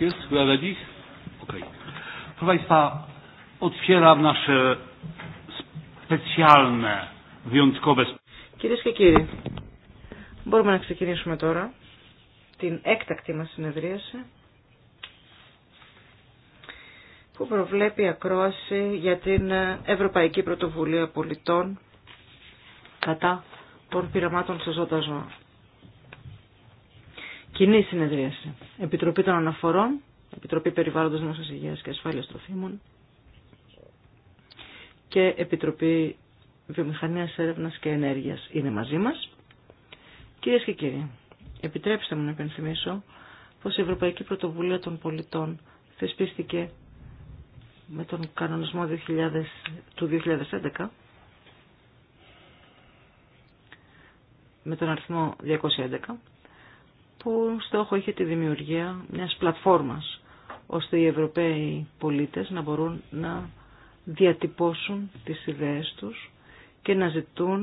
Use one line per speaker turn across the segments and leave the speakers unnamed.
Jest Κυρίες και κύριοι,
μπορούμε να ξεκινήσουμε τώρα την έκτακτη μας συνεδρίαση που προβλέπει ακρόαση για την Ευρωπαϊκή Πρωτοβουλία Πολιτών κατά των πειραμάτων σε ζώτα ζώα κοινή συνεδρίαση. Επιτροπή των Αναφορών, Επιτροπή Περιβάλλοντος Νόσης Υγείας και Ασφάλειας Τροφίμων και Επιτροπή Βιομηχανίας Έρευνας και Ενέργειας είναι μαζί μας. Κυρίες και κύριοι, επιτρέψτε μου να υπενθυμίσω πως η Ευρωπαϊκή Πρωτοβουλία των Πολιτών θεσπίστηκε με τον κανονισμό 2000, του 2011 με τον αριθμό 211 που στόχο είχε τη δημιουργία μιας πλατφόρμας ώστε οι Ευρωπαίοι πολίτες να μπορούν να διατυπώσουν τις ιδέες τους και να, ζητούν,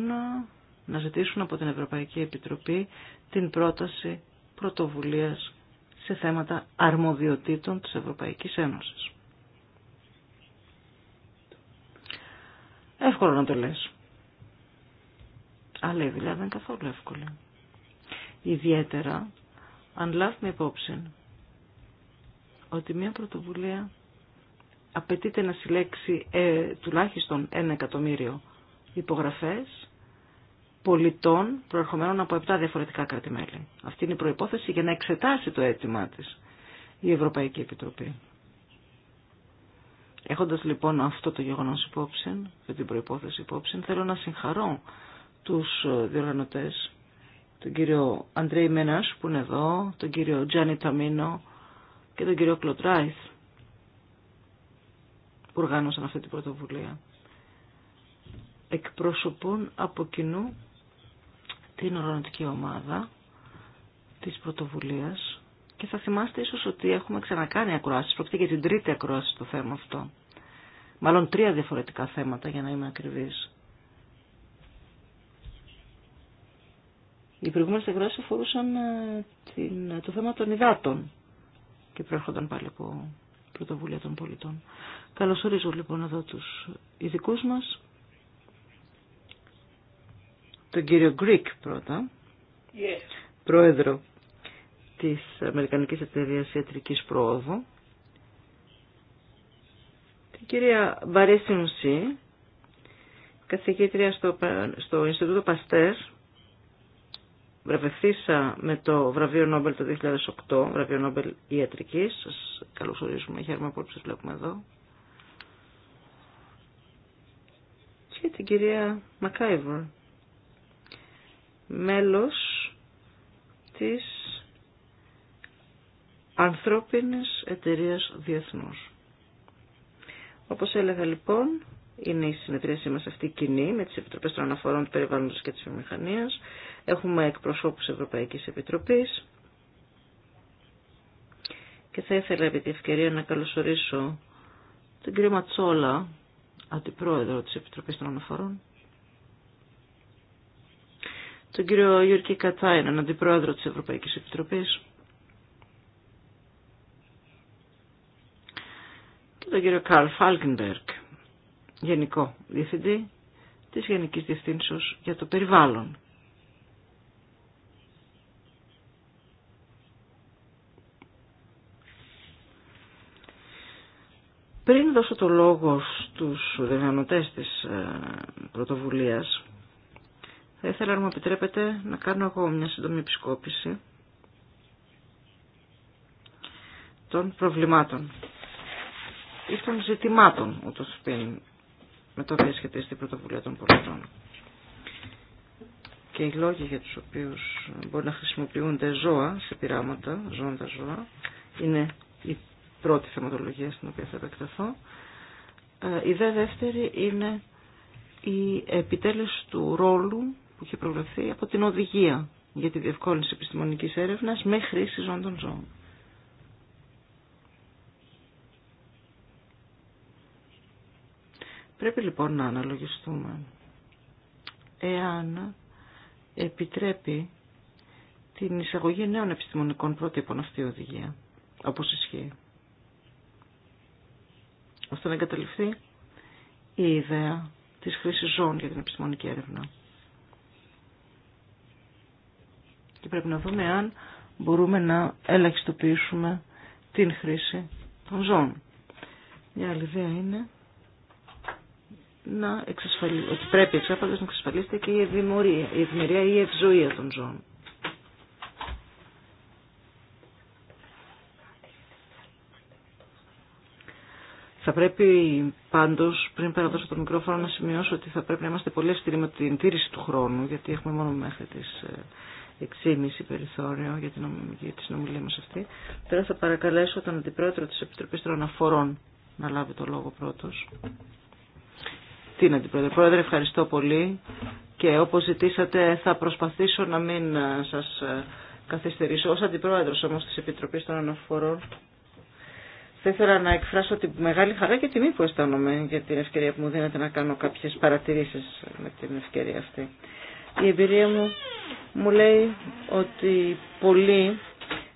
να ζητήσουν από την Ευρωπαϊκή Επιτροπή την πρόταση πρωτοβουλίας σε θέματα αρμοδιοτήτων της Ευρωπαϊκής Ένωσης. Εύκολο να το λες. Αλλά η δουλειά δεν είναι καθόλου εύκολη. Ιδιαίτερα αν λάβουμε υπόψη ότι μια πρωτοβουλία απαιτείται να συλλέξει ε, τουλάχιστον ένα εκατομμύριο υπογραφές πολιτών προερχομένων από 7 διαφορετικά κράτη-μέλη. Αυτή είναι η προϋπόθεση για να εξετάσει το αίτημά της η Ευρωπαϊκή Επιτροπή. Έχοντας λοιπόν αυτό το γεγονός υπόψη, αυτή την προϋπόθεση υπόψη, θέλω να συγχαρώ τους ε, διοργανωτές τον κύριο Αντρέι Μένας που είναι εδώ, τον κύριο Τζάνι Ταμίνο και τον κύριο Κλωτράης που οργάνωσαν αυτή την πρωτοβουλία. Εκπροσωπούν από κοινού την οργανωτική ομάδα της πρωτοβουλίας και θα θυμάστε ίσως ότι έχουμε ξανακάνει ακροάσεις, πρόκειται για την τρίτη ακροάση στο θέμα αυτό. Μάλλον τρία διαφορετικά θέματα για να είμαι ακριβής. Οι προηγούμενε εκδόσει αφορούσαν ε, ε, το θέμα των υδάτων και προέρχονταν πάλι από πρωτοβουλία των πολιτών. Καλωσορίζω λοιπόν εδώ τους ειδικού μας. Τον κύριο Γκρικ πρώτα, yes. πρόεδρο της Αμερικανικής Εταιρείας Ιατρικής Προόδου. Την κυρία Μπαρέσινουσή, καθηγήτρια στο, στο Ινστιτούτο Παστέρ βραβευθήσα με το βραβείο Νόμπελ το 2008, βραβείο Νόμπελ Ιατρικής. Σας καλωσορίζουμε, χαίρομαι που σας βλέπουμε εδώ. Και την κυρία Μακάιβορ, μέλος της Ανθρώπινης Εταιρείας Διεθνούς. Όπως έλεγα λοιπόν, είναι η συνεδρίασή μας αυτή κοινή με τις Επιτροπές των Αναφορών του Περιβάλλοντος και της Βιομηχανίας. Έχουμε εκπροσώπους Ευρωπαϊκής Επιτροπής και θα ήθελα επί τη ευκαιρία να καλωσορίσω τον κύριο Ματσόλα, αντιπρόεδρο της Επιτροπής των Αναφορών, τον κύριο Γιώργη Κατάιναν, αντιπρόεδρο της Ευρωπαϊκής Επιτροπής, και τον κύριο Καρλ Φάλκενμπεργκ, γενικό διευθυντή της Γενικής Διευθύνσεως για το Περιβάλλον. Πριν δώσω το λόγο στους διοργανωτές της ε, πρωτοβουλίας, θα ήθελα να μου επιτρέπετε να κάνω εγώ μια σύντομη επισκόπηση των προβλημάτων ή των ζητημάτων, ούτως πει, με το οποίο σχετίζεται η πρωτοβουλία των πολιτών. Και οι λόγοι για τους οποίους μπορεί να χρησιμοποιούνται ζώα σε πειράματα, ζώντα ζώα, είναι οι πρώτη θεματολογία στην οποία θα επεκταθώ. Ε, η δε δεύτερη είναι η επιτέλεση του ρόλου που έχει προβλεφθεί από την οδηγία για τη διευκόλυνση επιστημονικής έρευνας με χρήση ζώων των ζώων. Πρέπει λοιπόν να αναλογιστούμε εάν επιτρέπει την εισαγωγή νέων επιστημονικών πρότυπων αυτή η οδηγία, όπως ισχύει ώστε να εγκαταλειφθεί η ιδέα της χρήσης ζών για την επιστημονική έρευνα. Και πρέπει να δούμε αν μπορούμε να ελαχιστοποιήσουμε την χρήση των ζών. Μια άλλη ιδέα είναι να ότι πρέπει εξάπαντας να εξασφαλίσετε και η ευημερία ή η η ευζωια των ζών. Θα πρέπει πάντω πριν παραδώσω το μικρόφωνο, να σημειώσω ότι θα πρέπει να είμαστε πολύ αυστηροί με την τήρηση του χρόνου, γιατί έχουμε μόνο μέχρι τις 6,5 ε, περιθώριο για τη συνομιλία μα αυτή. Τώρα θα παρακαλέσω τον Αντιπρόεδρο τη Επιτροπή των Αναφορών να λάβει το λόγο πρώτο. Την Αντιπρόεδρο. Πρόεδρε, ευχαριστώ πολύ και όπω ζητήσατε θα προσπαθήσω να μην ε, σα ε, καθυστερήσω. ω αντιπρόεδρο όμω τη Επιτροπή των Αναφορών θα ήθελα να εκφράσω τη μεγάλη χαρά και τιμή που αισθάνομαι για την ευκαιρία που μου δίνεται να κάνω κάποιες παρατηρήσεις με την ευκαιρία αυτή. Η εμπειρία μου μου λέει ότι πολλοί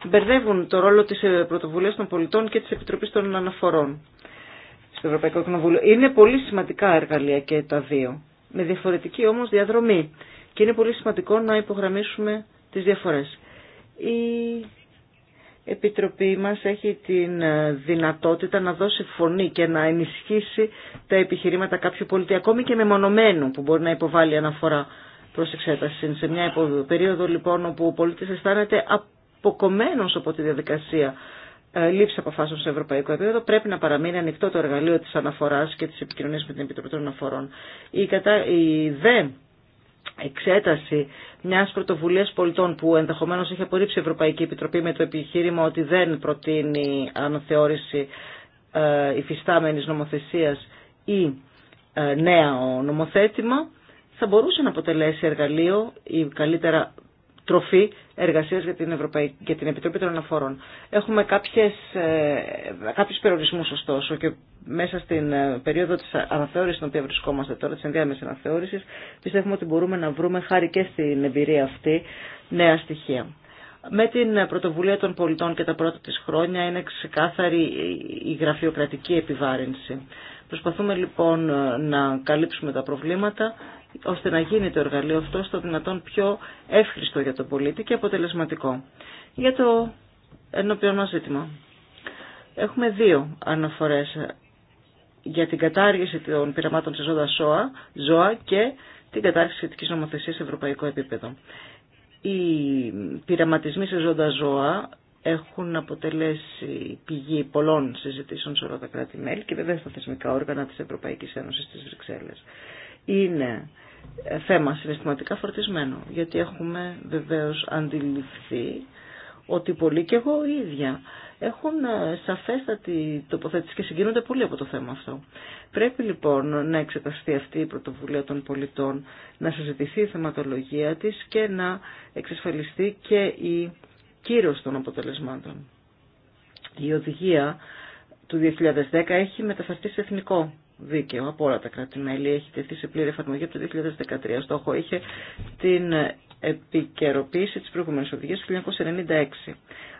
μπερδεύουν το ρόλο της ε, πρωτοβουλίας των πολιτών και της Επιτροπής των Αναφορών στο Ευρωπαϊκό Κοινοβούλιο. Είναι πολύ σημαντικά εργαλεία και τα δύο, με διαφορετική όμως διαδρομή. Και είναι πολύ σημαντικό να υπογραμμίσουμε τις διαφορές. Η η Επιτροπή μας έχει την ε, δυνατότητα να δώσει φωνή και να ενισχύσει τα επιχειρήματα κάποιου πολιτή, ακόμη και μεμονωμένου που μπορεί να υποβάλει αναφορά προς εξέταση. Σε μια περίοδο λοιπόν όπου ο πολίτης αισθάνεται αποκομμένος από τη διαδικασία ε, λήψη αποφάσεων σε ευρωπαϊκό επίπεδο πρέπει να παραμείνει ανοιχτό το εργαλείο της αναφοράς και της επικοινωνίας με την Επιτροπή των Αναφορών. Η, κατα... η δε εξέταση μια πρωτοβουλία πολιτών που ενδεχομένω έχει απορρίψει η Ευρωπαϊκή Επιτροπή με το επιχείρημα ότι δεν προτείνει αναθεώρηση ε, υφιστάμενης νομοθεσίας ή ε, νέα νομοθέτημα θα μπορούσε να αποτελέσει εργαλείο ή καλύτερα τροφή εργασίας για την, Ευρωπαϊκή, για την Επιτροπή των Αναφορών. Έχουμε κάποιες, ε, κάποιους περιορισμούς ωστόσο και μέσα στην ε, περίοδο της αναθεώρησης στην οποία βρισκόμαστε τώρα, της ενδιάμεσης αναθεώρησης, πιστεύουμε ότι μπορούμε να βρούμε χάρη και στην εμπειρία αυτή νέα στοιχεία. Με την πρωτοβουλία των πολιτών και τα πρώτα της χρόνια είναι ξεκάθαρη η γραφειοκρατική επιβάρυνση. Προσπαθούμε λοιπόν να καλύψουμε τα προβλήματα ώστε να γίνει το εργαλείο αυτό στο δυνατόν πιο εύχριστο για τον πολίτη και αποτελεσματικό. Για το ενώπιον μας ζήτημα. Έχουμε δύο αναφορές για την κατάργηση των πειραμάτων σε ζώα, ζώα και την κατάργηση σχετική νομοθεσία σε ευρωπαϊκό επίπεδο. Οι πειραματισμοί σε ζώντα ζώα έχουν αποτελέσει πηγή πολλών συζητήσεων σε όλα τα κράτη-μέλη και βέβαια στα θεσμικά όργανα της Ευρωπαϊκής Ένωσης της Βρυξέλλες είναι θέμα συναισθηματικά φορτισμένο. Γιατί έχουμε βεβαίως αντιληφθεί ότι πολλοί και εγώ ίδια έχουν ε, σαφέστατη τοποθέτηση και συγκίνονται πολύ από το θέμα αυτό. Πρέπει λοιπόν να εξεταστεί αυτή η πρωτοβουλία των πολιτών, να συζητηθεί η θεματολογία της και να εξασφαλιστεί και η κύρωση των αποτελεσμάτων. Η οδηγία του 2010 έχει μεταφερθεί σε εθνικό δίκαιο από όλα τα κράτη-μέλη. Έχει τεθεί σε πλήρη εφαρμογή από το 2013. Στόχο είχε την επικαιροποίηση της προηγούμενης οδηγίας του 1996.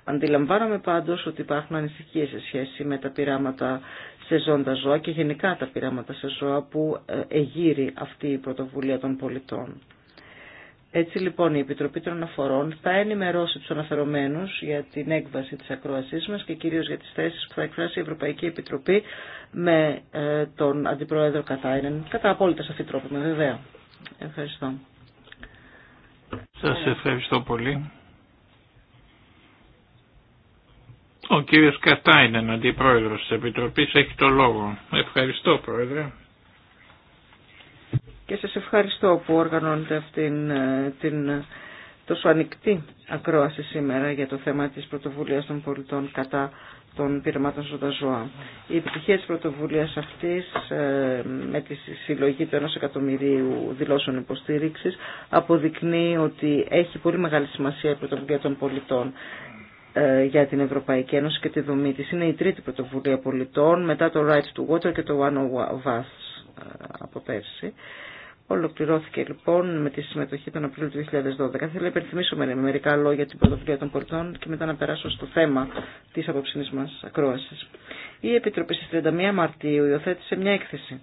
Αντιλαμβάνομαι πάντως ότι υπάρχουν ανησυχίες σε σχέση με τα πειράματα σε ζώντα ζώα και γενικά τα πειράματα σε ζώα που ε, εγείρει αυτή η πρωτοβουλία των πολιτών. Έτσι λοιπόν η Επιτροπή των Αναφορών θα ενημερώσει τους αναφερομένους για την έκβαση της ακρόασής μας και κυρίως για τις θέσεις που θα εκφράσει η Ευρωπαϊκή Επιτροπή με ε, τον Αντιπρόεδρο Καθάινεν. Κατά απόλυτα την τρόπο με βέβαια. Ευχαριστώ.
Σας ευχαριστώ πολύ. Ο κύριος Κατάινεν, Αντιπρόεδρος της Επιτροπής, έχει το λόγο. Ευχαριστώ Πρόεδρε
και σας ευχαριστώ που οργανώνετε αυτήν ε, την ε, τόσο ανοιχτή ακρόαση σήμερα για το θέμα της πρωτοβουλίας των πολιτών κατά των πειραμάτων ζωντά Η επιτυχία της πρωτοβουλίας αυτής ε, με τη συλλογή του 1 εκατομμυρίου δηλώσεων υποστήριξης αποδεικνύει ότι έχει πολύ μεγάλη σημασία η πρωτοβουλία των πολιτών για την Ευρωπαϊκή Ένωση και τη δομή της. Είναι η τρίτη πρωτοβουλία πολιτών μετά το Right to Water και το One of Us από πέρσι. Ολοκληρώθηκε λοιπόν με τη συμμετοχή τον Απρίλιο του 2012. Θέλω να υπενθυμίσω με μερικά λόγια την πρωτοβουλία των πολιτών και μετά να περάσω στο θέμα τη απόψηνή μα ακρόαση. Η Επιτροπή στι 31 Μαρτίου υιοθέτησε μια έκθεση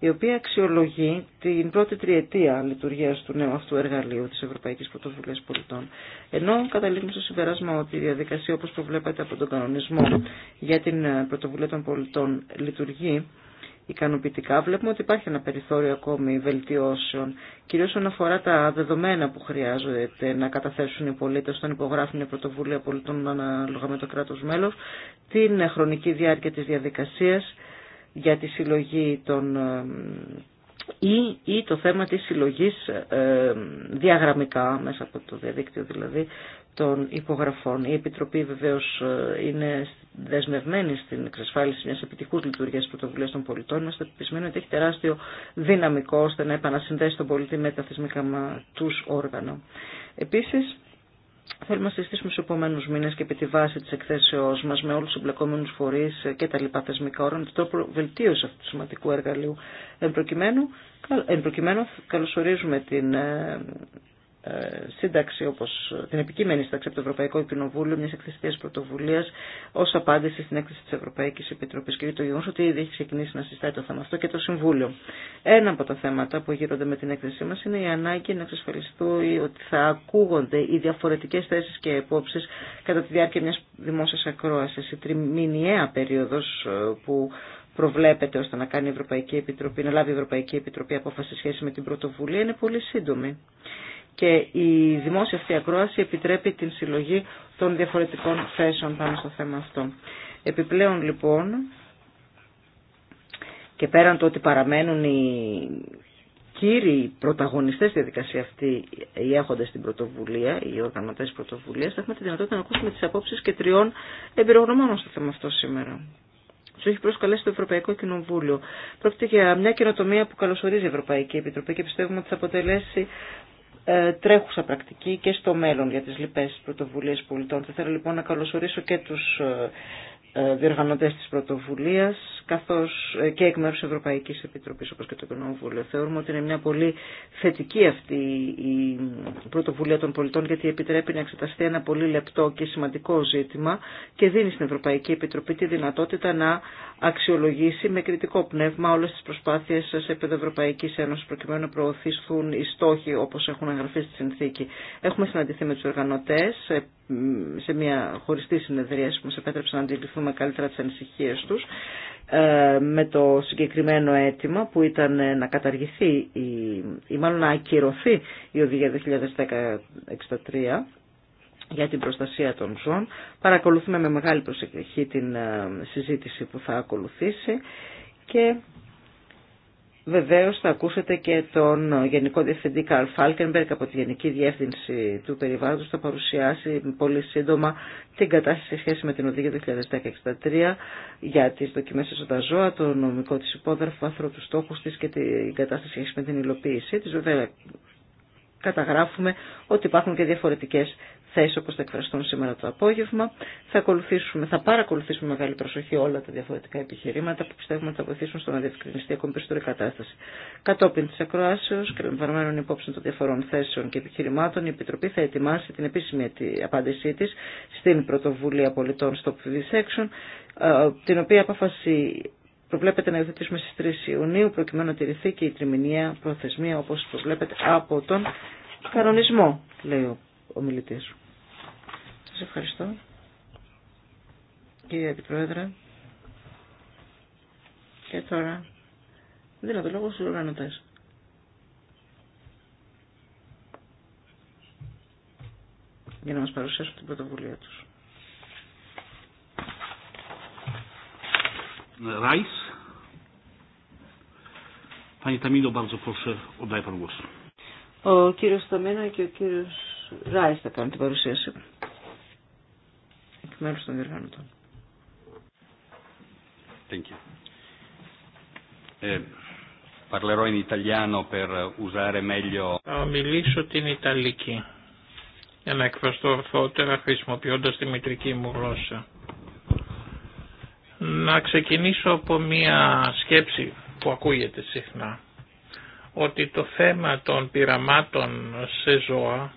η οποία αξιολογεί την πρώτη τριετία λειτουργία του νέου αυτού εργαλείου τη Ευρωπαϊκή Πρωτοβουλία Πολιτών. Ενώ καταλήγουμε στο συμπεράσμα ότι η διαδικασία όπω προβλέπεται από τον κανονισμό για την πρωτοβουλία των πολιτών λειτουργεί ικανοποιητικά. Βλέπουμε ότι υπάρχει ένα περιθώριο ακόμη βελτιώσεων, κυρίως όσον αφορά τα δεδομένα που χρειάζονται να καταθέσουν οι πολίτες όταν υπογράφουν η πρωτοβουλία πολιτών ανάλογα με το κράτος μέλος, την χρονική διάρκεια της διαδικασίας για τη συλλογή των ή, ή το θέμα της συλλογής ε, διαγραμμικά, μέσα από το διαδίκτυο δηλαδή, των υπογραφών. Η Επιτροπή βεβαίως ε, είναι δεσμευμένη εξασφάλιση μιας επιτυχούς λειτουργίας πρωτοβουλίας των πολιτών. Είμαστε πεπισμένοι ότι έχει ειμαστε επισημενοι δυναμικό ώστε να επανασυνδέσει τον πολιτή με τα θεσμικά τους όργανα. Επίσης, Θέλουμε να συζητήσουμε στου επόμενου μήνε και επί τη βάση τη εκθέσεώ μα με όλου του εμπλεκόμενου φορεί και τα λοιπά θεσμικά όργανα τον τρόπο βελτίωση αυτού του σημαντικού εργαλείου. Εν προκειμένου, εν προκειμένου καλωσορίζουμε την ε, ε, σύνταξη, όπως την επικείμενη σύνταξη από το Ευρωπαϊκό Κοινοβούλιο, μια εκθεστία πρωτοβουλία ω απάντηση στην έκθεση τη Ευρωπαϊκή Επιτροπή και το γεγονό ότι ήδη έχει ξεκινήσει να συζητάει το θέμα αυτό και το Συμβούλιο. Ένα από τα θέματα που γύρονται με την έκθεσή μα είναι η ανάγκη να εξασφαλιστούν ότι θα ακούγονται οι διαφορετικέ θέσει και υπόψεις κατά τη διάρκεια μια δημόσια ακρόαση, Η τριμηνιαία περίοδο ε, που προβλέπεται ώστε να κάνει η Ευρωπαϊκή Επιτροπή, να λάβει η Ευρωπαϊκή Επιτροπή απόφαση σχέση με την πρωτοβουλία είναι πολύ σύντομη και η δημόσια αυτή ακρόαση επιτρέπει την συλλογή των διαφορετικών θέσεων πάνω στο θέμα αυτό. Επιπλέον λοιπόν και πέραν το ότι παραμένουν οι κύριοι πρωταγωνιστές στη διαδικασία αυτή, οι έχοντες την πρωτοβουλία, οι οργανωτές πρωτοβουλίας, θα έχουμε τη δυνατότητα να ακούσουμε τις απόψεις και τριών εμπειρογνωμόνων στο θέμα αυτό σήμερα. Του έχει προσκαλέσει το Ευρωπαϊκό Κοινοβούλιο. Πρόκειται για μια καινοτομία που καλωσορίζει η Ευρωπαϊκή Επιτροπή και πιστεύουμε ότι θα αποτελέσει ε, τρέχουσα πρακτική και στο μέλλον για τις λοιπές πρωτοβουλίες πολιτών. Θα θέλω λοιπόν να καλωσορίσω και τους ε, ε, διοργανωτές της πρωτοβουλίας καθώς ε, και εκ μέρους Ευρωπαϊκής Επιτροπής όπως και το Κοινοβούλιο. Θεωρούμε ότι είναι μια πολύ θετική αυτή η πρωτοβουλία των πολιτών γιατί επιτρέπει να εξεταστεί ένα πολύ λεπτό και σημαντικό ζήτημα και δίνει στην Ευρωπαϊκή Επιτροπή τη δυνατότητα να αξιολογήσει με κριτικό πνεύμα όλες τις προσπάθειες σε επίπεδο Ευρωπαϊκής Ένωσης προκειμένου να προωθήσουν οι στόχοι όπως έχουν εγγραφεί στη συνθήκη. Έχουμε συναντηθεί με τους οργανωτές σε μια χωριστή συνεδρία που μας επέτρεψε να αντιληφθούμε καλύτερα τις ανησυχίες τους ε, με το συγκεκριμένο αίτημα που ήταν να καταργηθεί ή, ή μάλλον να ακυρωθεί η οδηγία 2010-63 για την προστασία των ζώων. Παρακολουθούμε με μεγάλη προσεκτική την ε, συζήτηση που θα ακολουθήσει και Βεβαίως θα ακούσετε και τον Γενικό Διευθυντή Καρλ Φάλκενμπεργκ από τη Γενική Διεύθυνση του Περιβάλλοντος θα παρουσιάσει πολύ σύντομα την κατάσταση σε σχέση με την οδηγία 2010-63 για τις δοκιμές της ζώα, το νομικό της Υπόδραφου του στόχου της και την κατάσταση σχέση με την υλοποίησή της. Βέβαια καταγράφουμε ότι υπάρχουν και διαφορετικές θέσει όπως θα εκφραστούν σήμερα το απόγευμα. Θα, ακολουθήσουμε, θα παρακολουθήσουμε μεγάλη προσοχή όλα τα διαφορετικά επιχειρήματα που πιστεύουμε ότι θα βοηθήσουν στο να διευκρινιστεί ακόμη περισσότερη κατάσταση. Κατόπιν της ακροάσεως και λαμβανομένων υπόψη των διαφορών θέσεων και επιχειρημάτων, η Επιτροπή θα ετοιμάσει την επίσημη απάντησή της στην πρωτοβουλία πολιτών στο Vivisection, ε, την οποία απόφαση προβλέπεται να υιοθετήσουμε στις 3 Ιουνίου, προκειμένου να τηρηθεί και η τριμηνία προθεσμία, όπως προβλέπεται από τον κανονισμό, λέει ο ομιλητής. Σας ευχαριστώ. Κύριε Αντιπρόεδρε. Και τώρα δίνω το λόγο στους οργανωτές. για να μας παρουσιάσουν την πρωτοβουλία τους.
Ράις. Ταμίνο,
Ο κύριος Στομένα και ο κύριος Ράις θα κάνουν την παρουσίαση. Θα μιλήσω
την Ιταλική για να εκφραστώ ορθότερα χρησιμοποιώντας τη μητρική μου γλώσσα. Να ξεκινήσω από μία σκέψη που ακούγεται συχνά ότι το θέμα των πειραμάτων σε ζώα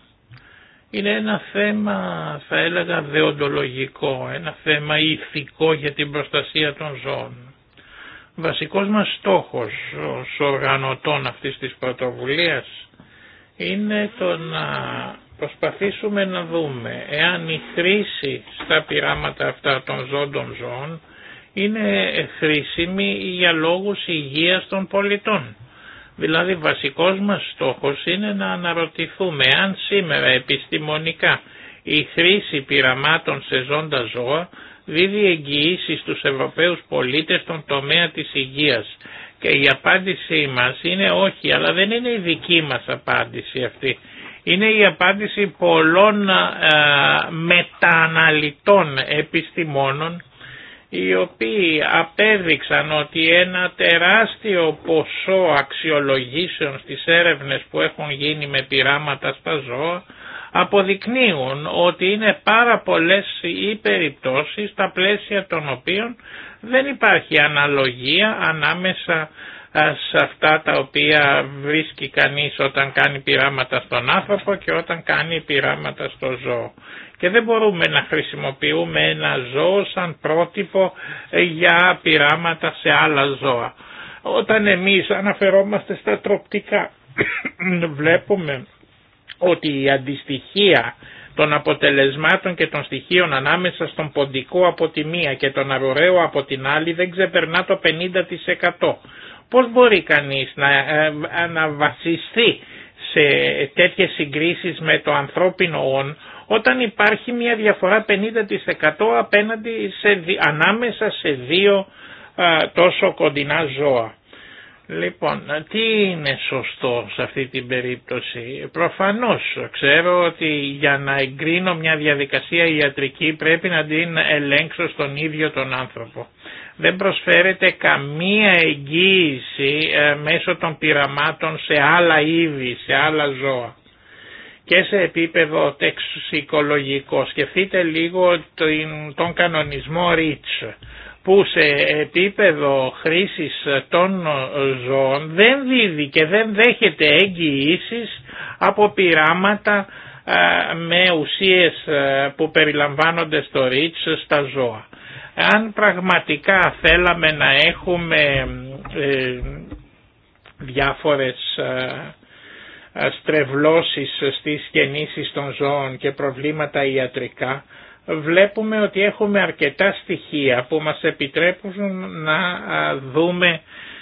είναι ένα θέμα θα έλεγα δεοντολογικό, ένα θέμα ηθικό για την προστασία των ζώων. Βασικός μας στόχος ως οργανωτών αυτής της πρωτοβουλίας είναι το να προσπαθήσουμε να δούμε εάν η χρήση στα πειράματα αυτά των των ζώων είναι χρήσιμη για λόγους υγείας των πολιτών Δηλαδή βασικός μας στόχος είναι να αναρωτηθούμε αν σήμερα επιστημονικά η χρήση πειραμάτων σε ζώντα ζώα δίδει εγγυήσει στους Ευρωπαίους πολίτες στον τομέα της υγείας. Και η απάντησή μας είναι όχι, αλλά δεν είναι η δική μας απάντηση αυτή. Είναι η απάντηση πολλών α, ε, μεταναλυτών επιστημόνων οι οποίοι απέδειξαν ότι ένα τεράστιο ποσό αξιολογήσεων στις έρευνες που έχουν γίνει με πειράματα στα ζώα αποδεικνύουν ότι είναι πάρα πολλές οι περιπτώσεις στα πλαίσια των οποίων δεν υπάρχει αναλογία ανάμεσα σε αυτά τα οποία βρίσκει κανείς όταν κάνει πειράματα στον άνθρωπο και όταν κάνει πειράματα στο ζώο και δεν μπορούμε να χρησιμοποιούμε ένα ζώο σαν πρότυπο για πειράματα σε άλλα ζώα. Όταν εμείς αναφερόμαστε στα τροπτικά βλέπουμε ότι η αντιστοιχεία των αποτελεσμάτων και των στοιχείων ανάμεσα στον ποντικό από τη μία και τον αρουραίο από την άλλη δεν ξεπερνά το 50%. Πώς μπορεί κανείς να, ε, να βασιστεί σε τέτοιες συγκρίσεις με το ανθρώπινο όν όταν υπάρχει μια διαφορά 50% απέναντι σε, ανάμεσα σε δύο τόσο κοντινά ζώα. Λοιπόν, τι είναι σωστό σε αυτή την περίπτωση. Προφανώς ξέρω ότι για να εγκρίνω μια διαδικασία ιατρική πρέπει να την ελέγξω στον ίδιο τον άνθρωπο. Δεν προσφέρεται καμία εγγύηση ε, μέσω των πειραμάτων σε άλλα είδη, σε άλλα ζώα και σε επίπεδο τεξουσικολογικό. Σκεφτείτε λίγο τον κανονισμό REACH που σε επίπεδο χρήσης των ζώων δεν δίδει και δεν δέχεται εγγυήσει από πειράματα με ουσίες που περιλαμβάνονται στο ρίτς στα ζώα. Αν πραγματικά θέλαμε να έχουμε ε, διάφορες ε, στρεβλώσεις στις γεννήσεις των ζώων και προβλήματα ιατρικά, βλέπουμε ότι έχουμε αρκετά στοιχεία που μας επιτρέπουν να ε, δούμε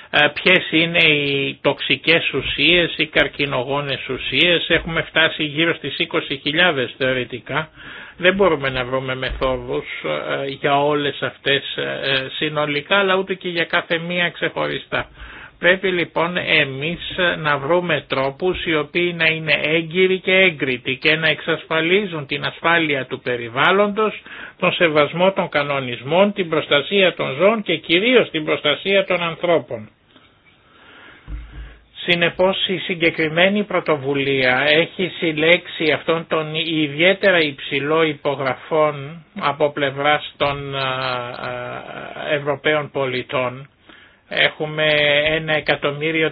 ε, ποιες είναι οι τοξικές ουσίες, οι καρκινογόνες ουσίες. Έχουμε φτάσει γύρω στις 20.000 θεωρητικά. Δεν μπορούμε να βρούμε μεθόδους για όλες αυτές συνολικά, αλλά ούτε και για κάθε μία ξεχωριστά. Πρέπει λοιπόν εμείς να βρούμε τρόπους οι οποίοι να είναι έγκυροι και έγκριτοι και να εξασφαλίζουν την ασφάλεια του περιβάλλοντος, τον σεβασμό των κανονισμών, την προστασία των ζώων και κυρίως την προστασία των ανθρώπων. Συνεπώς η συγκεκριμένη πρωτοβουλία έχει συλλέξει αυτόν τον ιδιαίτερα υψηλό υπογραφών από πλευράς των Ευρωπαίων πολιτών Έχουμε ένα εκατομμύριο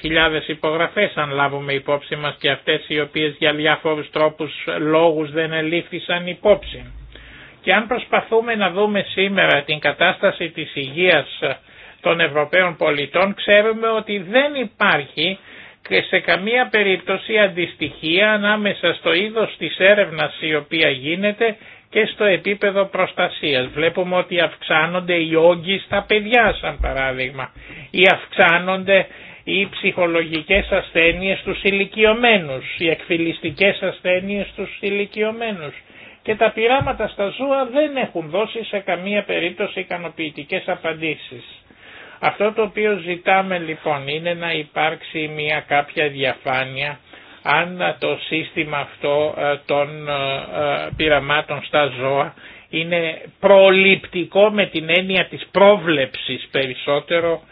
χιλιάδες υπογραφές αν λάβουμε υπόψη μας και αυτές οι οποίες για διάφορους τρόπους λόγους δεν ελήφθησαν υπόψη. Και αν προσπαθούμε να δούμε σήμερα την κατάσταση της υγείας των Ευρωπαίων πολιτών ξέρουμε ότι δεν υπάρχει και σε καμία περίπτωση αντιστοιχεία ανάμεσα στο είδος της έρευνας η οποία γίνεται και στο επίπεδο προστασίας. Βλέπουμε ότι αυξάνονται οι όγκοι στα παιδιά σαν παράδειγμα ή αυξάνονται οι ψυχολογικές ασθένειες στους ηλικιωμένους, οι εκφυλιστικές ασθένειες στους ηλικιωμένους. Και τα πειράματα στα ζώα δεν έχουν δώσει σε καμία περίπτωση ικανοποιητικές απαντήσεις. Αυτό το οποίο ζητάμε λοιπόν είναι να υπάρξει μια κάποια διαφάνεια αν το σύστημα αυτό ε, των ε, ε, πειραμάτων στα ζώα είναι προληπτικό με την έννοια της πρόβλεψης περισσότερο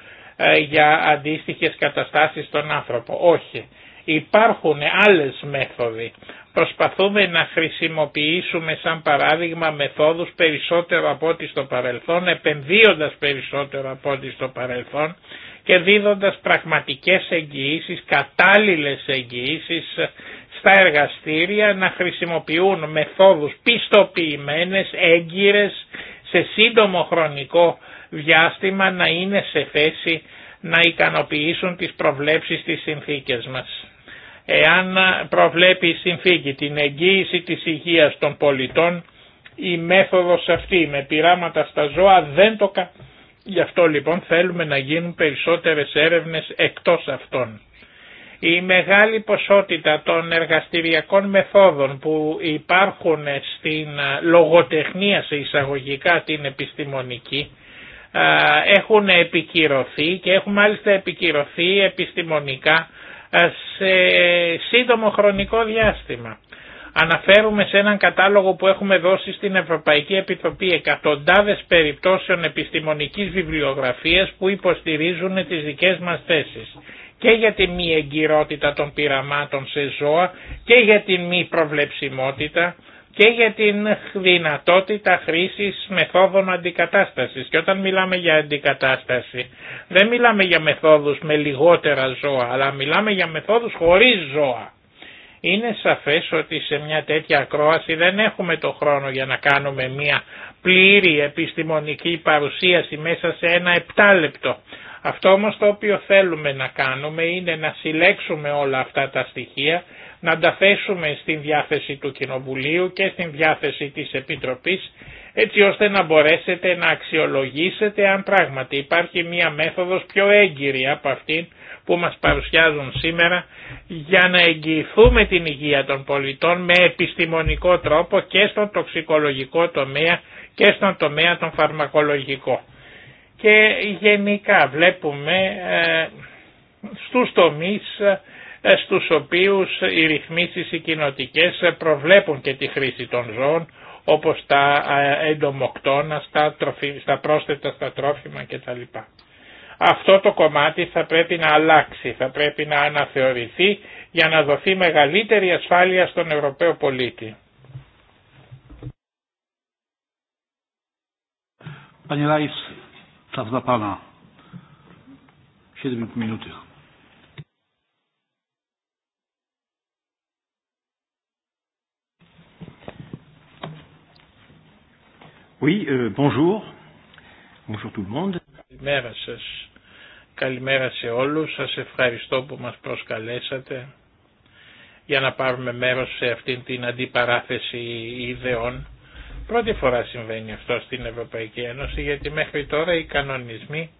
για αντίστοιχες καταστάσεις στον άνθρωπο. Όχι. Υπάρχουν άλλες μέθοδοι. Προσπαθούμε να χρησιμοποιήσουμε σαν παράδειγμα μεθόδους περισσότερο από ό,τι στο παρελθόν, επενδύοντας περισσότερο από ό,τι στο παρελθόν και δίδοντας πραγματικές εγγυήσεις, κατάλληλες εγγυήσεις στα εργαστήρια να χρησιμοποιούν μεθόδους πιστοποιημένες, έγκυρες, σε σύντομο χρονικό διάστημα να είναι σε θέση να ικανοποιήσουν τις προβλέψεις της συνθήκες μας. Εάν προβλέπει η συνθήκη την εγγύηση της υγείας των πολιτών, η μέθοδος αυτή με πειράματα στα ζώα δεν το κάνει Γι' αυτό λοιπόν θέλουμε να γίνουν περισσότερες έρευνες εκτός αυτών. Η μεγάλη ποσότητα των εργαστηριακών μεθόδων που υπάρχουν στην λογοτεχνία σε εισαγωγικά την επιστημονική έχουν επικυρωθεί και έχουν μάλιστα επικυρωθεί επιστημονικά σε σύντομο χρονικό διάστημα. Αναφέρουμε σε έναν κατάλογο που έχουμε δώσει στην Ευρωπαϊκή Επιτροπή εκατοντάδες περιπτώσεων επιστημονικής βιβλιογραφίας που υποστηρίζουν τις δικές μας θέσεις και για τη μη εγκυρότητα των πειραμάτων σε ζώα και για τη μη προβλεψιμότητα και για την δυνατότητα χρήσης μεθόδων αντικατάστασης. Και όταν μιλάμε για αντικατάσταση δεν μιλάμε για μεθόδους με λιγότερα ζώα αλλά μιλάμε για μεθόδους χωρίς ζώα. Είναι σαφές ότι σε μια τέτοια ακρόαση δεν έχουμε το χρόνο για να κάνουμε μια πλήρη επιστημονική παρουσίαση μέσα σε ένα επτάλεπτο. Αυτό όμως το οποίο θέλουμε να κάνουμε είναι να συλλέξουμε όλα αυτά τα στοιχεία, να τα θέσουμε στην διάθεση του Κοινοβουλίου και στην διάθεση της Επιτροπής, έτσι ώστε να μπορέσετε να αξιολογήσετε αν πράγματι υπάρχει μία μέθοδος πιο έγκυρη από αυτήν που μας παρουσιάζουν σήμερα για να εγγυηθούμε την υγεία των πολιτών με επιστημονικό τρόπο και στον τοξικολογικό τομέα και στον τομέα τον φαρμακολογικό. Και γενικά βλέπουμε ε, στους τομείς ε, στους οποίους οι ρυθμίσεις οι κοινοτικές προβλέπουν και τη χρήση των ζώων όπως τα ε, εντομοκτώνα, στα, τροφι, στα πρόσθετα, στα τρόφιμα κτλ αυτό το κομμάτι θα πρέπει να αλλάξει, θα πρέπει να αναθεωρηθεί για να δοθεί μεγαλύτερη ασφάλεια στον Ευρωπαίο πολίτη.
Panie Rajs, czas dla Pana. 7 minuty. Oui, euh, bonjour. Bonjour tout le monde.
Merci. Καλημέρα σε όλους, σας ευχαριστώ που μας προσκαλέσατε για να πάρουμε μέρος σε αυτήν την αντιπαράθεση ιδεών. Πρώτη φορά συμβαίνει αυτό στην Ευρωπαϊκή Ένωση γιατί μέχρι τώρα οι κανονισμοί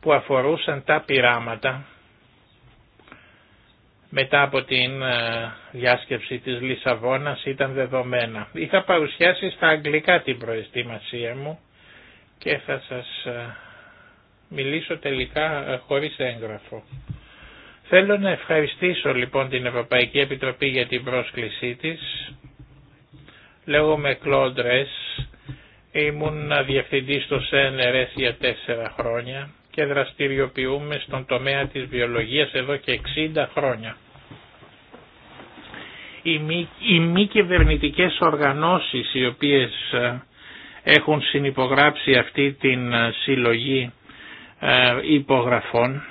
που αφορούσαν τα πειράματα μετά από την ε, διάσκεψη της Λισαβόνας ήταν δεδομένα. Είχα παρουσιάσει στα αγγλικά την προεστήμασία μου και θα σας ε, μιλήσω τελικά ε, χωρίς έγγραφο. Θέλω να ευχαριστήσω λοιπόν την Ευρωπαϊκή Επιτροπή για την πρόσκλησή της. Λέγομαι Κλόντρες, ήμουν διευθυντής στο ΣΕΝΕΡΕΣ για τέσσερα χρόνια και δραστηριοποιούμε στον τομέα της βιολογίας εδώ και 60 χρόνια. Οι μη, οι μη κυβερνητικές οργανώσεις οι οποίες ε, έχουν συνυπογράψει αυτή την ε, συλλογή ε, υπογραφών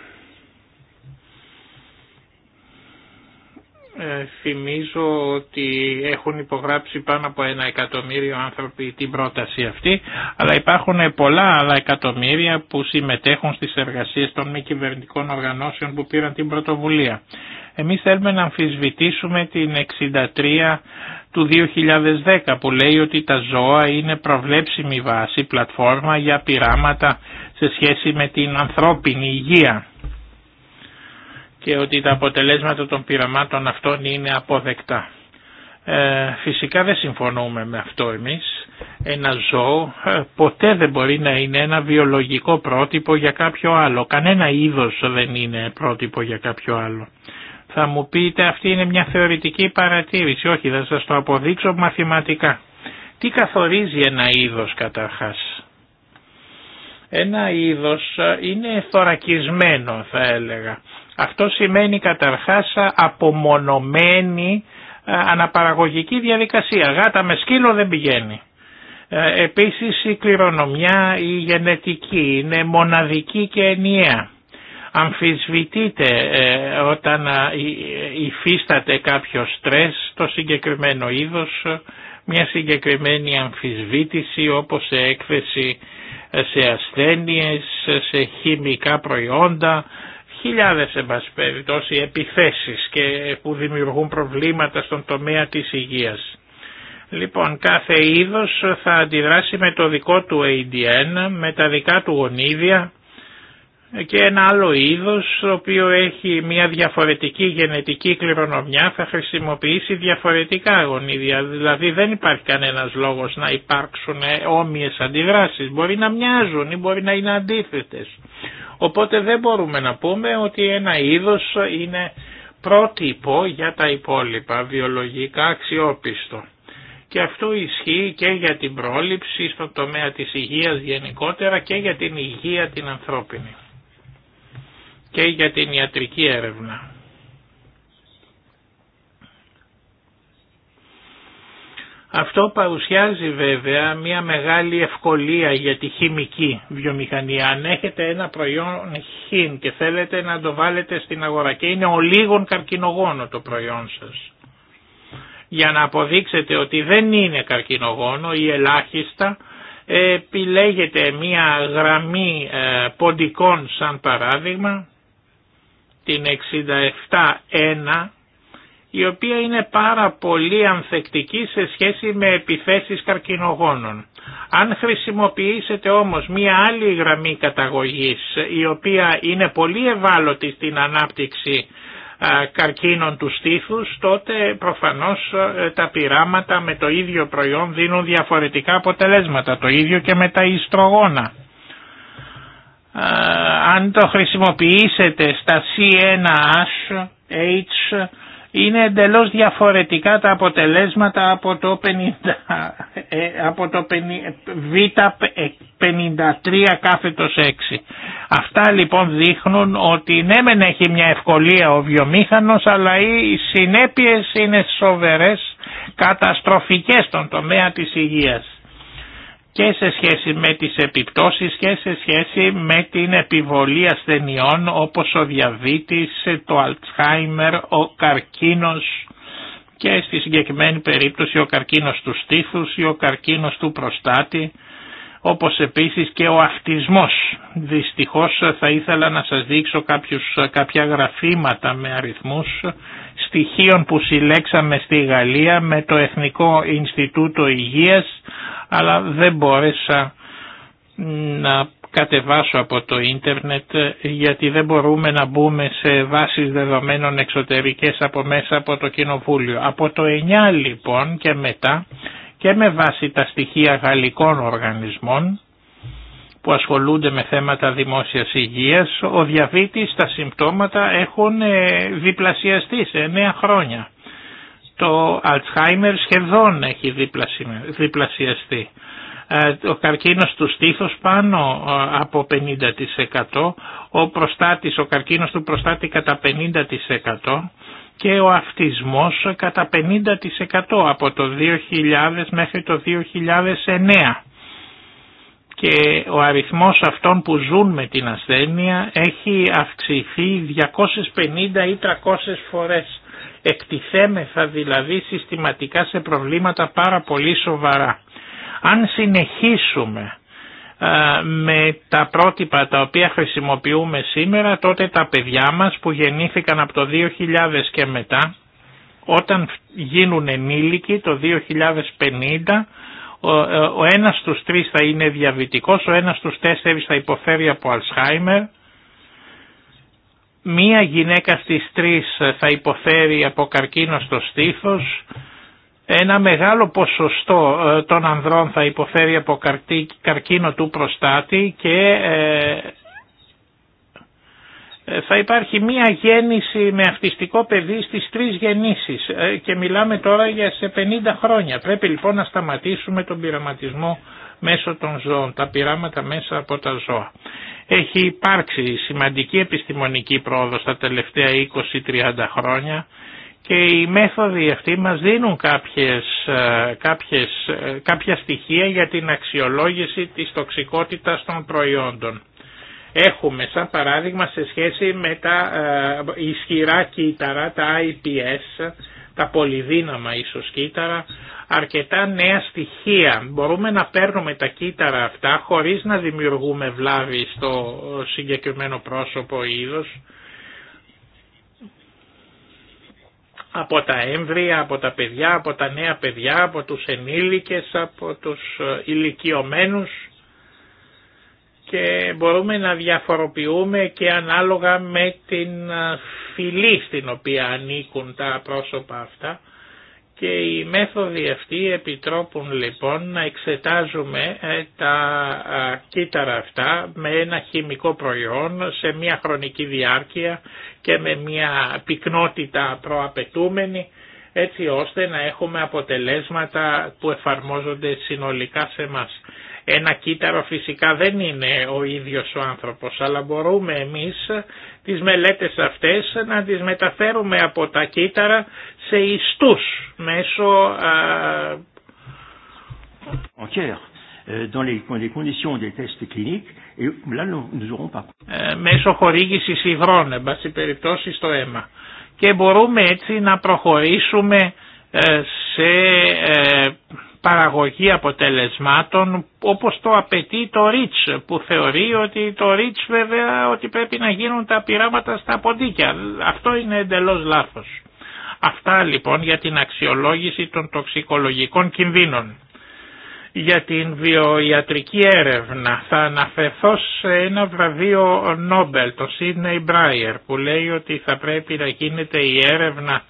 ε, θυμίζω ότι έχουν υπογράψει πάνω από ένα εκατομμύριο άνθρωποι την πρόταση αυτή, αλλά υπάρχουν πολλά άλλα εκατομμύρια που συμμετέχουν στις εργασίες των μη κυβερνητικών οργανώσεων που πήραν την πρωτοβουλία. Εμείς θέλουμε να αμφισβητήσουμε την 63 του 2010 που λέει ότι τα ζώα είναι προβλέψιμη βάση, πλατφόρμα για πειράματα σε σχέση με την ανθρώπινη υγεία και ότι τα αποτελέσματα των πειραμάτων αυτών είναι αποδεκτά. Ε, φυσικά δεν συμφωνούμε με αυτό εμείς. Ένα ζώο ε, ποτέ δεν μπορεί να είναι ένα βιολογικό πρότυπο για κάποιο άλλο. Κανένα είδος δεν είναι πρότυπο για κάποιο άλλο. Θα μου πείτε αυτή είναι μια θεωρητική παρατήρηση. Όχι, θα σας το αποδείξω μαθηματικά. Τι καθορίζει ένα είδος καταρχάς ένα είδος ε, είναι θωρακισμένο θα έλεγα. Αυτό σημαίνει καταρχάς απομονωμένη ε, αναπαραγωγική διαδικασία. Γάτα με σκύλο δεν πηγαίνει. Ε, επίσης η κληρονομιά, η γενετική είναι μοναδική και ενιαία. Αμφισβητείται όταν υφίσταται κάποιο στρες το συγκεκριμένο είδος, μια συγκεκριμένη αμφισβήτηση όπως σε έκθεση σε ασθένειες, σε χημικά προϊόντα, χιλιάδες εν πάση επιθέσεις και που δημιουργούν προβλήματα στον τομέα της υγείας. Λοιπόν, κάθε είδος θα αντιδράσει με το δικό του ADN, με τα δικά του γονίδια, και ένα άλλο είδος το οποίο έχει μια διαφορετική γενετική κληρονομιά θα χρησιμοποιήσει διαφορετικά γονίδια. Δηλαδή δεν υπάρχει κανένας λόγος να υπάρξουν ε, όμοιες αντιδράσεις. Μπορεί να μοιάζουν ή μπορεί να είναι αντίθετες. Οπότε δεν μπορούμε να πούμε ότι ένα είδος είναι πρότυπο για τα υπόλοιπα βιολογικά αξιόπιστο. Και αυτό ισχύει και για την πρόληψη στον τομέα της υγείας γενικότερα και για την υγεία την ανθρώπινη και για την ιατρική έρευνα. Αυτό παρουσιάζει βέβαια μια μεγάλη ευκολία για τη χημική βιομηχανία. Αν έχετε ένα προϊόν χιν και θέλετε να το βάλετε στην αγορά και είναι ο λίγων καρκινογόνο το προϊόν σας. Για να αποδείξετε ότι δεν είναι καρκινογόνο ή ελάχιστα επιλέγετε μια γραμμή ε, ποντικών σαν παράδειγμα την 67-1, η οποία είναι πάρα πολύ ανθεκτική σε σχέση με επιθέσεις καρκινογόνων. Αν χρησιμοποιήσετε όμως μία άλλη γραμμή καταγωγής η οποία είναι πολύ ευάλωτη στην ανάπτυξη καρκίνων του στήθους τότε προφανώς τα πειράματα με το ίδιο προϊόν δίνουν διαφορετικά αποτελέσματα. Το ίδιο και με τα ιστρογόνα. Ε, αν το χρησιμοποιήσετε στα C1H H, ειναι εντελώς διαφορετικά τα αποτελέσματα από το, 50, ε, από το 50, Β53 κάθετος 6. Αυτά λοιπόν δείχνουν ότι ναι μεν έχει μια ευκολία ο βιομήχανος αλλά οι συνέπειες είναι σοβερές καταστροφικές στον τομέα της υγείας και σε σχέση με τις επιπτώσεις και σε σχέση με την επιβολή ασθενειών όπως ο διαβήτης, το αλτσχάιμερ, ο καρκίνος και στη συγκεκριμένη περίπτωση ο καρκίνος του στήθους ή ο καρκίνος του προστάτη όπως επίσης και ο αυτισμός. Δυστυχώς θα ήθελα να σας δείξω κάποιους, κάποια γραφήματα με αριθμούς στοιχείων που συλλέξαμε στη Γαλλία με το Εθνικό Ινστιτούτο Υγείας αλλά δεν μπόρεσα να κατεβάσω από το ίντερνετ γιατί δεν μπορούμε να μπούμε σε βάσεις δεδομένων εξωτερικές από μέσα από το κοινοβούλιο. Από το 9 λοιπόν και μετά και με βάση τα στοιχεία γαλλικών οργανισμών που ασχολούνται με θέματα δημόσιας υγείας, ο διαβήτης, τα συμπτώματα έχουν ε, διπλασιαστεί σε 9 χρόνια. Το Alzheimer σχεδόν έχει διπλασιαστεί. Ε, ο καρκίνος του στήθους πάνω ε, από 50%, ο, προστάτης, ο καρκίνος του προστάτη κατά 50%, και ο αυτισμός κατά 50% από το 2000 μέχρι το 2009 και ο αριθμός αυτών που ζουν με την ασθένεια έχει αυξηθεί 250 ή 300 φορές. Εκτιθέμεθα δηλαδή συστηματικά σε προβλήματα πάρα πολύ σοβαρά. Αν συνεχίσουμε με τα πρότυπα τα οποία χρησιμοποιούμε σήμερα τότε τα παιδιά μας που γεννήθηκαν από το 2000 και μετά όταν γίνουν ενήλικοι το 2050 ο ένας στους τρεις θα είναι διαβητικός, ο ένας στους τέσσερις θα υποφέρει από Αλσχάιμερ, μία γυναίκα στις τρεις θα υποφέρει από καρκίνο στο στήθος, ένα μεγάλο ποσοστό ε, των ανδρών θα υποφέρει από καρκίνο του προστάτη και ε, ε, θα υπάρχει μία γέννηση με αυτιστικό παιδί στις τρεις γεννήσεις και μιλάμε τώρα για σε 50 χρόνια. Πρέπει λοιπόν να σταματήσουμε τον πειραματισμό μέσω των ζώων, τα πειράματα μέσα από τα ζώα. Έχει υπάρξει σημαντική επιστημονική πρόοδος τα τελευταία 20-30 χρόνια και οι μέθοδοι αυτοί μας δίνουν κάποιες, ε, κάποιες, ε, κάποια στοιχεία για την αξιολόγηση της τοξικότητας των προϊόντων. Έχουμε σαν παράδειγμα σε σχέση με τα ε, ισχυρά κύτταρα, τα IPS, τα πολυδύναμα ίσως κύτταρα, αρκετά νέα στοιχεία. Μπορούμε να παίρνουμε τα κύτταρα αυτά χωρίς να δημιουργούμε βλάβη στο συγκεκριμένο πρόσωπο ή είδος από τα έμβρια, από τα παιδιά, από τα νέα παιδιά, από τους ενήλικες, από τους ε, ηλικιωμένους και μπορούμε να διαφοροποιούμε και ανάλογα με την ε, φυλή στην οποία ανήκουν τα πρόσωπα αυτά και οι μέθοδοι αυτοί επιτρόπουν λοιπόν να εξετάζουμε ε, τα κύτταρα αυτά με ένα χημικό προϊόν σε μια χρονική διάρκεια και με μια πυκνότητα προαπαιτούμενη έτσι ώστε να έχουμε αποτελέσματα που εφαρμόζονται συνολικά σε μας. Ένα κύτταρο φυσικά δεν είναι ο ίδιος ο άνθρωπος, αλλά μπορούμε εμείς τις μελέτες αυτές να τις μεταφέρουμε από τα κύτταρα σε ιστούς μέσω... Α μέσω χορήγησης υδρών, εν περιπτώσει στο αίμα. Και μπορούμε έτσι να προχωρήσουμε ε, σε ε, παραγωγή αποτελεσμάτων όπως το απαιτεί το ΡΙΤΣ που θεωρεί ότι το ΡΙΤΣ βέβαια ότι πρέπει να γίνουν τα πειράματα στα ποντίκια. Αυτό είναι εντελώς λάθος. Αυτά λοιπόν για την αξιολόγηση των τοξικολογικών κινδύνων για την βιοιατρική έρευνα. Θα αναφερθώ σε ένα βραβείο Νόμπελ, το Σίδνεϊ Μπράιερ, που λέει ότι θα πρέπει να γίνεται η έρευνα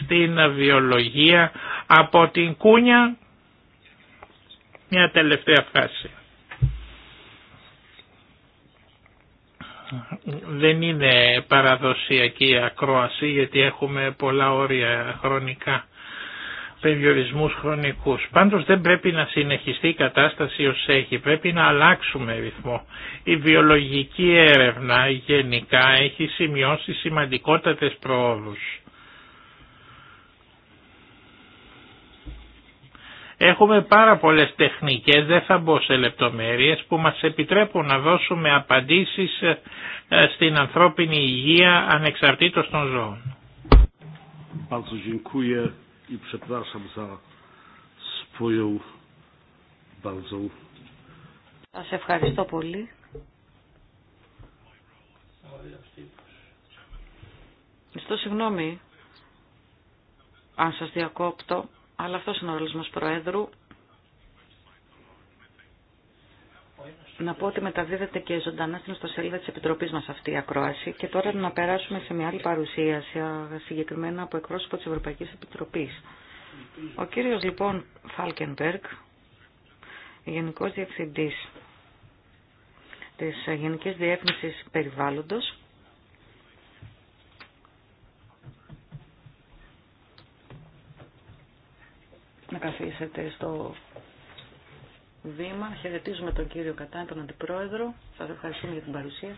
στην βιολογία από την κούνια μια τελευταία φράση. Δεν είναι παραδοσιακή ακρόαση γιατί έχουμε πολλά όρια χρονικά περιορισμούς χρονικούς. Πάντως δεν πρέπει να συνεχιστεί η κατάσταση ως έχει, πρέπει να αλλάξουμε ρυθμό. Η βιολογική έρευνα γενικά έχει σημειώσει σημαντικότατες προόδους. Έχουμε πάρα πολλές τεχνικές, δεν θα μπω σε λεπτομέρειες, που μας επιτρέπουν να δώσουμε απαντήσεις ε, ε, στην ανθρώπινη υγεία ανεξαρτήτως των ζώων
i przepraszam za swoją bardzo...
ευχαριστώ πολύ. Στο συγγνώμη αν σας διακόπτω, αλλά αυτός είναι ο ρόλος μας Προέδρου. Να πω ότι μεταδίδεται και ζωντανά στην ιστοσελίδα της Επιτροπής μας αυτή η ακρόαση και τώρα να περάσουμε σε μια άλλη παρουσίαση συγκεκριμένα από εκπρόσωπο της Ευρωπαϊκής Επιτροπής. Ο κύριος λοιπόν Φάλκενμπεργκ, Γενικός Διευθυντής της Γενικής Διεύθυνσης Περιβάλλοντος, να καθίσετε στο βήμα. Χαιρετίζουμε τον κύριο Κατάν, τον Αντιπρόεδρο. Σας ευχαριστούμε για την παρουσία.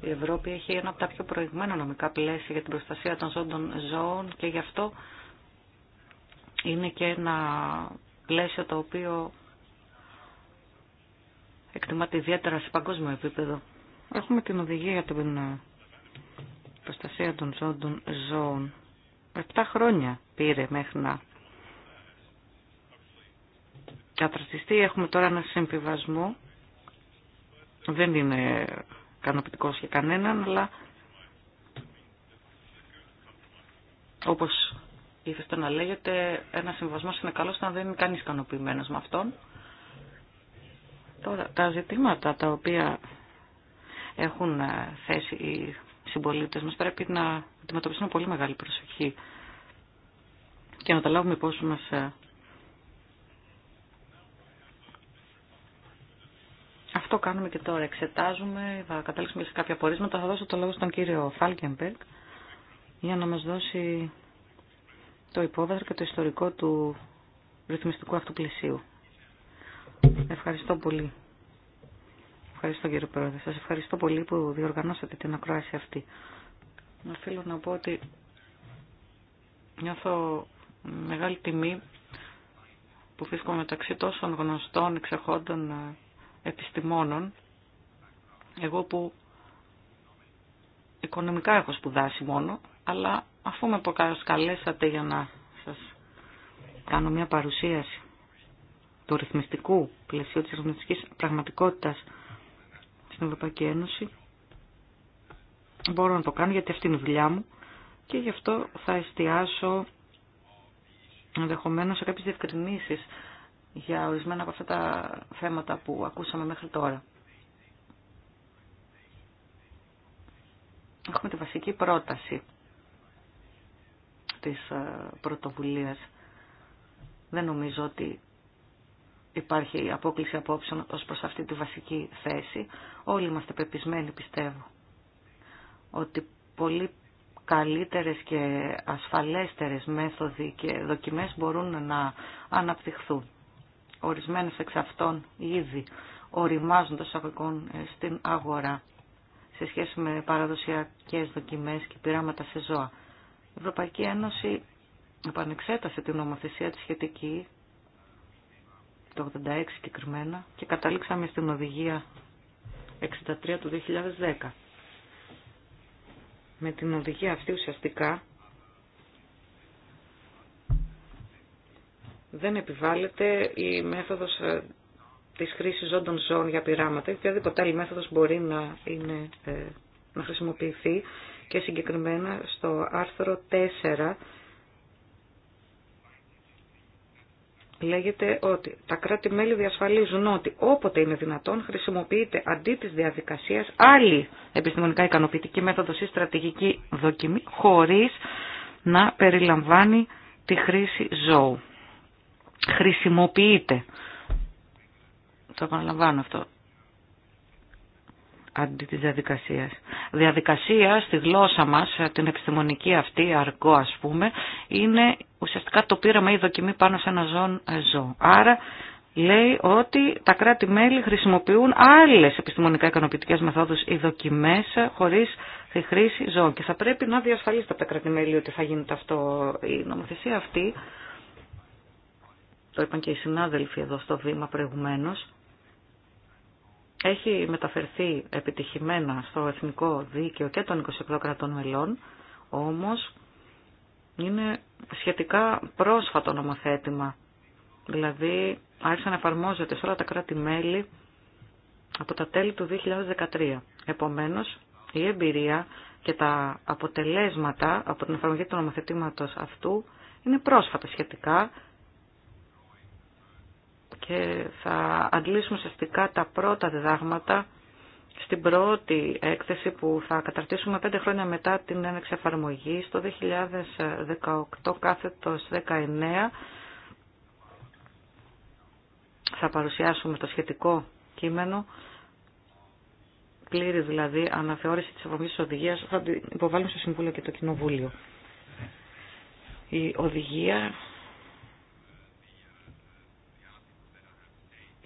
Η Ευρώπη έχει ένα από τα πιο προηγμένα νομικά πλαίσια για την προστασία των ζώντων ζώων και γι' αυτό είναι και ένα πλαίσιο το οποίο εκτιμάται ιδιαίτερα σε παγκόσμιο επίπεδο. Έχουμε την οδηγία για την προστασία των ζώντων ζώων. Επτά χρόνια πήρε μέχρι να καταρτιστεί. Έχουμε τώρα ένα συμβιβασμό. Δεν είναι κανοπιτικός για κανέναν, αλλά όπως ήθεστε να λέγεται, ένα συμβασμό είναι καλό όταν δεν είναι κανείς ικανοποιημένος με αυτόν. Τώρα, τα ζητήματα τα οποία έχουν ε, θέσει οι συμπολίτε μα πρέπει να αντιμετωπίσουμε πολύ μεγάλη προσοχή και να τα λάβουμε υπόψη μα. Ε, Αυτό κάνουμε και τώρα. Εξετάζουμε, θα καταλήξουμε σε κάποια απορίσματα, Θα δώσω το λόγο στον κύριο Φάλκεμπεργκ για να μας δώσει το υπόβαθρο και το ιστορικό του ρυθμιστικού αυτού Ευχαριστώ πολύ. Ευχαριστώ κύριε Πρόεδρε. Σας ευχαριστώ πολύ που διοργανώσατε την ακρόαση αυτή. Θέλω να πω ότι νιώθω μεγάλη τιμή που βρίσκω μεταξύ τόσων γνωστών εξεχόντων ε, επιστημόνων. Εγώ που οικονομικά έχω σπουδάσει μόνο, αλλά αφού με καλέσατε για να σας κάνω μια παρουσίαση του ρυθμιστικού πλαισίου της ρυθμιστικής πραγματικότητας στην Ευρωπαϊκή Ένωση. Μπορώ να το κάνω γιατί αυτή είναι η δουλειά μου και γι' αυτό θα εστιάσω ενδεχομένω σε κάποιες διευκρινήσεις για ορισμένα από αυτά τα θέματα που ακούσαμε μέχρι τώρα. Έχουμε τη βασική πρόταση της ε, πρωτοβουλίας. Δεν νομίζω ότι υπάρχει απόκληση απόψεων ως προς αυτή τη βασική θέση. Όλοι είμαστε πεπισμένοι, πιστεύω, ότι πολύ καλύτερες και ασφαλέστερες μέθοδοι και δοκιμές μπορούν να αναπτυχθούν. Ορισμένες εξ αυτών ήδη οριμάζουν το ε, στην αγορά σε σχέση με παραδοσιακές δοκιμές και πειράματα σε ζώα. Η Ευρωπαϊκή Ένωση επανεξέτασε την νομοθεσία της σχετική το 86 συγκεκριμένα και καταλήξαμε στην οδηγία 63 του 2010. Με την οδηγία αυτή ουσιαστικά δεν επιβάλλεται η μέθοδος ε, της χρήσης ζώντων ζώων για πειράματα ή οποιαδήποτε άλλη μέθοδος μπορεί να, είναι, ε, να χρησιμοποιηθεί και συγκεκριμένα στο άρθρο 4 λέγεται ότι τα κράτη-μέλη διασφαλίζουν ότι όποτε είναι δυνατόν χρησιμοποιείται αντί της διαδικασίας άλλη επιστημονικά ικανοποιητική μέθοδος ή στρατηγική δοκιμή χωρίς να περιλαμβάνει τη χρήση ζώου. Χρησιμοποιείται. Το επαναλαμβάνω αυτό αντί της διαδικασίας. Διαδικασία στη γλώσσα μας, την επιστημονική αυτή αργό ας πούμε, είναι ουσιαστικά το πείραμα ή δοκιμή πάνω σε ένα ε, ζώο. Άρα λέει ότι τα κράτη-μέλη χρησιμοποιούν άλλες επιστημονικά ικανοποιητικές μεθόδους ή δοκιμές χωρίς τη χρήση ζώων. Και θα πρέπει να διασφαλίσετε από τα κράτη-μέλη ότι θα γίνεται αυτό η νομοθεσία αυτή. Το είπαν και οι συνάδελφοι εδώ στο βήμα προηγουμένως έχει μεταφερθεί επιτυχημένα στο εθνικό δίκαιο και των 27 κρατών μελών, όμως είναι σχετικά πρόσφατο νομοθέτημα. Δηλαδή άρχισε να εφαρμόζεται σε όλα τα κράτη-μέλη από τα τέλη του 2013. Επομένως, η εμπειρία και τα αποτελέσματα από την εφαρμογή του νομοθετήματος αυτού είναι πρόσφατα σχετικά και θα αντλήσουμε ουσιαστικά τα πρώτα διδάγματα στην πρώτη έκθεση που θα καταρτήσουμε πέντε χρόνια μετά την έναξη εφαρμογή στο 2018 κάθετος 19 θα παρουσιάσουμε το σχετικό κείμενο πλήρη δηλαδή αναθεώρηση της εφαρμογής οδηγίας θα την υποβάλουμε στο Συμβούλιο και το Κοινοβούλιο. Η οδηγία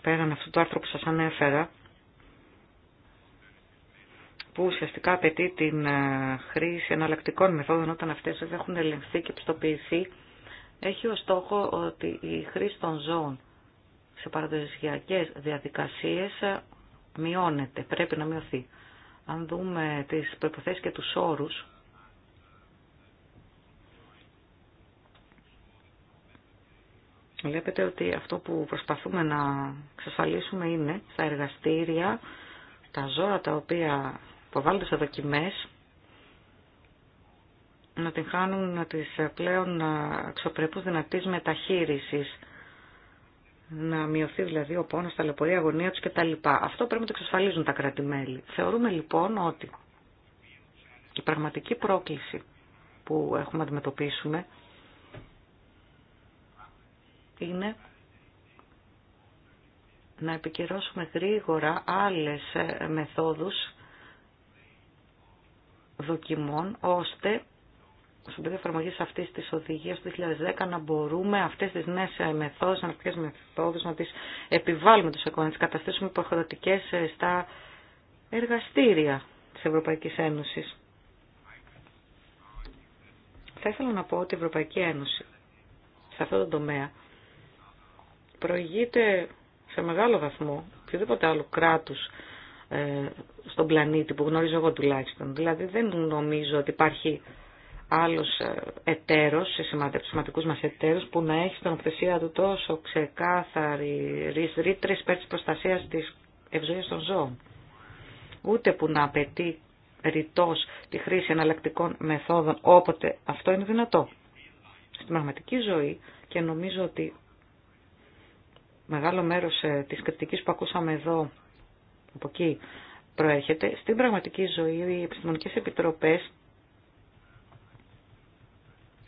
πέραν αυτού του άρθρου που σας ανέφερα, που ουσιαστικά απαιτεί την ε, χρήση εναλλακτικών μεθόδων όταν αυτές δεν έχουν ελεγχθεί και πιστοποιηθεί, έχει ως στόχο ότι η χρήση των ζώων σε παραδοσιακές διαδικασίες ε, μειώνεται, πρέπει να μειωθεί. Αν δούμε τις προϋποθέσεις και τους όρους Βλέπετε ότι αυτό που προσπαθούμε να εξασφαλίσουμε είναι στα εργαστήρια τα ζώα τα οποία υποβάλλονται σε δοκιμές να την χάνουν τις πλέον αξιοπρεπούς δυνατής μεταχείρισης να μειωθεί δηλαδή ο πόνος, τα λεπορία, η αγωνία τους κτλ. Αυτό πρέπει να το εξασφαλίζουν τα κρατη Θεωρούμε λοιπόν ότι η πραγματική πρόκληση που έχουμε να αντιμετωπίσουμε είναι να επικυρώσουμε γρήγορα άλλες ε, μεθόδους δοκιμών, ώστε στον πεδίο εφαρμογή αυτή τη οδηγία του 2010 να μπορούμε αυτές τις νέες ε, μεθόδους να μεθόδου, να τις επιβάλλουμε του εικόνε, να τις καταστήσουμε υποχρεωτικές ε, στα εργαστήρια της Ευρωπαϊκής Ένωσης. Θα ήθελα να πω ότι η Ευρωπαϊκή Ένωση σε αυτό το τομέα προηγείται σε μεγάλο βαθμό οποιοδήποτε άλλο κράτους ε, στον πλανήτη που γνωρίζω εγώ τουλάχιστον. Δηλαδή δεν νομίζω ότι υπάρχει άλλος ε, εταίρος, σε σημαντικούς μας εταίρους, που να έχει στην νομοθεσία του τόσο ξεκάθαρη ρήτρες υπέρ της προστασίας της ευζοίας των ζώων. Ούτε που να απαιτεί ρητός τη χρήση εναλλακτικών μεθόδων όποτε αυτό είναι δυνατό. Στην πραγματική ζωή και νομίζω ότι μεγάλο μέρος ε, της κριτικής που ακούσαμε εδώ, από εκεί προέρχεται, στην πραγματική ζωή οι επιστημονικές επιτροπές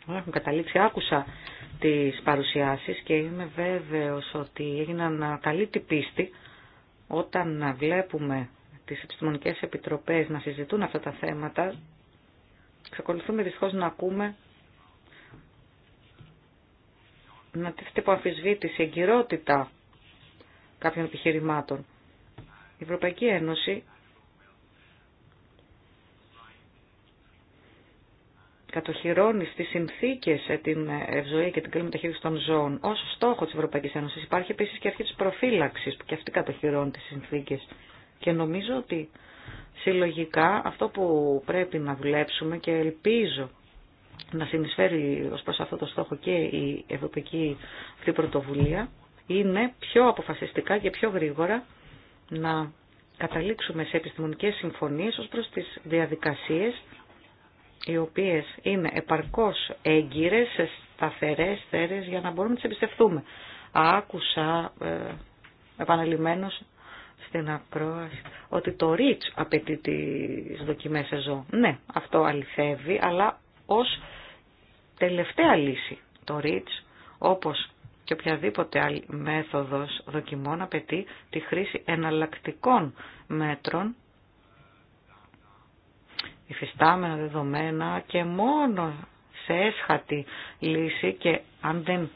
έχουν καταλήξει, άκουσα τις παρουσιάσεις και είμαι βέβαιος ότι έγιναν καλή την πίστη όταν βλέπουμε τις επιστημονικές επιτροπές να συζητούν αυτά τα θέματα, ξεκολουθούμε δυστυχώς να ακούμε να τίθεται υπό αμφισβήτηση εγκυρότητα κάποιων επιχειρημάτων. Η Ευρωπαϊκή Ένωση κατοχυρώνει στις συνθήκες ε, την ευζοία και την καλή μεταχείριση των ζώων ως στόχο της Ευρωπαϊκής Ένωσης. Υπάρχει επίσης και αρχή της προφύλαξης που και αυτή κατοχυρώνει τις συνθήκες. Και νομίζω ότι συλλογικά αυτό που πρέπει να δουλέψουμε και ελπίζω να συνεισφέρει ως προς αυτό το στόχο και η Ευρωπαϊκή αυτή πρωτοβουλία είναι πιο αποφασιστικά και πιο γρήγορα να καταλήξουμε σε επιστημονικές συμφωνίες ως προς τις διαδικασίες οι οποίες είναι επαρκώς έγκυρες, σταθερές, θέρες για να μπορούμε να τις εμπιστευτούμε. Άκουσα ε, επαναλημμένως στην ακρόαση ότι το REACH απαιτεί τις δοκιμές σε ζώο. Ναι, αυτό αληθεύει, αλλά ως τελευταία λύση. Το REACH, όπως και οποιαδήποτε άλλη μέθοδος δοκιμών, απαιτεί τη χρήση εναλλακτικών μέτρων υφιστάμενα δεδομένα και μόνο σε έσχατη λύση και αν δεν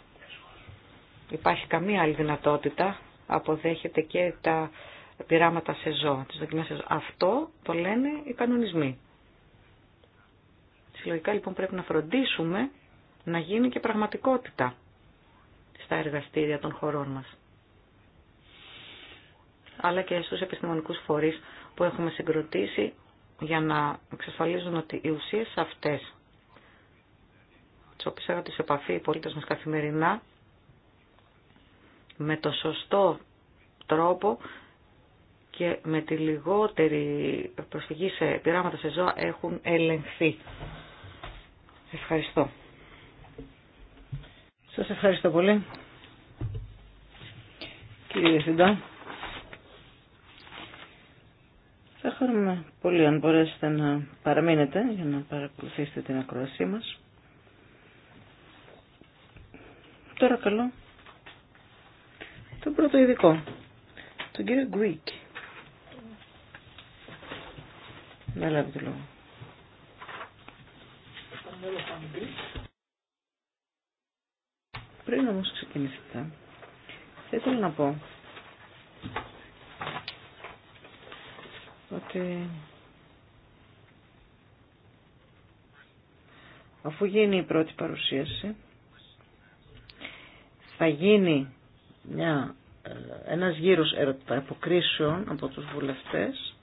υπάρχει καμία άλλη δυνατότητα αποδέχεται και τα πειράματα σε ζώα, τις δοκιμές σε ζώα. Αυτό το λένε οι κανονισμοί. Λογικά, λοιπόν πρέπει να φροντίσουμε να γίνει και πραγματικότητα στα εργαστήρια των χωρών μας. Αλλά και στους επιστημονικούς φορείς που έχουμε συγκροτήσει για να εξασφαλίζουν ότι οι ουσίες αυτές τις οποίες έρχονται σε επαφή οι πολίτες μας καθημερινά με το σωστό τρόπο και με τη λιγότερη προσφυγή σε πειράματα σε ζώα έχουν ελεγχθεί. Ευχαριστώ. Σας ευχαριστώ πολύ. Κύριε Διευθυντά, θα χαρούμε πολύ αν μπορέσετε να παραμείνετε για να παρακολουθήσετε την ακρόασή μας. Τώρα καλό τον πρώτο ειδικό, τον κύριο Γκουίκ. Να λάβει το λόγο. Πριν όμως ξεκινήσετε, θα ήθελα να πω ότι αφού γίνει η πρώτη παρουσίαση, θα γίνει μια, ε, ένας γύρος αποκρίσεων από τους βουλευτές,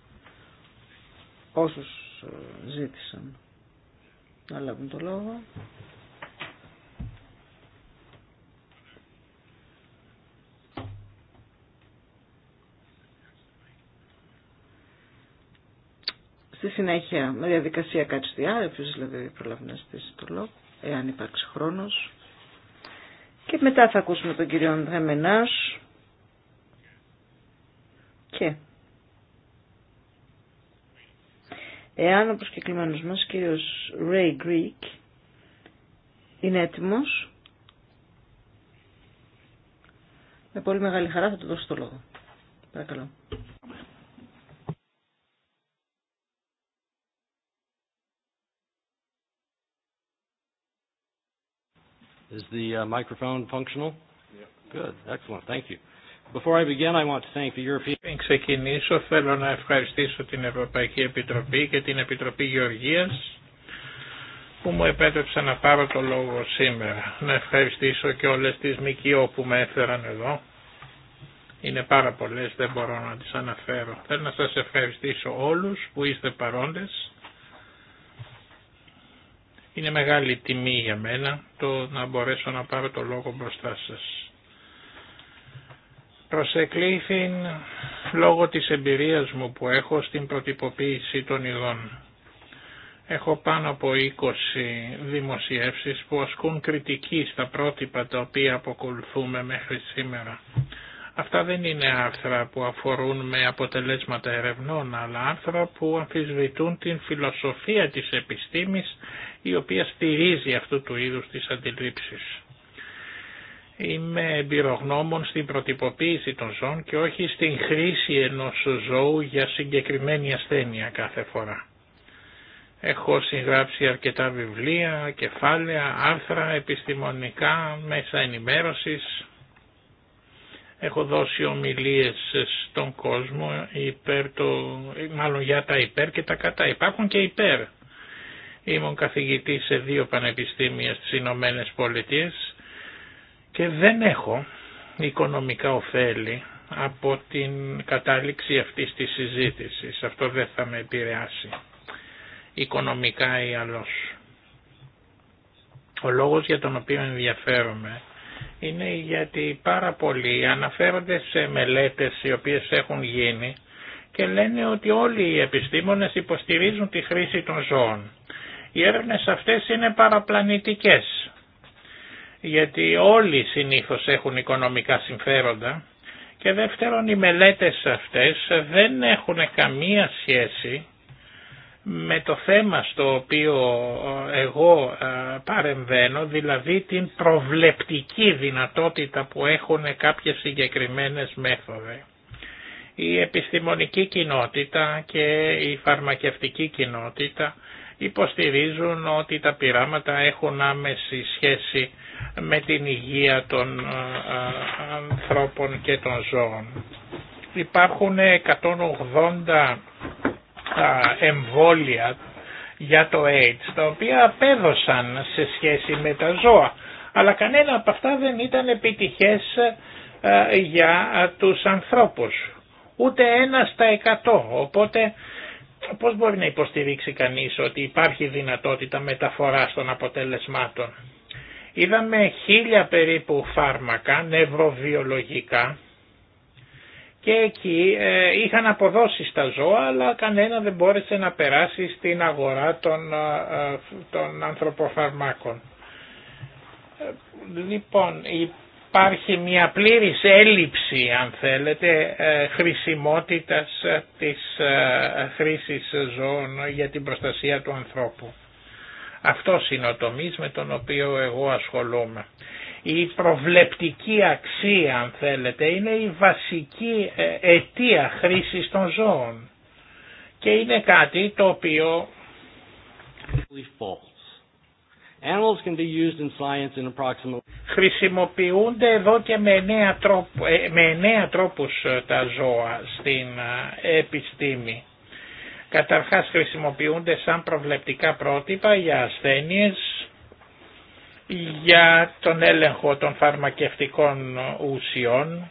όσους ε, ζήτησαν να λάβουν το λόγο. Στη συνέχεια, με διαδικασία κάτι όποιος δηλαδή προλάβει να στήσει το λόγο, εάν υπάρξει χρόνος. Και μετά θα ακούσουμε τον κύριο Ανδρεμενάς και Εάν ο προσκεκλημένος μας, κύριος Ray Greek, είναι έτοιμος, με πολύ μεγάλη χαρά θα του δώσω το λόγο. Παρακαλώ.
Is the uh, microphone functional?
Yeah. Good.
Excellent. Thank you. Πριν ξεκινήσω, θέλω να ευχαριστήσω την Ευρωπαϊκή Επιτροπή και την Επιτροπή Γεωργίας που μου επέτρεψαν να πάρω το λόγο σήμερα. Να ευχαριστήσω και όλες τις ΜΚΟ που με έφεραν εδώ. Είναι πάρα πολλές, δεν μπορώ να τις αναφέρω. Θέλω να σας ευχαριστήσω όλους που είστε παρόντες. Είναι μεγάλη τιμή για μένα το να μπορέσω να πάρω το λόγο μπροστά σας προσεκλήθην λόγω της εμπειρίας μου που έχω στην προτυποποίηση των ειδών. Έχω πάνω από 20 δημοσιεύσεις που ασκούν κριτική στα πρότυπα τα οποία αποκολουθούμε μέχρι σήμερα. Αυτά δεν είναι άρθρα που αφορούν με αποτελέσματα ερευνών, αλλά άρθρα που αμφισβητούν την φιλοσοφία της επιστήμης η οποία στηρίζει αυτού του είδους τις αντιλήψεις. Είμαι εμπειρογνώμων στην προτυποποίηση των ζώων και όχι στην χρήση ενός ζώου για συγκεκριμένη ασθένεια κάθε φορά. Έχω συγγράψει αρκετά βιβλία, κεφάλαια, άρθρα, επιστημονικά, μέσα ενημέρωσης. Έχω δώσει ομιλίες στον κόσμο υπέρ το, μάλλον για τα υπέρ και τα κατά. Υπάρχουν και υπέρ. Ήμουν καθηγητής σε δύο πανεπιστήμια στις Ηνωμένε Πολιτείες και δεν έχω οικονομικά ωφέλη από την κατάληξη αυτής της συζήτησης. Αυτό δεν θα με επηρεάσει οικονομικά ή αλλώς. Ο λόγος για τον οποίο ενδιαφέρομαι είναι γιατί πάρα πολλοί αναφέρονται σε μελέτες οι οποίες έχουν γίνει και λένε ότι όλοι οι επιστήμονες υποστηρίζουν τη χρήση των ζώων. Οι έρευνες αυτές είναι παραπλανητικές γιατί όλοι συνήθως έχουν οικονομικά συμφέροντα και δεύτερον οι μελέτες αυτές δεν έχουν καμία σχέση με το θέμα στο οποίο εγώ ε, παρεμβαίνω, δηλαδή την προβλεπτική δυνατότητα που έχουν κάποιες συγκεκριμένες μέθοδες. Η επιστημονική κοινότητα και η φαρμακευτική κοινότητα υποστηρίζουν ότι τα πειράματα έχουν άμεση σχέση με την υγεία των ε, ε, ανθρώπων και των ζώων. Υπάρχουν 180 εμβόλια για το AIDS, τα οποία απέδωσαν σε σχέση με τα ζώα, αλλά κανένα από αυτά δεν ήταν επιτυχές ε, για τους ανθρώπους. Ούτε ένα στα εκατό. Οπότε πώς μπορεί να υποστηρίξει κανείς ότι υπάρχει δυνατότητα μεταφοράς των αποτελεσμάτων. Είδαμε χίλια περίπου φάρμακα νευροβιολογικά και εκεί ε, είχαν αποδώσει στα ζώα αλλά κανένα δεν μπόρεσε να περάσει στην αγορά των, ε, ε, των ανθρωποφαρμάκων. Λοιπόν, υπάρχει μια πλήρης έλλειψη, αν θέλετε, χρησιμότητας της χρήσης ζώων για την προστασία του ανθρώπου. Αυτό είναι ο με τον οποίο εγώ ασχολούμαι. Η προβλεπτική αξία, αν θέλετε, είναι η βασική ε, αιτία χρήσης των ζώων. Και είναι κάτι το οποίο... Χρησιμοποιούνται εδώ και με εννέα, τρόπου, ε, τρόπους ε, τα ζώα στην επιστήμη. Καταρχάς χρησιμοποιούνται σαν προβλεπτικά πρότυπα για ασθένειες, για τον έλεγχο των φαρμακευτικών ουσιών.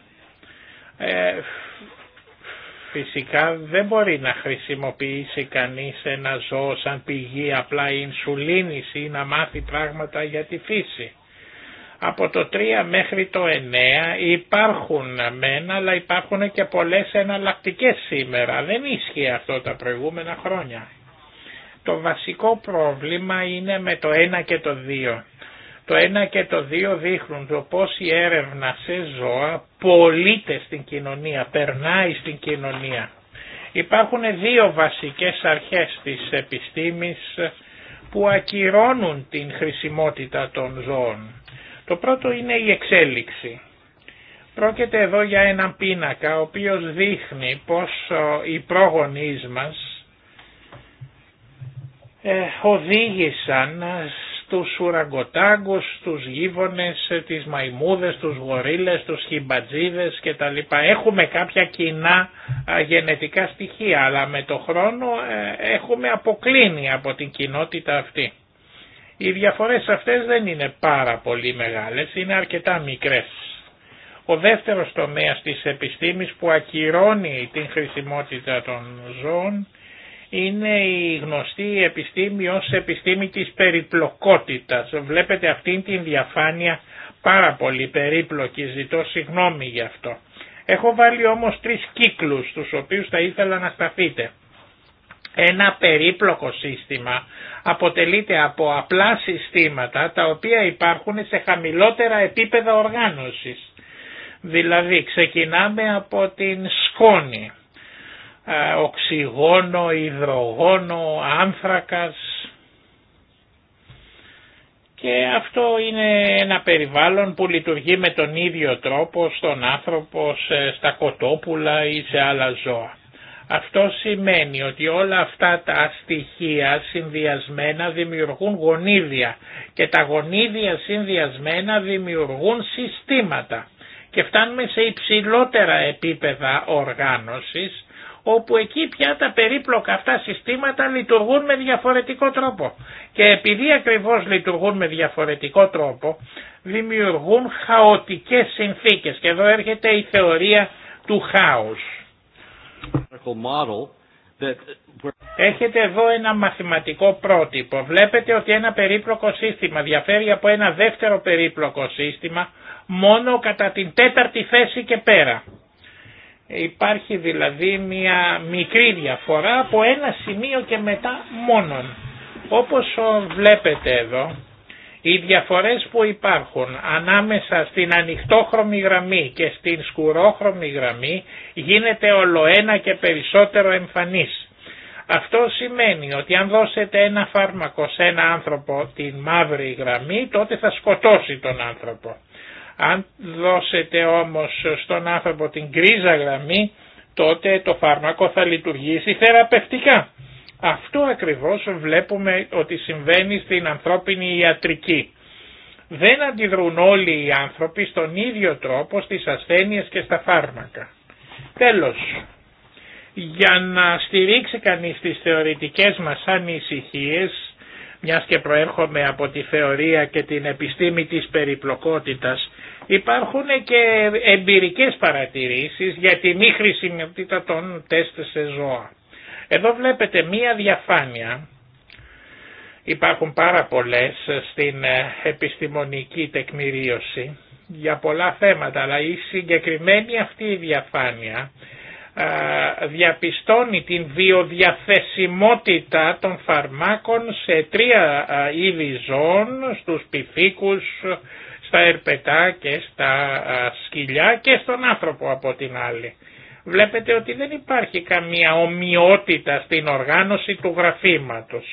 Ε, φυσικά δεν μπορεί να χρησιμοποιήσει κανείς ένα ζώο σαν πηγή απλά η ινσουλίνης ή να μάθει πράγματα για τη φύση. Από το 3 μέχρι το 9 υπάρχουν μένα, αλλά υπάρχουν και πολλές εναλλακτικέ σήμερα. Δεν ίσχυε αυτό τα προηγούμενα χρόνια. Το βασικό πρόβλημα είναι με το 1 και το 2. Το 1 και το 2 δείχνουν το πώς η έρευνα σε ζώα πωλείται στην κοινωνία, περνάει στην κοινωνία. Υπάρχουν δύο βασικές αρχές της επιστήμης που ακυρώνουν την χρησιμότητα των ζώων. Το πρώτο είναι η εξέλιξη. Πρόκειται εδώ για έναν πίνακα ο οποίος δείχνει πως ε, οι πρόγονείς μας ε, οδήγησαν ε, στους ουραγκοτάγκους, στους γίβονες, τις μαϊμούδες, τους γορίλες, τους χιμπατζίδες κτλ. Έχουμε κάποια κοινά γενετικά στοιχεία, αλλά με το χρόνο έχουμε αποκλίνει από την κοινότητα αυτή. Οι διαφορές αυτές δεν είναι πάρα πολύ μεγάλες, είναι αρκετά μικρές. Ο δεύτερος τομέας της επιστήμης που ακυρώνει την χρησιμότητα των ζώων είναι η γνωστή επιστήμη ως επιστήμη της περιπλοκότητας. Βλέπετε αυτήν την διαφάνεια πάρα πολύ περίπλοκη, ζητώ συγγνώμη γι' αυτό. Έχω βάλει όμως τρεις κύκλους τους οποίους θα ήθελα να σταθείτε ένα περίπλοκο σύστημα αποτελείται από απλά συστήματα τα οποία υπάρχουν σε χαμηλότερα επίπεδα οργάνωσης. Δηλαδή ξεκινάμε από την σκόνη, ε, οξυγόνο, υδρογόνο, άνθρακας και αυτό είναι ένα περιβάλλον που λειτουργεί με τον ίδιο τρόπο στον άνθρωπο, στα κοτόπουλα ή σε άλλα ζώα. Αυτό σημαίνει ότι όλα αυτά τα στοιχεία συνδυασμένα δημιουργούν γονίδια και τα γονίδια συνδυασμένα δημιουργούν συστήματα και φτάνουμε σε υψηλότερα επίπεδα οργάνωσης όπου εκεί πια τα περίπλοκα αυτά συστήματα λειτουργούν με διαφορετικό τρόπο. Και επειδή ακριβώς λειτουργούν με διαφορετικό τρόπο, δημιουργούν χαοτικές συνθήκες. Και εδώ έρχεται η θεωρία του χάους. Έχετε εδώ ένα μαθηματικό πρότυπο. Βλέπετε ότι ένα περίπλοκο σύστημα διαφέρει από ένα δεύτερο περίπλοκο σύστημα μόνο κατά την τέταρτη θέση και πέρα. Υπάρχει δηλαδή μια μικρή διαφορά από ένα σημείο και μετά μόνον. Όπως βλέπετε εδώ οι διαφορές που υπάρχουν ανάμεσα στην ανοιχτόχρωμη γραμμή και στην σκουρόχρωμη γραμμή γίνεται ολοένα και περισσότερο εμφανής. Αυτό σημαίνει ότι αν δώσετε ένα φάρμακο σε ένα άνθρωπο την μαύρη γραμμή τότε θα σκοτώσει τον άνθρωπο. Αν δώσετε όμως στον άνθρωπο την γκρίζα γραμμή τότε το φάρμακο θα λειτουργήσει θεραπευτικά. Αυτό ακριβώς βλέπουμε ότι συμβαίνει στην ανθρώπινη ιατρική. Δεν αντιδρούν όλοι οι άνθρωποι στον ίδιο τρόπο στις ασθένειες και στα φάρμακα. Τέλος, για να στηρίξει κανείς τις θεωρητικές μας ανησυχίες, μιας και προέρχομαι από τη θεωρία και την επιστήμη της περιπλοκότητας, υπάρχουν και εμπειρικές παρατηρήσεις για τη μη χρησιμότητα των τεστ σε ζώα. Εδώ βλέπετε μία διαφάνεια, υπάρχουν πάρα πολλές στην ε, επιστημονική τεκμηρίωση για πολλά θέματα, αλλά η συγκεκριμένη αυτή η διαφάνεια διαπιστώνει την βιοδιαθεσιμότητα των φαρμάκων σε τρία είδη ζώων, στους πυφίκους, στα ερπετά και στα σκυλιά και στον άνθρωπο από την άλλη βλέπετε ότι δεν υπάρχει καμία ομοιότητα στην οργάνωση του γραφήματος.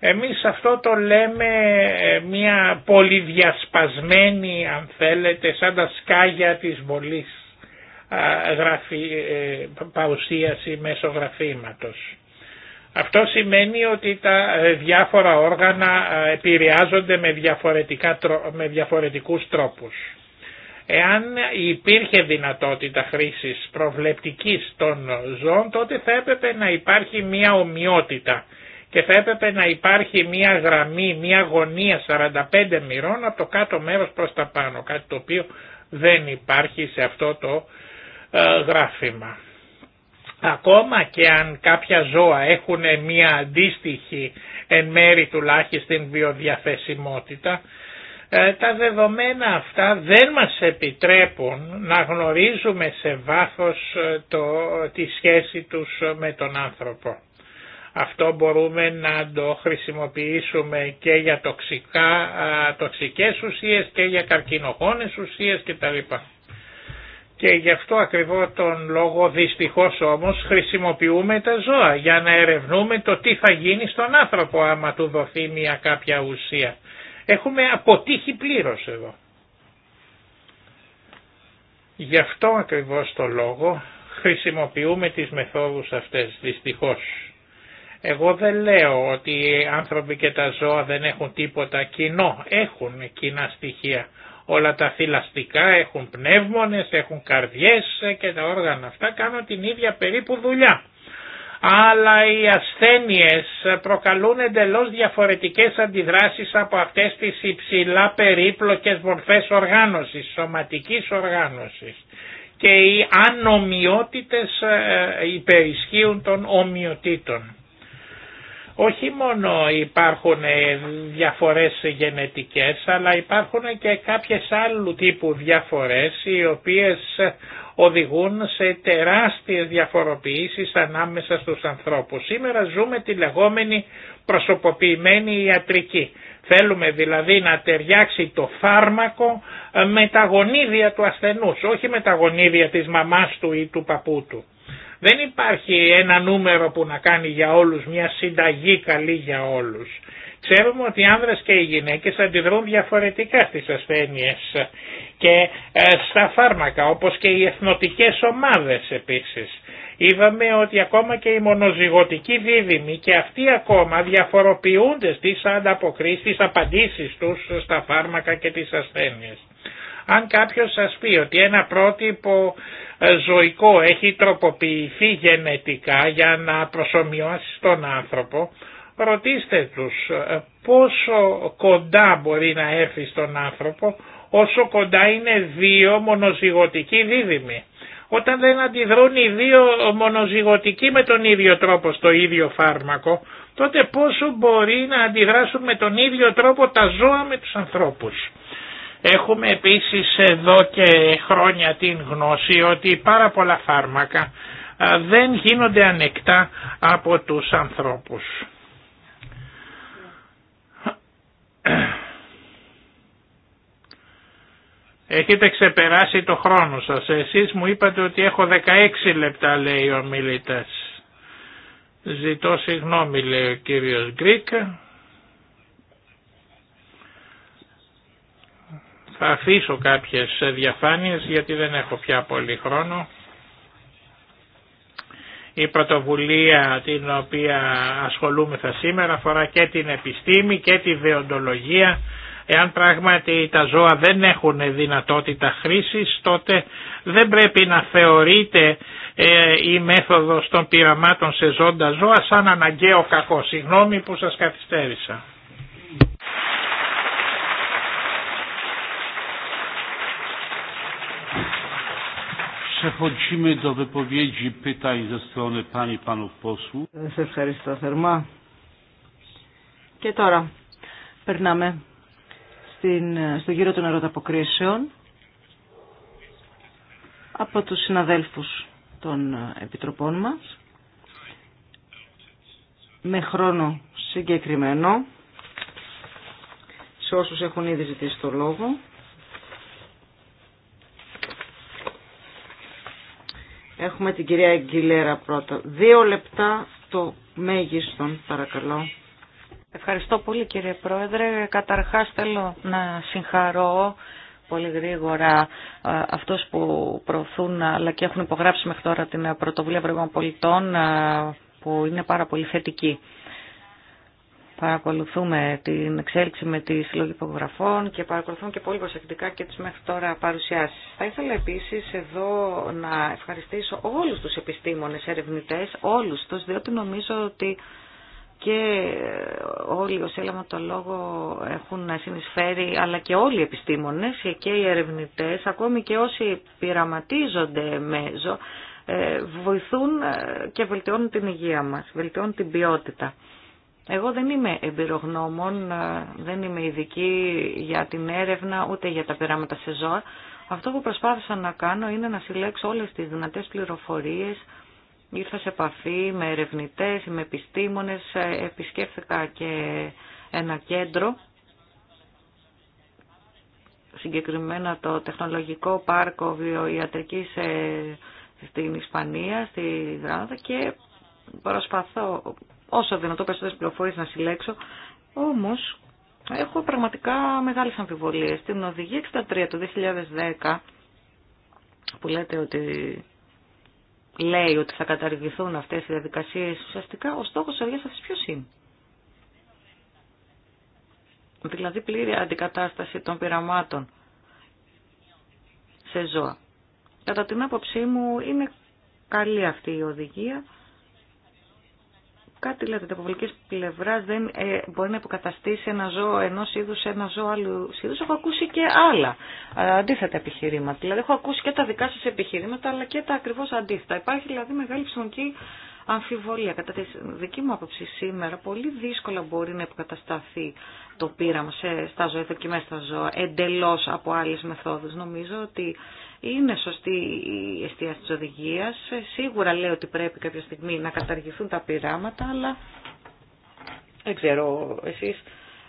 Εμείς αυτό το λέμε ε, μια πολυδιασπασμένη, αν θέλετε, σαν τα σκάγια της βολής γραφή, ε, παρουσίαση μέσω γραφήματος. Αυτό σημαίνει ότι τα ε, διάφορα όργανα επηρεάζονται με, διαφορετικά, με διαφορετικούς τρόπους. Εάν υπήρχε δυνατότητα χρήσης προβλεπτικής των ζώων, τότε θα έπρεπε να υπάρχει μία ομοιότητα και θα έπρεπε να υπάρχει μία γραμμή, μία γωνία 45 μοιρών από το κάτω μέρος προς τα πάνω, κάτι το οποίο δεν υπάρχει σε αυτό το ε, γράφημα. Ακόμα και αν κάποια ζώα έχουν μία αντίστοιχη εν μέρη τουλάχιστον βιοδιαθεσιμότητα, ε, τα δεδομένα αυτά δεν μας επιτρέπουν να γνωρίζουμε σε βάθος ε, το, τη σχέση τους ε, με τον άνθρωπο. Αυτό μπορούμε να το χρησιμοποιήσουμε και για τοξικά, τοξικές ουσίες και για καρκινογόνες ουσίες κτλ. Και γι' αυτό ακριβώ τον λόγο δυστυχώς όμως χρησιμοποιούμε τα ζώα για να ερευνούμε το τι θα γίνει στον άνθρωπο άμα του δοθεί μια κάποια ουσία. Έχουμε αποτύχει πλήρως εδώ. Γι' αυτό ακριβώς το λόγο χρησιμοποιούμε τις μεθόδους αυτές, δυστυχώς. Εγώ δεν λέω ότι οι άνθρωποι και τα ζώα δεν έχουν τίποτα κοινό. Έχουν κοινά στοιχεία. Όλα τα θηλαστικά έχουν πνεύμονες, έχουν καρδιές και τα όργανα αυτά κάνουν την ίδια περίπου δουλειά αλλά οι ασθένειες προκαλούν εντελώς διαφορετικές αντιδράσεις από αυτές τις υψηλά περίπλοκες μορφές οργάνωσης, σωματικής οργάνωσης. Και οι ανομοιότητες ε, ε, υπερισχύουν των ομοιοτήτων όχι μόνο υπάρχουν ε, διαφορές γενετικές, αλλά υπάρχουν και κάποιες άλλου τύπου διαφορές οι οποίες οδηγούν σε τεράστιες διαφοροποιήσεις ανάμεσα στους ανθρώπους. Σήμερα ζούμε τη λεγόμενη προσωποποιημένη ιατρική. Θέλουμε δηλαδή να ταιριάξει το φάρμακο ε, με τα γονίδια του ασθενούς, όχι με τα γονίδια της μαμάς του ή του παππού του. Δεν υπάρχει ένα νούμερο που να κάνει για όλους μια συνταγή καλή για όλους. Ξέρουμε ότι οι άνδρες και οι γυναίκες αντιδρούν διαφορετικά στις ασθένειες και ε, στα φάρμακα όπως και οι εθνοτικές ομάδες επίσης. Είδαμε ότι ακόμα και οι μονοζυγωτικοί δίδυμοι και αυτοί ακόμα διαφοροποιούνται στις ανταποκρίσεις, στις απαντήσεις τους στα φάρμακα και τις ασθένειες. Αν κάποιος σας πει ότι ένα πρότυπο ε, ζωικό έχει τροποποιηθεί γενετικά για να προσωμιώσει τον άνθρωπο, ρωτήστε τους ε, πόσο κοντά μπορεί να έρθει στον άνθρωπο όσο κοντά είναι δύο μονοζυγωτικοί δίδυμοι. Όταν δεν αντιδρούν οι δύο μονοζυγωτικοί με τον ίδιο τρόπο στο ίδιο φάρμακο, τότε πόσο μπορεί να αντιδράσουν με τον ίδιο τρόπο τα ζώα με τους ανθρώπους. Έχουμε επίσης εδώ και χρόνια την γνώση ότι πάρα πολλά φάρμακα δεν γίνονται ανεκτά από τους ανθρώπους. Έχετε ξεπεράσει το χρόνο σας. Εσείς μου είπατε ότι έχω 16 λεπτά λέει ο μιλητές. Ζητώ συγγνώμη λέει ο κύριος Γκρίκ. Θα αφήσω κάποιες διαφάνειες γιατί δεν έχω πια πολύ χρόνο. Η πρωτοβουλία την οποία ασχολούμεθα σήμερα αφορά και την επιστήμη και τη δεοντολογία. Εάν πράγματι τα ζώα δεν έχουν δυνατότητα χρήσης τότε δεν πρέπει να θεωρείται ε, η μέθοδος των πειραμάτων σε ζώντα ζώα σαν αναγκαίο κακό. Συγγνώμη που σας καθυστέρησα. Przechodzimy
ευχαριστώ θερμά. Και τώρα περνάμε στην, ε, στο γύρο των ερωταποκρίσεων από τους συναδέλφους των ε, επιτροπών μας με χρόνο συγκεκριμένο σε όσους έχουν ήδη ζητήσει το λόγο. Έχουμε την κυρία Αγγιλέρα πρώτα. Δύο λεπτά το μέγιστον, παρακαλώ. Ευχαριστώ πολύ κύριε Πρόεδρε. Καταρχάς θέλω να συγχαρώ πολύ γρήγορα αυτούς που προωθούν αλλά και έχουν υπογράψει μέχρι τώρα την πρωτοβουλία Ευρωπαϊκών Πολιτών που είναι πάρα πολύ θετική. Παρακολουθούμε την εξέλιξη με τη συλλογή υπογραφών και παρακολουθούμε και πολύ προσεκτικά και τις μέχρι τώρα παρουσιάσεις. Θα ήθελα επίσης εδώ να ευχαριστήσω όλους τους επιστήμονες, ερευνητές, όλους τους, διότι νομίζω ότι και όλοι όσοι έλαβαν το λόγο έχουν συνεισφέρει, αλλά και όλοι οι επιστήμονες και οι ερευνητές, ακόμη και όσοι πειραματίζονται μέσω, ε, βοηθούν ε, και βελτιώνουν την υγεία μας, βελτιώνουν την ποιότητα. Εγώ δεν είμαι εμπειρογνώμων, ε, δεν είμαι ειδική για την έρευνα ούτε για τα πειράματα σε ζώα. Αυτό που προσπάθησα να κάνω είναι να συλλέξω όλες τις δυνατές πληροφορίες. Ήρθα σε επαφή με ερευνητές, με επιστήμονες, ε, επισκέφθηκα και ένα κέντρο. Συγκεκριμένα το Τεχνολογικό Πάρκο Βιοιατρικής ε, στην Ισπανία, στη Γράδα και προσπαθώ όσο δυνατό περισσότερες πληροφορίες να συλλέξω. Όμως, έχω πραγματικά μεγάλες αμφιβολίες. Την οδηγία 63 του 2010, που λέτε ότι λέει ότι θα καταργηθούν αυτές οι διαδικασίες, ουσιαστικά ο στόχος της οδηγία αυτής ποιος είναι. Δηλαδή πλήρη αντικατάσταση των πειραμάτων σε ζώα. Κατά την άποψή μου είναι καλή αυτή η οδηγία κάτι λέτε, από βολική πλευρά δεν ε, μπορεί να υποκαταστήσει ένα ζώο ενό είδου σε ένα ζώο άλλου είδου. Έχω ακούσει και άλλα ε, αντίθετα επιχειρήματα. Δηλαδή, έχω ακούσει και τα δικά σα επιχειρήματα, αλλά και τα ακριβώ αντίθετα. Υπάρχει δηλαδή μεγάλη ψυχική αμφιβολία. Κατά τη δική μου άποψη σήμερα πολύ δύσκολα μπορεί να επικατασταθεί το πείραμα σε, στα ζωή, δοκιμές στα ζώα, εντελώς από άλλες μεθόδους. Νομίζω ότι είναι σωστή η εστίαση της οδηγίας. Ε, σίγουρα λέω ότι πρέπει κάποια στιγμή να καταργηθούν τα πειράματα, αλλά δεν ξέρω εσείς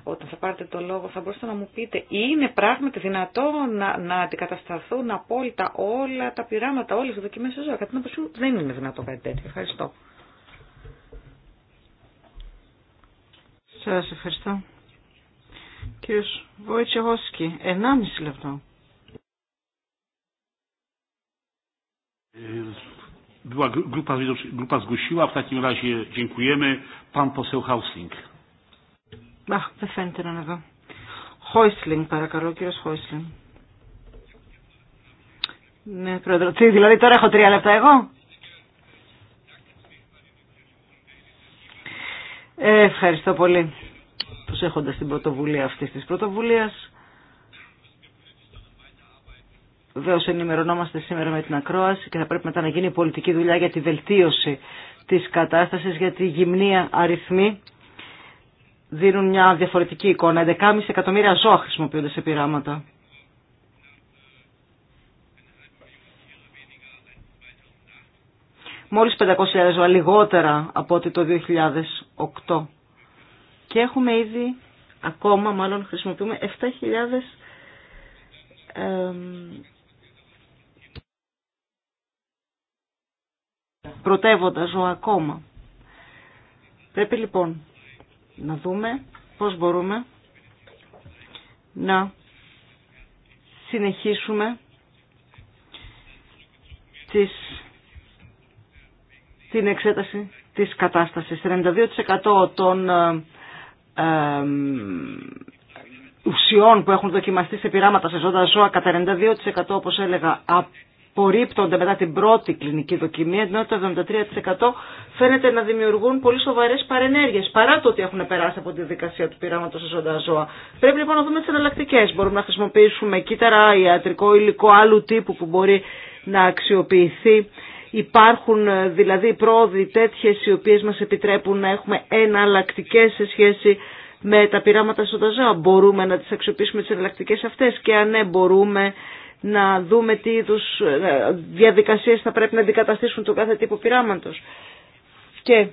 όταν θα πάρετε το λόγο θα μπορούσατε να μου πείτε είναι πράγματι δυνατό να, να αντικατασταθούν απόλυτα όλα τα πειράματα, όλες οι δοκιμές σε ζώα. Κατά την άποψή δεν είναι δυνατό κάτι τέτοιο. Ευχαριστώ. Σας ευχαριστώ. Κύριος Βοητσεχόσκι, 1,5 λεπτό.
Była grupa, grupa zgłosiła, w takim razie dziękujemy. Pan poseł Hausling.
Ach, δεν φαίνεται να είναι εδώ. Χόισλινγκ, παρακαλώ, κύριο Χόισλινγκ. Ναι, πρόεδρο. Τι, δηλαδή τώρα έχω τρία Ε, ευχαριστώ πολύ έχοντας την πρωτοβουλία αυτής της πρωτοβουλίας. Βεβαίω ενημερωνόμαστε σήμερα με την ακρόαση και θα πρέπει μετά να γίνει πολιτική δουλειά για τη βελτίωση της κατάστασης γιατί οι γυμνία αριθμοί δίνουν μια διαφορετική εικόνα. 11,5 εκατομμύρια ζώα χρησιμοποιούνται σε πειράματα. Μόλις 500.000 ζώα λιγότερα από ότι το 2000. 8. Και έχουμε ήδη, ακόμα μάλλον χρησιμοποιούμε 7.000 πρωτεύοντα ζώα ακόμα. Πρέπει λοιπόν να δούμε πώς μπορούμε να συνεχίσουμε τις, την εξέταση της κατάστασης. 32% των ε, ε, ουσιών που έχουν δοκιμαστεί σε πειράματα σε ζώτα ζώα κατά 92% όπως έλεγα απορρίπτονται μετά την πρώτη κλινική δοκιμή ενώ το 73% φαίνεται να δημιουργούν πολύ σοβαρές παρενέργειες παρά το ότι έχουν περάσει από τη δικασία του πειράματος σε ζώτα ζώα. Πρέπει λοιπόν να δούμε τι εναλλακτικέ. Μπορούμε να χρησιμοποιήσουμε κύτταρα, ιατρικό υλικό άλλου τύπου που μπορεί να αξιοποιηθεί Υπάρχουν ε, δηλαδή πρόοδοι τέτοιε οι οποίε μα επιτρέπουν να έχουμε εναλλακτικέ σε σχέση με τα πειράματα στον Ταζά. Μπορούμε να τι αξιοποιήσουμε τι εναλλακτικέ αυτέ. και αν ναι, μπορούμε να δούμε τι είδου ε, διαδικασίε θα πρέπει να αντικαταστήσουν το κάθε τύπο πειράματο. Και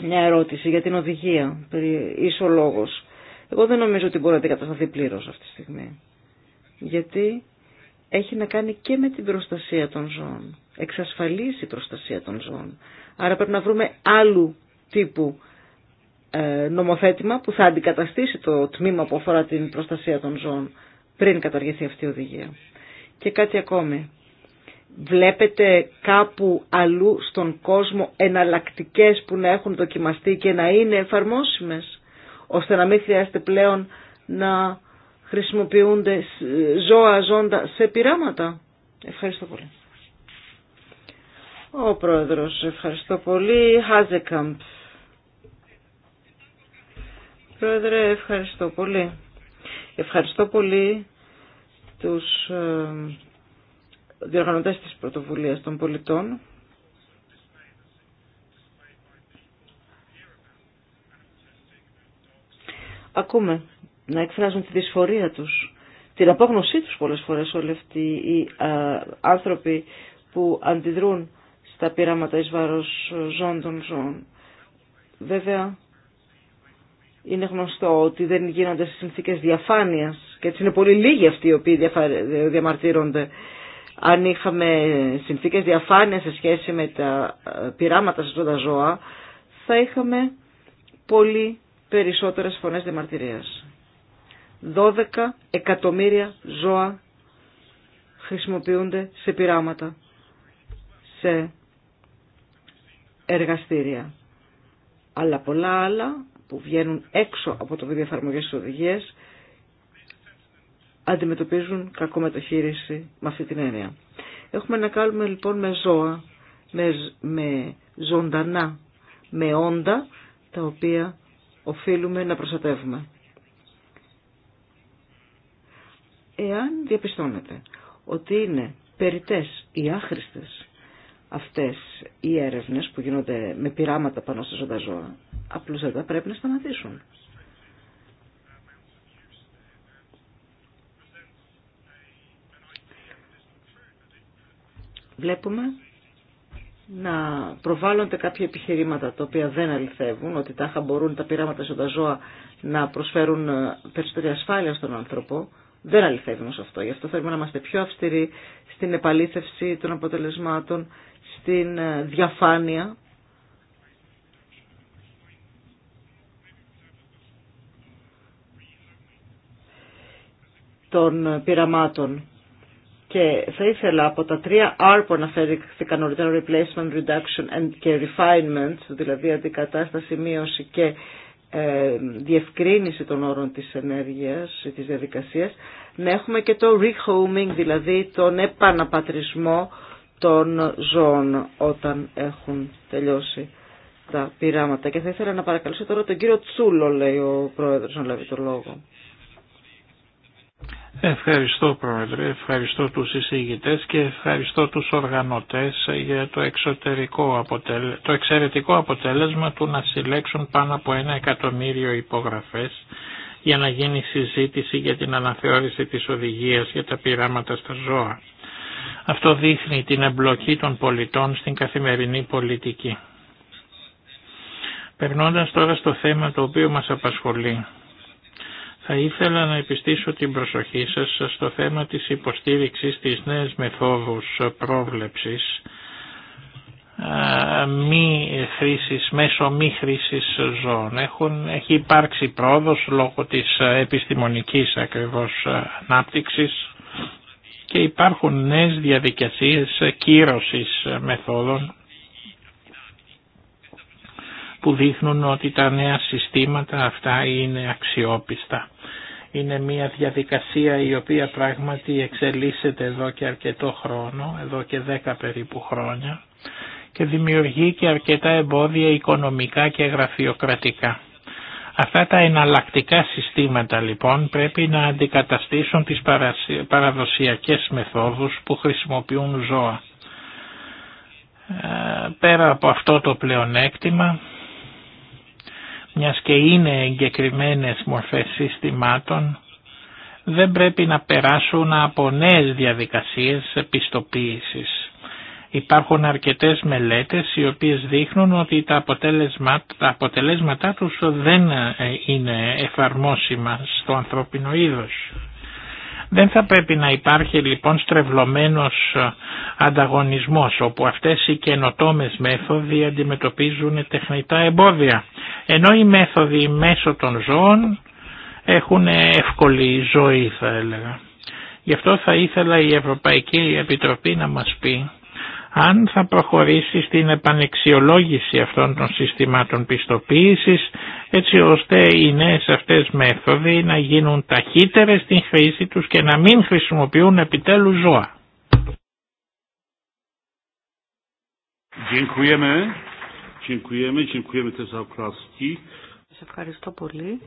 μια ερώτηση για την οδηγία, περί λόγος. Εγώ δεν νομίζω ότι μπορεί να αντικατασταθεί πλήρω αυτή τη στιγμή. Γιατί έχει να κάνει και με την προστασία των ζώων εξασφαλίσει η προστασία των ζώων. Άρα πρέπει να βρούμε άλλου τύπου ε, νομοθέτημα που θα αντικαταστήσει το τμήμα που αφορά την προστασία των ζώων πριν καταργηθεί αυτή η οδηγία. Και κάτι ακόμη. Βλέπετε κάπου αλλού στον κόσμο εναλλακτικέ που να έχουν δοκιμαστεί και να είναι εφαρμόσιμες, ώστε να μην χρειάζεται πλέον να χρησιμοποιούνται ζώα ζώντα σε πειράματα. Ευχαριστώ πολύ. Ο Πρόεδρος, ευχαριστώ πολύ. Χάζεκαμπ. Πρόεδρε, ευχαριστώ πολύ. Ευχαριστώ πολύ τους ε, διοργανωτές της πρωτοβουλίας των πολιτών. Ακούμε να εκφράζουν τη δυσφορία τους, την απόγνωσή τους πολλές φορές όλοι αυτοί οι ε, άνθρωποι που αντιδρούν τα πειράματα εις βάρος ζών των ζώων. Βέβαια, είναι γνωστό ότι δεν γίνονται σε συνθήκες διαφάνειας και έτσι είναι πολύ λίγοι αυτοί οι οποίοι διαμαρτύρονται. Αν είχαμε συνθήκες διαφάνειας σε σχέση με τα ε, πειράματα σε τα ζώα, θα είχαμε πολύ περισσότερες φωνές διαμαρτυρίας. 12 εκατομμύρια ζώα χρησιμοποιούνται σε πειράματα σε εργαστήρια. Αλλά πολλά άλλα που βγαίνουν έξω από το βίντεο εφαρμογής της οδηγίας αντιμετωπίζουν κακομεταχείριση με αυτή την έννοια. Έχουμε να κάνουμε λοιπόν με ζώα, με, με ζωντανά, με όντα τα οποία οφείλουμε να προστατεύουμε. Εάν διαπιστώνετε ότι είναι περιτές ή άχρηστες αυτές οι έρευνες που γίνονται με πειράματα πάνω στα ζωντά ζώα, απλούστατα πρέπει να σταματήσουν. Βλέπουμε να προβάλλονται κάποια επιχειρήματα τα οποία δεν αληθεύουν, ότι τα μπορούν τα πειράματα στα ζώα να προσφέρουν ε, περισσότερη ασφάλεια στον άνθρωπο. Δεν αληθεύουν σε αυτό. Γι' αυτό θέλουμε να είμαστε πιο αυστηροί στην επαλήθευση των αποτελεσμάτων στην ε, διαφάνεια των ε, πειραμάτων. Και θα ήθελα από τα τρία R που αναφέρθηκαν νωρίτερα, replacement, reduction and και refinement, δηλαδή αντικατάσταση, μείωση και ε, διευκρίνηση των όρων της ενέργειας ή της διαδικασίας, να έχουμε και το rehoming, δηλαδή τον επαναπατρισμό των ζώων όταν έχουν τελειώσει τα πειράματα. Και θα ήθελα να παρακαλούσα τώρα τον κύριο Τσούλο, λέει ο πρόεδρος, να λάβει το λόγο.
Ευχαριστώ Πρόεδρε, ευχαριστώ τους εισηγητές και ευχαριστώ τους οργανωτές για το, εξωτερικό το εξαιρετικό αποτέλεσμα του να συλλέξουν πάνω από ένα εκατομμύριο υπογραφές για να γίνει συζήτηση για την αναθεώρηση της οδηγίας για τα πειράματα στα ζώα. Αυτό δείχνει την εμπλοκή των πολιτών στην καθημερινή πολιτική. Περνώντας τώρα στο θέμα το οποίο μας απασχολεί, θα ήθελα να επιστήσω την προσοχή σας στο θέμα της υποστήριξης της νέας μεθόδους πρόβλεψης μη χρήσης, μέσω μη χρήσης ζώων. Έχουν, έχει υπάρξει πρόοδος λόγω της επιστημονικής ακριβώς ανάπτυξης και υπάρχουν νέες διαδικασίες κύρωσης μεθόδων που δείχνουν ότι τα νέα συστήματα αυτά είναι αξιόπιστα. Είναι μια διαδικασία η οποία πράγματι εξελίσσεται εδώ και αρκετό χρόνο, εδώ και δέκα περίπου χρόνια και δημιουργεί και αρκετά εμπόδια οικονομικά και γραφειοκρατικά. Αυτά τα εναλλακτικά συστήματα λοιπόν πρέπει να αντικαταστήσουν τις παραδοσιακές μεθόδους που χρησιμοποιούν ζώα. Ε, πέρα από αυτό το πλεονέκτημα, μιας και είναι εγκεκριμένες μορφές συστημάτων, δεν πρέπει να περάσουν από νέες διαδικασίες επιστοποίησης. Υπάρχουν αρκετές μελέτες οι οποίες δείχνουν ότι τα, τα αποτελέσματά τους δεν ε, είναι εφαρμόσιμα στο ανθρώπινο είδος. Δεν θα πρέπει να υπάρχει λοιπόν στρεβλωμένος ανταγωνισμός όπου αυτές οι καινοτόμες μέθοδοι αντιμετωπίζουν τεχνητά εμπόδια. Ενώ οι μέθοδοι μέσω των ζώων έχουν εύκολη ζωή θα έλεγα. Γι' αυτό θα ήθελα η Ευρωπαϊκή Επιτροπή να μας πει αν θα προχωρήσει στην επανεξιολόγηση αυτών των συστημάτων πιστοποίησης έτσι ώστε οι νέες αυτές μέθοδοι να γίνουν ταχύτερες στην χρήση τους και να μην χρησιμοποιούν επιτέλους ζώα.
Σας ευχαριστώ πολύ.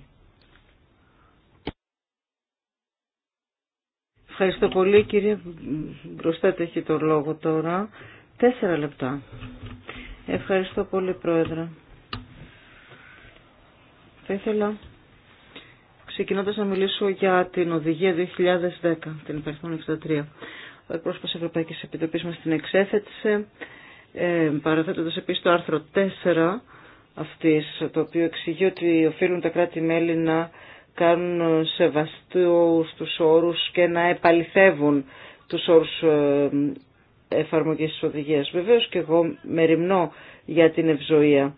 Ευχαριστώ πολύ κύριε Μπροστά έχει το λόγο τώρα. Τέσσερα λεπτά. Ευχαριστώ πολύ, Πρόεδρε. Θα ήθελα, ξεκινώντας να μιλήσω για την οδηγία 2010, την υπαριθμόν 63. Ο εκπρόσωπος Ευρωπαϊκής Επιτροπής μας την εξέθετησε, ε, παραθέτοντας επίσης το άρθρο 4 αυτής, το οποίο εξηγεί ότι οφείλουν τα κράτη-μέλη να κάνουν σεβαστούς τους όρους και να επαληθεύουν τους όρους ε, εφαρμογές της οδηγίας. Βεβαίως και εγώ μεριμνώ για την ευζοία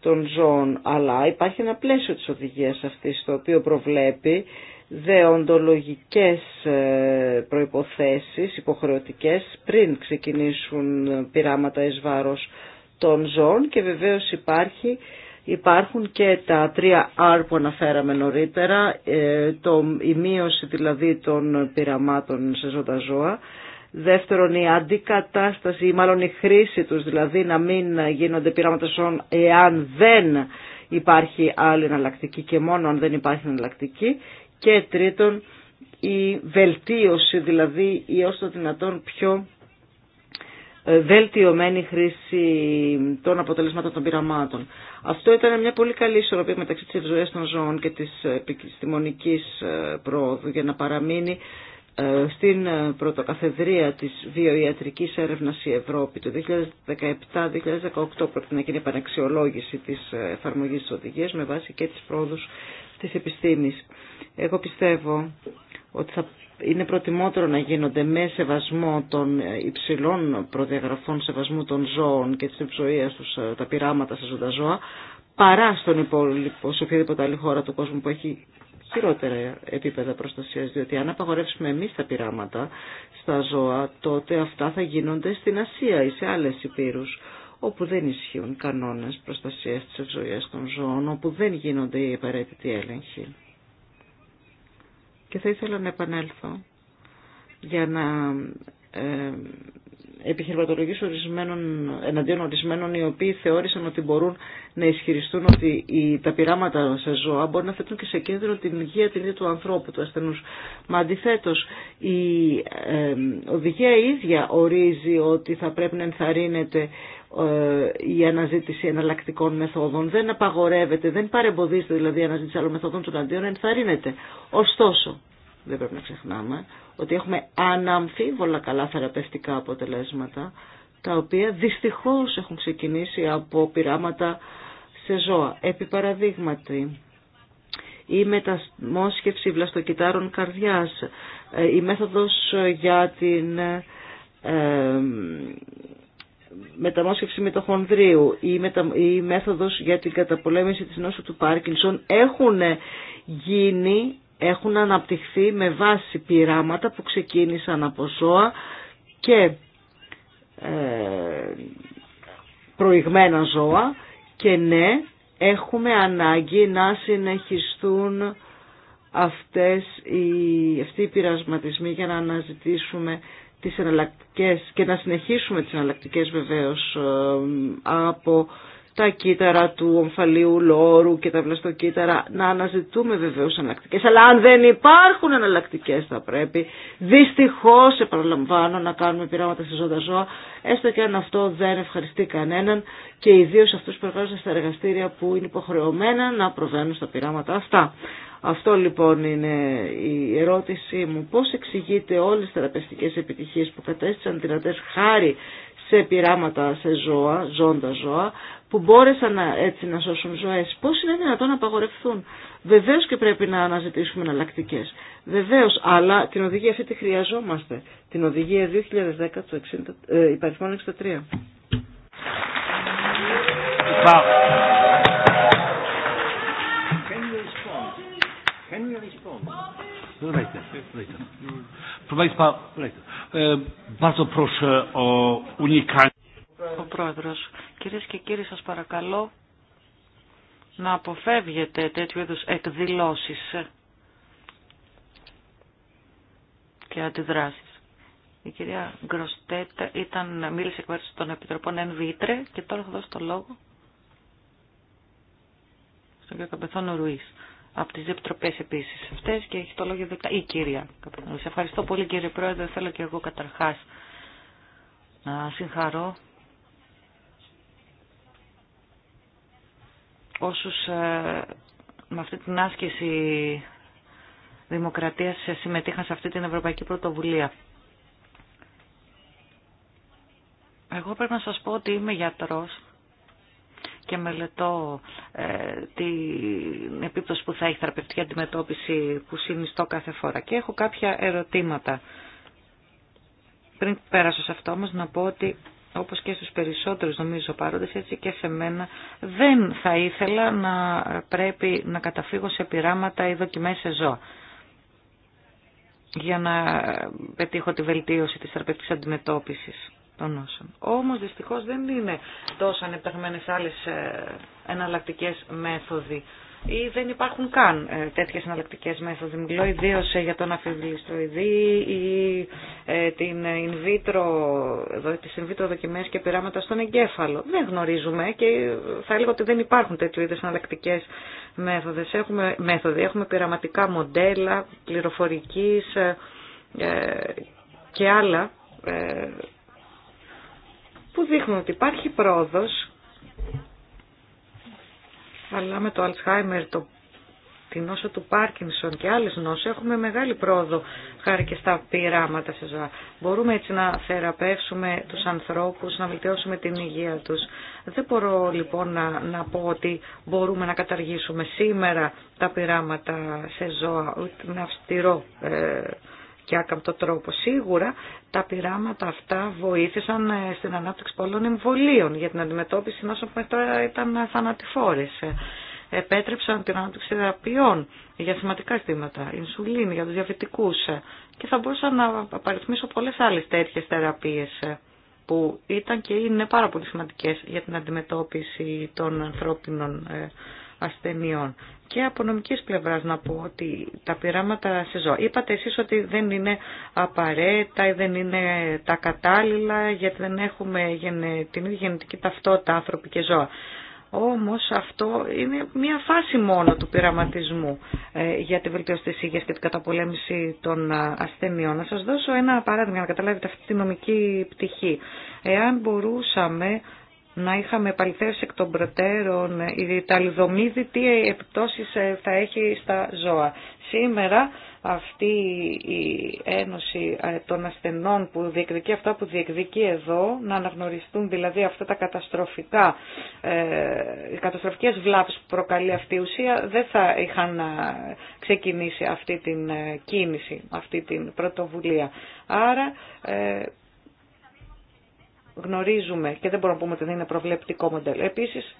των ζώων, αλλά υπάρχει ένα πλαίσιο της οδηγίας αυτής το οποίο προβλέπει δεοντολογικές ε, προϋποθέσεις υποχρεωτικές πριν ξεκινήσουν πειράματα εις βάρος των ζώων και βεβαίως υπάρχει Υπάρχουν και τα τρία R που αναφέραμε νωρίτερα, ε, το, η μείωση δηλαδή των πειραμάτων σε ζώτα ζώα, Δεύτερον, η αντικατάσταση ή μάλλον η χρήση τους, δηλαδή να μην γίνονται πειράματα σών εάν δεν υπάρχει άλλη εναλλακτική και μόνο αν δεν υπάρχει εναλλακτική. Και τρίτον, η βελτίωση, δηλαδή η ως το δυνατόν πιο ε, βελτιωμένη χρήση των αποτελεσμάτων των πειραμάτων. Αυτό ήταν μια πολύ καλή ισορροπία μεταξύ της ευζοίας των ζώων και της ε, επιστημονικής ε, πρόοδου για να παραμείνει ε, στην ε, πρωτοκαθεδρία της βιοιατρικής έρευνας η Ευρώπη το 2017-2018 πρέπει να γίνει επαναξιολόγηση της ε, εφαρμογής της οδηγίας με βάση και τις πρόοδους της επιστήμης. Εγώ πιστεύω ότι θα είναι προτιμότερο να γίνονται με σεβασμό των υψηλών προδιαγραφών σεβασμού των ζώων και της ψωίας τους τα πειράματα σε ζωντά ζώα παρά στον υπόλοιπο, σε οποιαδήποτε άλλη χώρα του κόσμου που έχει χειρότερα επίπεδα προστασίας, διότι αν απαγορεύσουμε εμείς τα πειράματα στα ζώα, τότε αυτά θα γίνονται στην Ασία ή σε άλλες υπήρους, όπου δεν ισχύουν κανόνες προστασίας της ευζωίας των ζώων, όπου δεν γίνονται οι απαραίτητοι έλεγχοι. Και θα ήθελα να επανέλθω για να ε, επιχειρηματολογής ορισμένων, εναντίον ορισμένων οι οποίοι θεώρησαν ότι μπορούν να ισχυριστούν ότι τα πειράματα σε ζώα μπορεί να θέτουν και σε κέντρο την υγεία την ίδια του ανθρώπου, του ασθενούς. Μα αντιθέτως η ε, οδηγία ίδια ορίζει ότι θα πρέπει να ενθαρρύνεται ε, η αναζήτηση εναλλακτικών μεθόδων. Δεν απαγορεύεται, δεν παρεμποδίζεται δηλαδή η αναζήτηση άλλων μεθόδων του αντίον, ενθαρρύνεται. Ωστόσο, δεν πρέπει να ξεχνάμε ότι έχουμε αναμφίβολα καλά θεραπευτικά αποτελέσματα, τα οποία δυστυχώς έχουν ξεκινήσει από πειράματα σε ζώα. Επί παραδείγματι, η μεταμόσχευση βλαστοκυτάρων καρδιάς, ε, η μέθοδος για την ε, μεταμόσχευση μετοχονδρίου ή η, η μέθοδος για την καταπολέμηση της νόσου του Πάρκινσον έχουν γίνει έχουν αναπτυχθεί με βάση πειράματα που ξεκίνησαν από ζώα και ε, προηγμένα ζώα και ναι, έχουμε ανάγκη να συνεχιστούν αυτές οι, αυτοί οι πειρασματισμοί για να αναζητήσουμε τις εναλλακτικές και να συνεχίσουμε τις εναλλακτικές βεβαίως ε, από τα κύτταρα του ομφαλίου λόρου και τα βλαστοκύτταρα, να αναζητούμε βεβαίως εναλλακτικέ. Αλλά αν δεν υπάρχουν εναλλακτικέ θα πρέπει, δυστυχώς επαναλαμβάνω, να κάνουμε πειράματα σε ζώντα ζώα, έστω και αν αυτό δεν ευχαριστεί κανέναν και ιδίως αυτούς που εργάζονται στα εργαστήρια που είναι υποχρεωμένα να προβαίνουν στα πειράματα αυτά. Αυτό λοιπόν είναι η ερώτησή μου. Πώς εξηγείται όλες τις θεραπευτικές επιτυχίες που κατέστησαν δυνατές χάρη σε πειράματα σε ζώα, ζώντα ζώα, που μπόρεσαν να, έτσι να σώσουν ζωές, πώς είναι δυνατόν να απαγορευθούν. Βεβαίως και πρέπει να αναζητήσουμε εναλλακτικέ. Βεβαίως, αλλά την οδηγία αυτή τη χρειαζόμαστε. Την οδηγία 2010 του 60, 63.
Ε, e, bardzo proszę o
ο Πρόεδρος, κυρίες και κύριοι σας παρακαλώ να αποφεύγετε τέτοιου είδους εκδηλώσεις και αντιδράσεις. Η κυρία Γκροστέτα ήταν, μίλησε εκ μέρους των Επιτροπών ΕΝΒΙΤΡΕ και τώρα θα δώσω το λόγο στον κύριο Καπεθόνο Ρουής. Από τις επιτροπές επίσης αυτές και έχει το λόγιο δεκτά η κυρία Καπεθόνο Ευχαριστώ πολύ κύριε Πρόεδρε, θέλω και εγώ καταρχάς να συγχαρώ όσους ε, με αυτή την άσκηση δημοκρατίας συμμετείχαν σε αυτή την Ευρωπαϊκή Πρωτοβουλία. Εγώ πρέπει να σας πω ότι είμαι γιατρός και μελετώ ε, την επίπτωση που θα έχει η θεραπευτική αντιμετώπιση που συνιστώ κάθε φορά. Και έχω κάποια ερωτήματα. Πριν περάσω σε αυτό όμως να πω ότι όπως και στους περισσότερους νομίζω παρόντες, έτσι και σε μένα, δεν θα ήθελα να πρέπει να καταφύγω σε πειράματα ή δοκιμές σε ζώα για να πετύχω τη βελτίωση της θεραπευτικής αντιμετώπισης των νόσων. Όμως δυστυχώς δεν είναι τόσο ανεπταγμένες άλλες ε, εναλλακτικές μέθοδοι ή δεν υπάρχουν καν ε, τέτοιες εναλλακτικές μέθοδοι. Μιλώ ιδίω ε, για τον αφιβληστοειδή ή ε, την in vitro, τις in vitro δοκιμές και πειράματα στον εγκέφαλο. Δεν γνωρίζουμε και θα έλεγα ότι δεν υπάρχουν τέτοιου είδες μέθοδες. Έχουμε, μέθοδοι. Έχουμε πειραματικά μοντέλα, πληροφορικής ε, και άλλα που δείχνουν ότι υπάρχει πρόοδος αλλά με το Αλτσχάιμερ, το, την νόσο του Πάρκινσον και άλλες νόσες έχουμε μεγάλη πρόοδο χάρη και στα πειράματα σε ζωά. Μπορούμε έτσι να θεραπεύσουμε τους ανθρώπους, να βελτιώσουμε την υγεία τους. Δεν μπορώ λοιπόν να, να πω ότι μπορούμε να καταργήσουμε σήμερα τα πειράματα σε ζώα, ούτε αυστηρό ε, και άκαμπτο τρόπο. Σίγουρα τα πειράματα αυτά βοήθησαν ε, στην ανάπτυξη πολλών εμβολίων για την αντιμετώπιση νόσων που μετά ήταν θανατηφόρες. Ε, επέτρεψαν την ανάπτυξη θεραπείων για σημαντικά στήματα, ινσουλίνη για τους διαβητικούς ε, και θα μπορούσα να παριθμίσω πολλές άλλες τέτοιες θεραπείες που ήταν και είναι πάρα πολύ σημαντικές για την αντιμετώπιση των ανθρώπινων ασθενειών και από νομικής πλευράς να πω ότι τα πειράματα σε ζώα. Είπατε εσείς ότι δεν είναι απαραίτητα ή δεν είναι τα κατάλληλα γιατί δεν έχουμε την ίδια γενετική ταυτότητα άνθρωποι και ζώα. Όμως αυτό είναι μία φάση μόνο του πειραματισμού ε, για τη βελτίωση τη υγείας και την καταπολέμηση των ε, ασθενειών. Να σας δώσω ένα παράδειγμα να καταλάβετε αυτή τη νομική πτυχή. Εάν μπορούσαμε να είχαμε παλιθέσει εκ των προτέρων η ταλιδομίδη τι επιπτώσεις ε, θα έχει στα ζώα. Σήμερα αυτή η ένωση ε, των ασθενών που διεκδικεί αυτά που διεκδικεί εδώ, να αναγνωριστούν δηλαδή αυτά τα καταστροφικά, ε, οι καταστροφικές βλάβες που προκαλεί αυτή η ουσία, δεν θα είχαν ξεκινήσει αυτή την κίνηση, αυτή την πρωτοβουλία. Άρα γνωρίζουμε και δεν μπορούμε να πούμε ότι δεν είναι προβλεπτικό μοντέλο. Επίσης,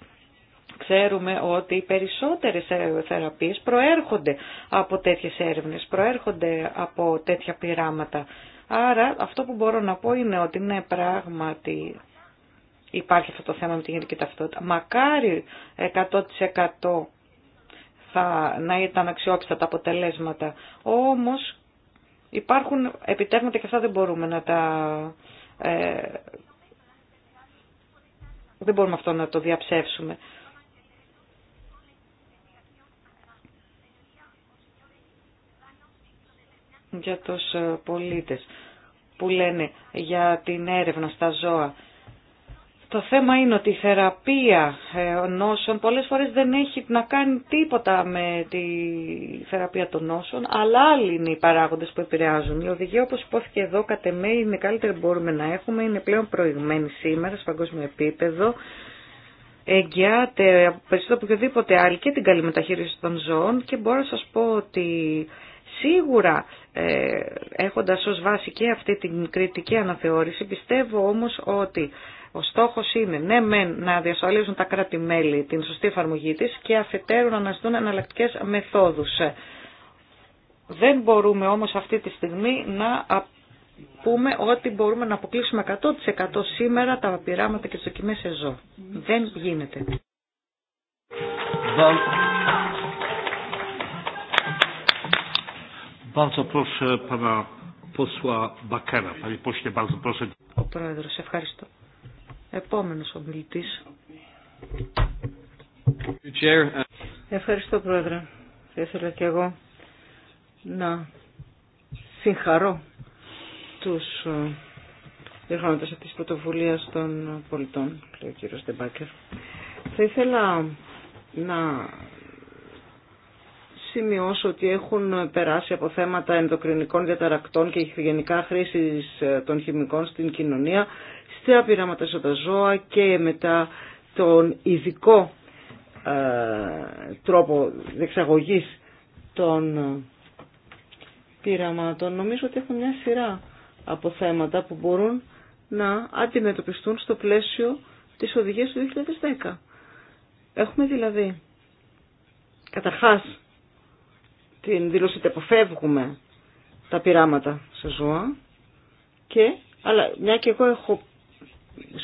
ξέρουμε ότι οι περισσότερες ε, θεραπείες προέρχονται από τέτοιες έρευνες, προέρχονται από τέτοια πειράματα. Άρα αυτό που μπορώ να πω είναι ότι ναι πράγματι υπάρχει αυτό το θέμα με τη γενική ταυτότητα. Μακάρι 100% θα, να ήταν αξιόπιστα τα αποτελέσματα. Όμως υπάρχουν επιτεύγματα και αυτά δεν μπορούμε να τα ε, δεν μπορούμε αυτό να το διαψεύσουμε. Για τους ε, πολίτες που λένε για την έρευνα στα ζώα το θέμα είναι ότι η θεραπεία ε, νόσων πολλές φορές δεν έχει να κάνει τίποτα με τη θεραπεία των νόσων, αλλά άλλοι είναι οι παράγοντες που επηρεάζουν. Η οδηγία όπως υπόθηκε εδώ κατ' εμέ είναι καλύτερη που μπορούμε να έχουμε, είναι πλέον προηγμένη σήμερα σε παγκόσμιο επίπεδο. Εγγυάται περισσότερο από οποιοδήποτε άλλη και την καλή μεταχείριση των ζώων και μπορώ να σας πω ότι Σίγουρα ε, έχοντας ως βάση και αυτή την κριτική αναθεώρηση πιστεύω όμως ότι ο στόχο είναι, ναι μεν, να διασφαλίζουν τα κράτη-μέλη την σωστή εφαρμογή τη και αφετέρου να αναζητούν εναλλακτικέ μεθόδους. Δεν μπορούμε όμως αυτή τη στιγμή να πούμε ότι μπορούμε να αποκλείσουμε 100% σήμερα τα πειράματα και τις δοκιμέ σε ζώα. Δεν γίνεται. Ο Πρόεδρος, ευχαριστώ. Επόμενος ομιλητής.
Uh,
Ευχαριστώ Πρόεδρε. Θα ήθελα και εγώ να συγχαρώ τους ε, διοργανώτες αυτής της πρωτοβουλίας των πολιτών, λέει ο κύριος Θα ήθελα να σημειώσω ότι έχουν περάσει από θέματα ενδοκρινικών διαταρακτών και γενικά χρήση ε, των χημικών στην κοινωνία τελευταία πειράματα σε τα ζώα και μετά τον ειδικό ε, τρόπο δεξαγωγής των ε, πειραμάτων νομίζω ότι έχουμε μια σειρά από θέματα που μπορούν να αντιμετωπιστούν στο πλαίσιο της οδηγίας του 2010. Έχουμε δηλαδή καταρχάς την δήλωση ότι αποφεύγουμε τα πειράματα σε ζώα και αλλά μια και εγώ έχω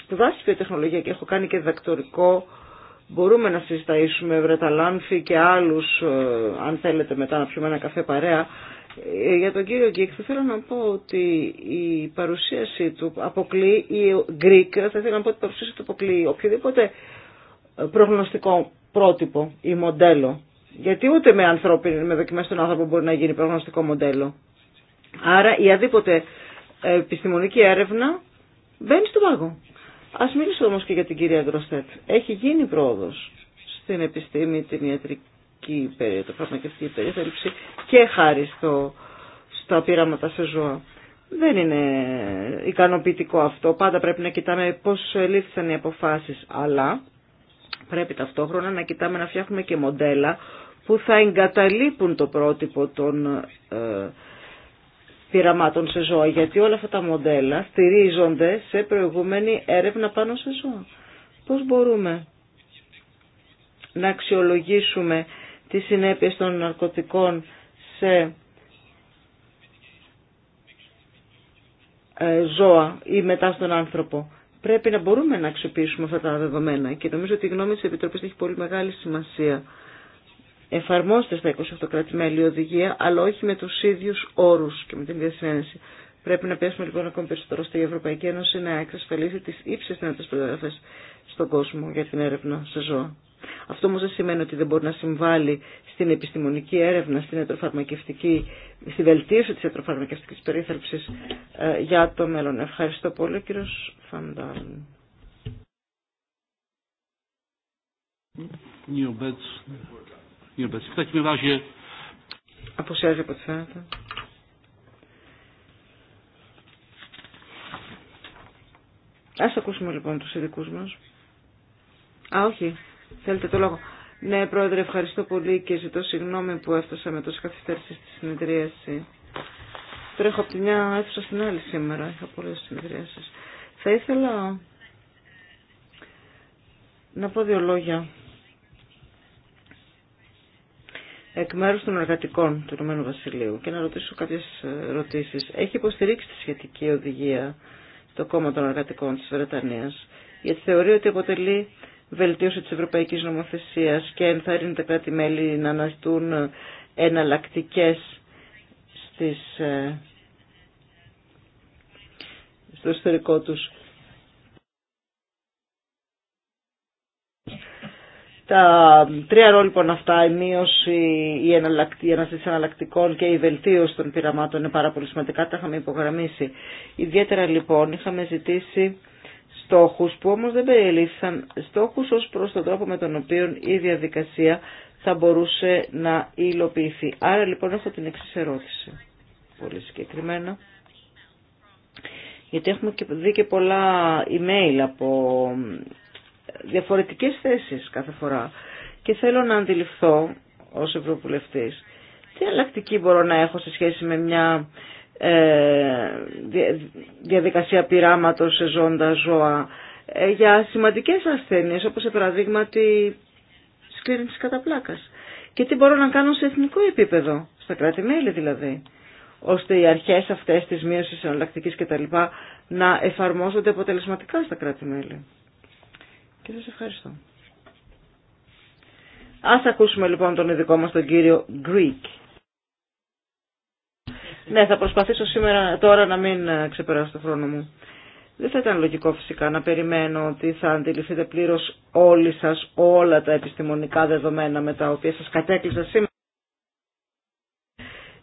σπουδάσει βιοτεχνολογία και έχω κάνει και διδακτορικό, μπορούμε να συζητήσουμε Βρεταλάνθη και ε, αν θέλετε μετά να πιούμε ένα καφέ παρέα. Ε, για τον κύριο Γκίκ θα ήθελα να πω ότι η παρουσίαση του αποκλεί, η Γκρίκ θα ήθελα να πω ότι η παρουσίαση του αποκλεί οποιοδήποτε ε, προγνωστικό πρότυπο ή μοντέλο. Γιατί ούτε με, ανθρώπινη, με δοκιμές των άνθρωπων μπορεί να γίνει προγνωστικό μοντέλο. Άρα η αδίποτε ε, επιστημονική έρευνα μπαίνει στον πάγο. Α μιλήσω όμως και για την κυρία Γκροστέτ. Έχει γίνει πρόοδος στην επιστήμη, την ιατρική περίοδο, φαρμακευτική περίθαλψη και χάρη στο, στα πειράματα σε ζώα. Δεν είναι ικανοποιητικό αυτό. Πάντα πρέπει να κοιτάμε πώς λήφθησαν οι αποφάσεις. Αλλά πρέπει ταυτόχρονα να κοιτάμε να φτιάχνουμε και μοντέλα που θα εγκαταλείπουν το πρότυπο των ε, πειραμάτων σε ζώα, γιατί όλα αυτά τα μοντέλα στηρίζονται σε προηγούμενη έρευνα πάνω σε ζώα. Πώς μπορούμε να αξιολογήσουμε τις συνέπειες των ναρκωτικών σε ε, ζώα ή μετά στον άνθρωπο. Πρέπει να μπορούμε να αξιοποιήσουμε αυτά τα δεδομένα και νομίζω ότι η γνώμη της Επιτροπής έχει πολύ μεγάλη σημασία εφαρμόστε στα 28 κράτη-μέλη οδηγία, αλλά όχι με του ίδιου όρου και με την ίδια συνένεση. Πρέπει να πιέσουμε λοιπόν ακόμη περισσότερο στη Ευρωπαϊκή Ένωση να εξασφαλίσει τις ύψες τι προδιαγραφέ στον κόσμο για την έρευνα σε ζώα. Αυτό όμω δεν σημαίνει ότι δεν μπορεί να συμβάλλει στην επιστημονική έρευνα, στην ετροφαρμακευτική στη βελτίωση τη ιατροφαρμακευτική περίθαλψη ε, για το μέλλον. Ευχαριστώ πολύ, κύριο Φαντάλ.
Nie Αυτά και με
Αποσιάζει από τη Ας ακούσουμε λοιπόν τους ειδικού μας. Α, όχι. Θέλετε το λόγο. Ναι, Πρόεδρε, ευχαριστώ πολύ και ζητώ συγγνώμη που έφτασα με τόση καθυστέρηση στη συνεδρίαση. Τρέχω από τη μια αίθουσα στην άλλη σήμερα. Είχα πολλέ συνεδρίασει. Θα ήθελα να πω δύο λόγια εκ μέρους των εργατικών του Ηνωμένου Βασιλείου και να ρωτήσω κάποιες ερωτήσεις. Έχει υποστηρίξει τη σχετική οδηγία στο κόμμα των εργατικών της Βρετανίας γιατί θεωρεί ότι αποτελεί βελτίωση της ευρωπαϊκής νομοθεσίας και ενθαρρύνει τα κράτη-μέλη να αναζητούν εναλλακτικέ στις, ε, στο ιστορικό τους Τα τρία ρόλ λοιπόν αυτά, η μείωση, η, η αναλλακτικών και η βελτίωση των πειραμάτων είναι πάρα πολύ σημαντικά, τα είχαμε υπογραμμίσει. Ιδιαίτερα λοιπόν είχαμε ζητήσει στόχους που όμως δεν περιελήφθησαν, στόχους ως προς τον τρόπο με τον οποίο η διαδικασία θα μπορούσε να υλοποιηθεί. Άρα λοιπόν έχω την εξή ερώτηση, πολύ συγκεκριμένα. Γιατί έχουμε δει και πολλά email από διαφορετικές θέσεις κάθε φορά και θέλω να αντιληφθώ ως Ευρωβουλευτής τι αλλακτική μπορώ να έχω σε σχέση με μια ε, διαδικασία πειράματος σε ζώντα ζώα ε, για σημαντικές ασθένειες όπως σε παραδείγμα τη σκλήρινση κατά πλάκας. Και τι μπορώ να κάνω σε εθνικό επίπεδο, στα κράτη-μέλη δηλαδή, ώστε οι αρχές αυτές της μείωσης εναλλακτικής κτλ. να εφαρμόζονται αποτελεσματικά στα κράτη-μέλη. Και σας ευχαριστώ. Ας ακούσουμε λοιπόν τον ειδικό μας τον κύριο Greek. Ναι, θα προσπαθήσω σήμερα τώρα να μην ε, ξεπεράσω το χρόνο μου. Δεν θα ήταν λογικό φυσικά να περιμένω ότι θα αντιληφθείτε πλήρως όλοι σας όλα τα επιστημονικά δεδομένα με τα οποία σας κατέκλυσα σήμερα.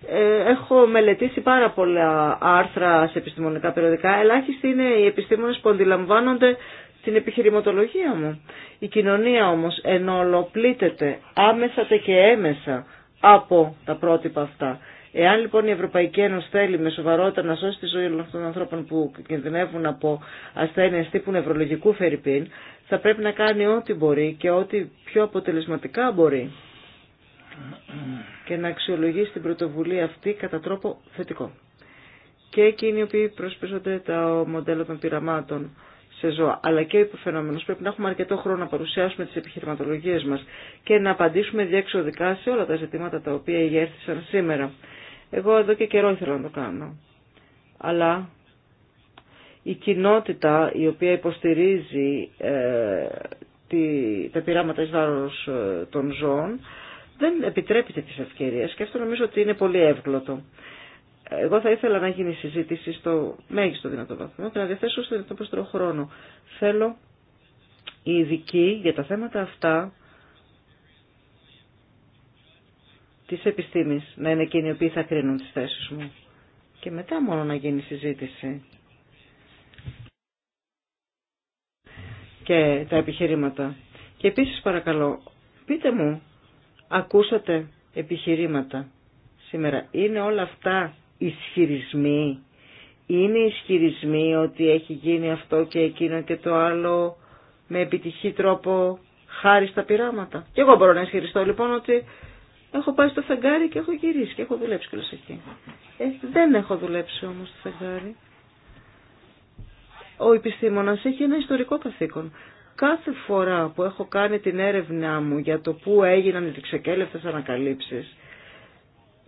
Ε, έχω μελετήσει πάρα πολλά άρθρα σε επιστημονικά περιοδικά. Ελάχιστοι είναι οι επιστήμονες που αντιλαμβάνονται την επιχειρηματολογία μου. Η κοινωνία όμως ενολοπλήτεται άμεσα και έμεσα από τα πρότυπα αυτά. Εάν λοιπόν η Ευρωπαϊκή Ένωση θέλει με σοβαρότητα να σώσει τη ζωή όλων αυτών των ανθρώπων που κινδυνεύουν από ασθένειε τύπου νευρολογικού φερρυπίν, θα πρέπει να κάνει ό,τι μπορεί και ό,τι πιο αποτελεσματικά μπορεί και να αξιολογήσει την πρωτοβουλία αυτή κατά τρόπο θετικό. Και εκείνοι οι οποίοι προσπίζονται τα μοντέλα των πειραμάτων σε ζώα, αλλά και ο υποφαινόμενος. Πρέπει να έχουμε αρκετό χρόνο να παρουσιάσουμε τις επιχειρηματολογίες μας και να απαντήσουμε διεξοδικά σε όλα τα ζητήματα τα οποία ηγέρθησαν σήμερα. Εγώ εδώ και καιρό ήθελα να το κάνω. Αλλά η κοινότητα η οποία υποστηρίζει ε, τα πειράματα εις βάρος ε, των ζώων δεν επιτρέπει τις ευκαιρίες και αυτό νομίζω ότι είναι πολύ εύγλωτο. Εγώ θα ήθελα να γίνει συζήτηση στο μέγιστο δυνατό βαθμό και να διαθέσω στο δυνατό χρόνο. Θέλω οι ειδικοί για τα θέματα αυτά της επιστήμης να είναι εκείνοι οι οποίοι θα κρίνουν τις θέσεις μου. Και μετά μόνο να γίνει συζήτηση. Και τα επιχειρήματα. Και επίσης παρακαλώ, πείτε μου, ακούσατε επιχειρήματα σήμερα. Είναι όλα αυτά ισχυρισμοί. Είναι ισχυρισμοί ότι έχει γίνει αυτό και εκείνο και το άλλο με επιτυχή τρόπο χάρη στα πειράματα. Και εγώ μπορώ να ισχυριστώ λοιπόν ότι έχω πάει στο φεγγάρι και έχω γυρίσει και έχω δουλέψει κιόλας εκεί. Ε, δεν έχω δουλέψει όμως στο φεγγάρι. Ο επιστήμονας έχει ένα ιστορικό καθήκον. Κάθε φορά που έχω κάνει την έρευνά μου για το πού έγιναν οι δεξεκέλευτες ανακαλύψεις,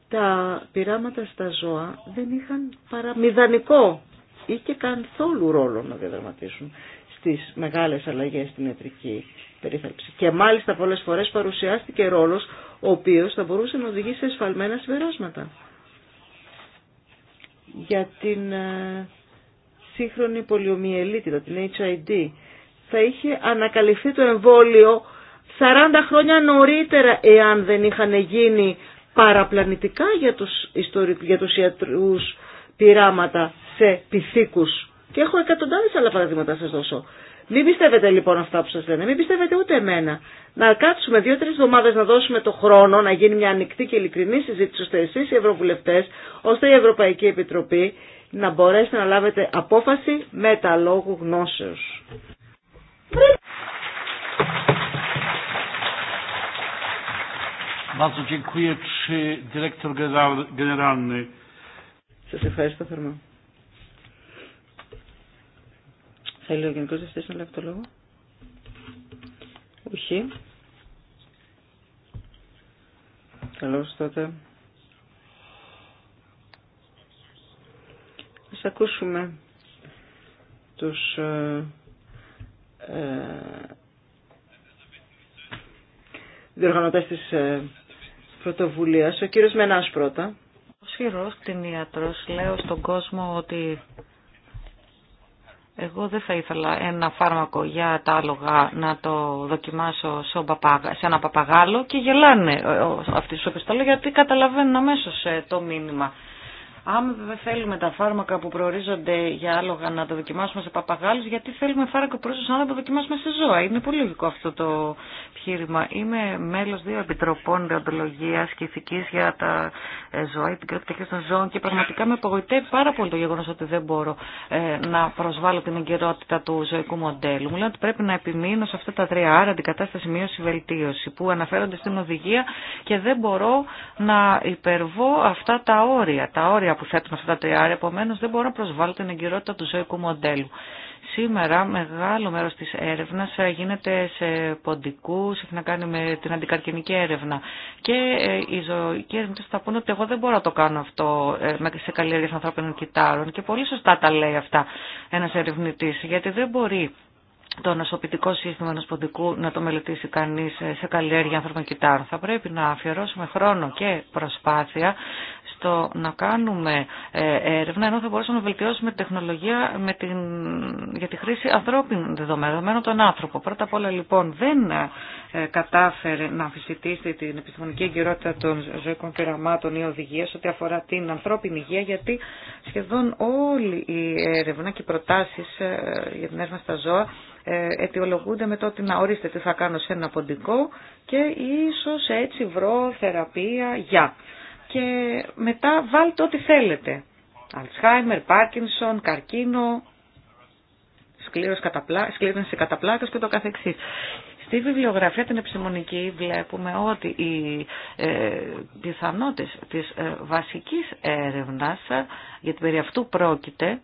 τα πειράματα στα ζώα δεν είχαν παρά μηδανικό ή και καθόλου ρόλο να διαδραματίσουν στις μεγάλες αλλαγές στην ιατρική περίθαλψη. Και μάλιστα πολλές φορές παρουσιάστηκε ρόλος ο οποίος θα μπορούσε να οδηγήσει σε εσφαλμένα συμπεράσματα. Για την ε, σύγχρονη πολιομιελίτιδα, την HID, θα είχε ανακαλυφθεί το εμβόλιο 40 χρόνια νωρίτερα εάν δεν είχαν γίνει παραπλανητικά για τους, ιστορι... για τους ιατρούς πειράματα σε πυθίκους. Και έχω εκατοντάδες άλλα παραδείγματα να σας δώσω. Μην πιστεύετε λοιπόν αυτά που σας λένε, μην πιστεύετε ούτε εμένα. Να κάτσουμε δύο-τρεις εβδομάδε να δώσουμε το χρόνο να γίνει μια ανοιχτή και ειλικρινή συζήτηση ώστε εσείς οι ευρωβουλευτές, ώστε η Ευρωπαϊκή Επιτροπή να μπορέσετε να λάβετε απόφαση με τα λόγου γνώσεως.
Bardzo Σας ευχαριστώ θερμά.
Θέλει ο να λάβει το λόγο. Όχι. Καλώς τότε. Ας ακούσουμε τους ε, ε, πρωτοβουλίας. Ο κύριος Μενάς πρώτα. Ο χειρός κτηνίατρος λέω στον κόσμο ότι εγώ δεν θα ήθελα ένα φάρμακο για τα άλογα να το δοκιμάσω σε ένα παπαγάλο και γελάνε ε, αυτοί του οποίους γιατί καταλαβαίνουν αμέσω ε, το μήνυμα. Αν δεν θέλουμε τα φάρμακα που προορίζονται για άλογα να τα δοκιμάσουμε σε παπαγάλους, γιατί θέλουμε φάρμακα που προορίζονται να τα δοκιμάσουμε σε ζώα. Είναι πολύ λογικό αυτό το επιχείρημα. Είμαι μέλος δύο επιτροπών διοντολογίας και ηθικής για τα ε, ζώα, την κρατική των ζώων και πραγματικά με απογοητεύει πάρα πολύ το γεγονός ότι δεν μπορώ ε, να προσβάλλω την εγκαιρότητα του ζωικού μοντέλου. Μου λένε ότι πρέπει να επιμείνω σε αυτά τα τρία άρα, αντικατάσταση, μείωση, βελτίωση που αναφέρονται στην οδηγία και δεν μπορώ να υπερβώ αυτά τα όρια, τα όρια που θέτουν αυτά τα τριάρια, επομένω δεν μπορώ να προσβάλλω την εγκυρότητα του ζωικού μοντέλου. Σήμερα μεγάλο μέρος τη έρευνα γίνεται σε ποντικούς, έχει να κάνει με την αντικαρκυνική έρευνα. Και ε, οι ζωικοί έρευνες θα πούνε ότι εγώ δεν μπορώ να το κάνω αυτό σε καλλιέργειες ανθρώπινων κυτάρων και πολύ σωστά τα λέει αυτά ένα ερευνητή, γιατί δεν μπορεί το νοσοποιητικό σύστημα ενό ποντικού να το μελετήσει κανεί ε, σε καλλιέργεια άνθρωπων κυτάρων. Θα πρέπει να αφιερώσουμε χρόνο και προσπάθεια στο να κάνουμε ε, έρευνα, ενώ θα μπορούσαμε να βελτιώσουμε την τεχνολογία με την, για τη χρήση ανθρώπινων δεδομένων, τον των άνθρωπο. Πρώτα απ' όλα λοιπόν δεν ε, κατάφερε να αμφισβητήσει την επιστημονική εγκυρότητα των ζωικών πειραμάτων ή οδηγία ό,τι αφορά την ανθρώπινη υγεία, γιατί σχεδόν όλη η έρευνα και οι προτάσει ε, για την έρευνα στα ζώα αιτιολογούνται με το ότι να ορίστε τι θα κάνω σε ένα ποντικό και ίσως έτσι βρω θεραπεία για και μετά βάλτε ό,τι θέλετε. Αλτσχάιμερ, Πάρκινσον, καρκίνο, σκλήρωση καταπλά... καταπλάκες και το καθεξής. Στη βιβλιογραφία την επιστημονική βλέπουμε ότι οι ε, πιθανότητες της ε, βασικής έρευνας, ε, γιατί περί αυτού πρόκειται,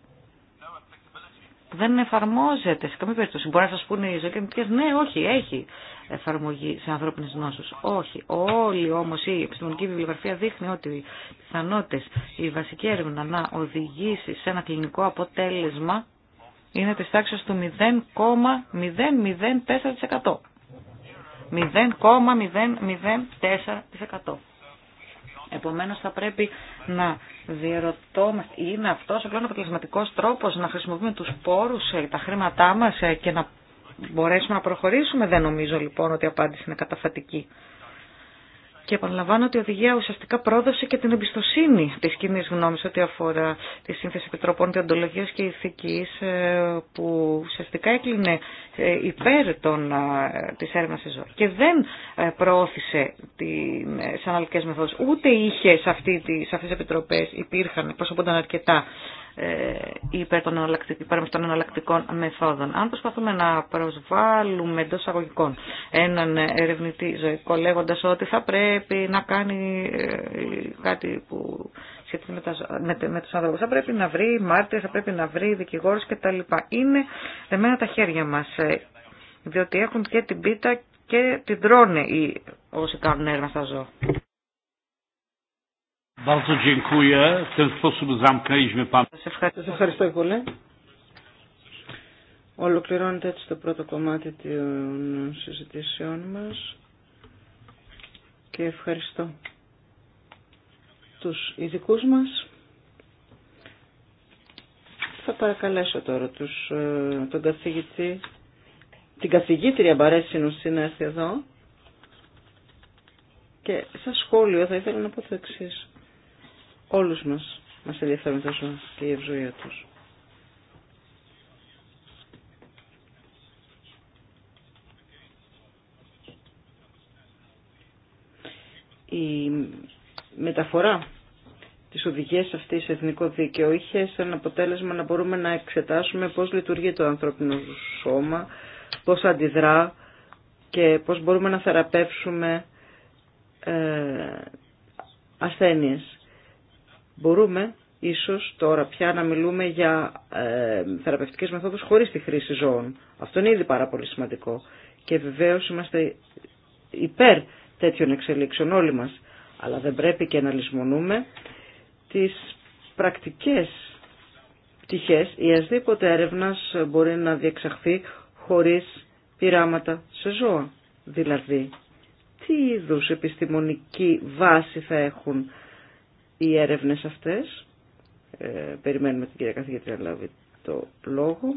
δεν εφαρμόζεται σε καμία περίπτωση. Μπορεί να σα πούνε οι ζωοκινητικέ, ναι, όχι, έχει εφαρμογή σε ανθρώπινε νόσου. Όχι. Όλη όμω η επιστημονική βιβλιογραφία δείχνει ότι οι πιθανότητε, η βασική έρευνα να οδηγήσει σε ένα κλινικό αποτέλεσμα είναι τη τάξη του 0,004%. 0,004%. Επομένως θα πρέπει να διερωτώμαστε, είναι αυτός ο πλέον αποτελεσματικός τρόπος να χρησιμοποιούμε τους πόρους, ε, τα χρήματά μας ε, και να μπορέσουμε να προχωρήσουμε. Δεν νομίζω λοιπόν ότι η απάντηση είναι καταφατική. Και επαναλαμβάνω ότι η οδηγία ουσιαστικά πρόδωσε και την εμπιστοσύνη τη κοινή γνώμη ό,τι αφορά τη σύνθεση επιτροπών διοντολογία και ηθική, ε, που ουσιαστικά έκλεινε ε, υπέρ ε, τη έρευνα έρευνας ζώα. Και δεν προώθησε τι αναλυτικέ μεθόδου. Ούτε είχε σε, αυτή, σε επιτροπέ, υπήρχαν, προσωπούνταν αρκετά ε, υπέρ των, των εναλλακτικών μεθόδων. Αν προσπαθούμε να προσβάλλουμε εντό αγωγικών έναν ερευνητή ζωικό λέγοντας ότι θα πρέπει να κάνει ε, κάτι που σχετικά με, με, με τους ανθρώπους. Θα πρέπει να βρει μάρτυρες, θα πρέπει να βρει δικηγόρους κτλ. Είναι δεμένα τα χέρια μας, ε, διότι έχουν και την πίτα και την τρώνε όσοι κάνουν έργα στα ζώα.
Bardzo dziękuję. W ten sposób zamknęliśmy pan.
ευχαριστώ πολύ. Ολοκληρώνεται έτσι το πρώτο κομμάτι των συζητήσεών μας και ευχαριστώ τους ειδικούς μας. Θα παρακαλέσω τώρα τους, ε, τον καθηγητή, την καθηγήτρια Μπαρέσινου έρθει εδώ και σαν σχόλιο θα ήθελα να πω το εξής. Όλους μας μας ενδιαφέρουν τόσο και η ευζοία τους. Η μεταφορά της οδηγίας αυτής σε εθνικό δίκαιο είχε σαν αποτέλεσμα να μπορούμε να εξετάσουμε πώς λειτουργεί το ανθρώπινο σώμα, πώς αντιδρά και πώς μπορούμε να θεραπεύσουμε ε, ασθένειες. Μπορούμε ίσως τώρα πια να μιλούμε για ε, θεραπευτικές μεθόδους χωρίς τη χρήση ζώων. Αυτό είναι ήδη πάρα πολύ σημαντικό. Και βεβαίως είμαστε υπέρ τέτοιων εξελίξεων όλοι μας. Αλλά δεν πρέπει και να λησμονούμε τις πρακτικές πτυχές ή ασδήποτε έρευνας μπορεί να διεξαχθεί χωρίς πειράματα σε ζώα. Δηλαδή, τι είδους επιστημονική βάση θα έχουν οι έρευνες αυτές. Ε, περιμένουμε την κυρία καθηγήτρια να λάβει το λόγο.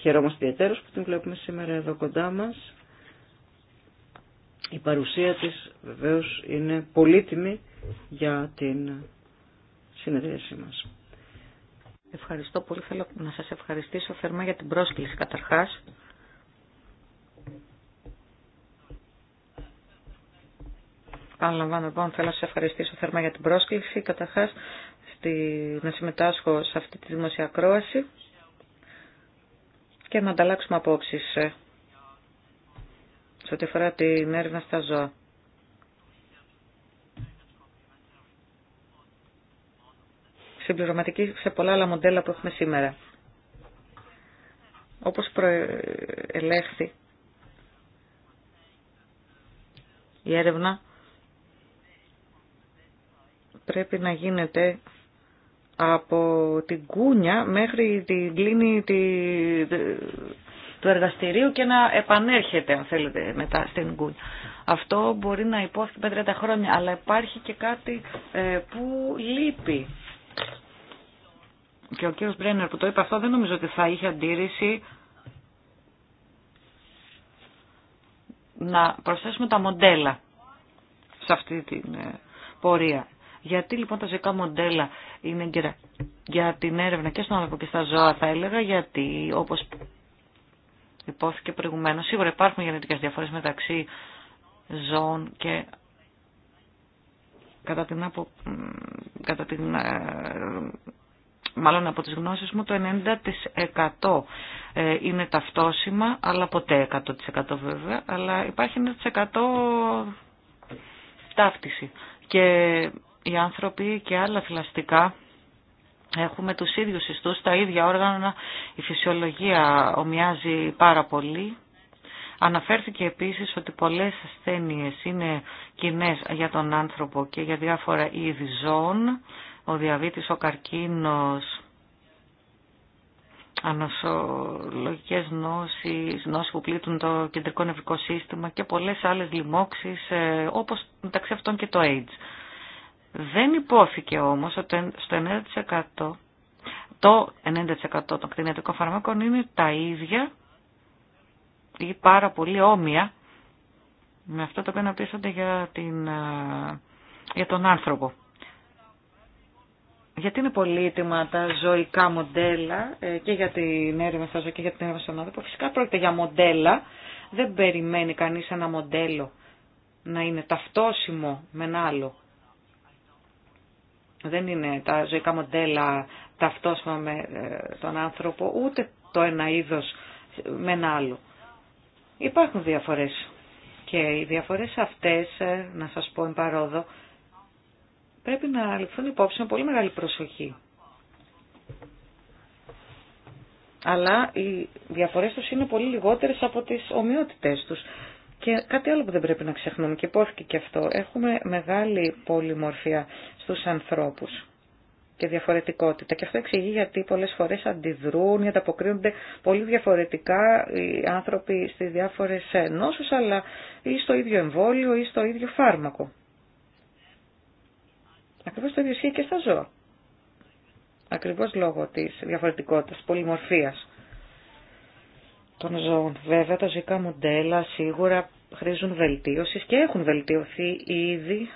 Χαιρόμαστε ιδιαίτερως που την βλέπουμε σήμερα εδώ κοντά μας. Η παρουσία της βεβαίως είναι πολύτιμη για την συνεδρίασή μας. Ευχαριστώ πολύ. Θέλω να σας ευχαριστήσω θερμά για την πρόσκληση καταρχάς. Αναλαμβάνω λοιπόν, θέλω να σα ευχαριστήσω θερμά για την πρόσκληση. Καταρχά, να συμμετάσχω σε αυτή τη δημοσιακή ακρόαση και να ανταλλάξουμε απόψει ε, σε ό,τι αφορά την έρευνα στα ζώα. Συμπληρωματική σε πολλά άλλα μοντέλα που έχουμε σήμερα. Όπως προελέχθη, η έρευνα πρέπει να γίνεται από την κούνια μέχρι την κλίνη του εργαστηρίου και να επανέρχεται, αν θέλετε, μετά στην κούνια. Αυτό μπορεί να υπόθηκε με 30 χρόνια, αλλά υπάρχει και κάτι ε, που λείπει. Και ο κύριος Μπρένερ που το είπε αυτό δεν νομίζω ότι θα είχε αντίρρηση να προσθέσουμε τα μοντέλα σε αυτή την ε, πορεία. Γιατί λοιπόν τα ζωικά μοντέλα είναι για την έρευνα και στον άνθρωπο και στα ζώα θα έλεγα γιατί όπως υπόθηκε προηγουμένως σίγουρα υπάρχουν γενετικές διαφορές μεταξύ ζώων και κατά την, απο... κατά την ε, μάλλον από τις γνώσεις μου, το 90% ε, είναι ταυτόσημα, αλλά ποτέ 100% βέβαια, αλλά υπάρχει 1% ταύτιση. Και οι άνθρωποι και άλλα φυλαστικά έχουμε τους ίδιους ιστούς, τα ίδια όργανα, η φυσιολογία ομοιάζει πάρα πολύ. Αναφέρθηκε επίσης ότι πολλές ασθένειες είναι κοινέ για τον άνθρωπο και για διάφορα είδη ζώων, ο διαβήτης, ο καρκίνος, ανοσολογικές νόσεις, νόσεις που πλήττουν το κεντρικό νευρικό σύστημα και πολλές άλλες λοιμώξεις, ε, όπως μεταξύ αυτών και το AIDS. Δεν υπόθηκε όμως ότι στο 90% το 90% των κτηνιατρικών φαρμάκων είναι τα ίδια ή πάρα πολύ όμοια με αυτό το οποίο αναπτύσσονται για, την, ε, για τον άνθρωπο. Γιατί είναι πολύτιμα τα ζωικά μοντέλα ε, και για την έρευνα στα ζωή και για την έρευνα στον άνθρωπο. Φυσικά πρόκειται για μοντέλα. Δεν περιμένει κανείς ένα μοντέλο να είναι ταυτόσιμο με ένα άλλο. Δεν είναι τα ζωικά μοντέλα ταυτόσιμα με ε, τον άνθρωπο, ούτε το ένα είδος με ένα άλλο. Υπάρχουν διαφορές και οι διαφορές αυτές, ε, να σας πω εν παρόδο, πρέπει να ληφθούν υπόψη με πολύ μεγάλη προσοχή. Αλλά οι διαφορές τους είναι πολύ λιγότερες από τις ομοιότητές τους. Και κάτι άλλο που δεν πρέπει να ξεχνούμε και υπόθηκε και αυτό. Έχουμε μεγάλη πολυμορφία στους ανθρώπους και διαφορετικότητα. Και αυτό εξηγεί γιατί πολλές φορές αντιδρούν ή ανταποκρίνονται πολύ διαφορετικά οι άνθρωποι στις διάφορες νόσους, αλλά ή στο ίδιο εμβόλιο ή στο ίδιο φάρμακο. Ακριβώς το ίδιο ισχύει και στα ζώα. Ακριβώς λόγω της διαφορετικότητας, πολυμορφίας των ζώων. Βέβαια τα ζωικά μοντέλα σίγουρα χρήζουν βελτίωσης και έχουν βελτιωθεί ήδη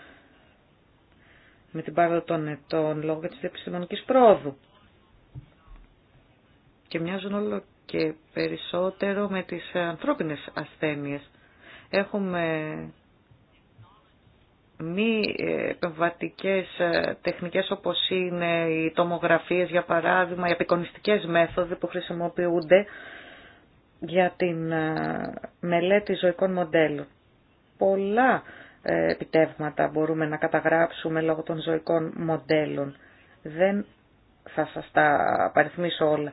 με την πάροδο των ετών λόγω της επιστημονικής πρόοδου. Και μοιάζουν όλο και περισσότερο με τις ανθρώπινες ασθένειες. Έχουμε μη επεμβατικές τεχνικές όπως είναι οι τομογραφίες για παράδειγμα, οι απεικονιστικές μέθοδοι που χρησιμοποιούνται για την ε, μελέτη ζωικών μοντέλων. Πολλά ε, επιτεύγματα μπορούμε να καταγράψουμε λόγω των ζωικών μοντέλων. Δεν θα σας τα απαριθμίσω όλα.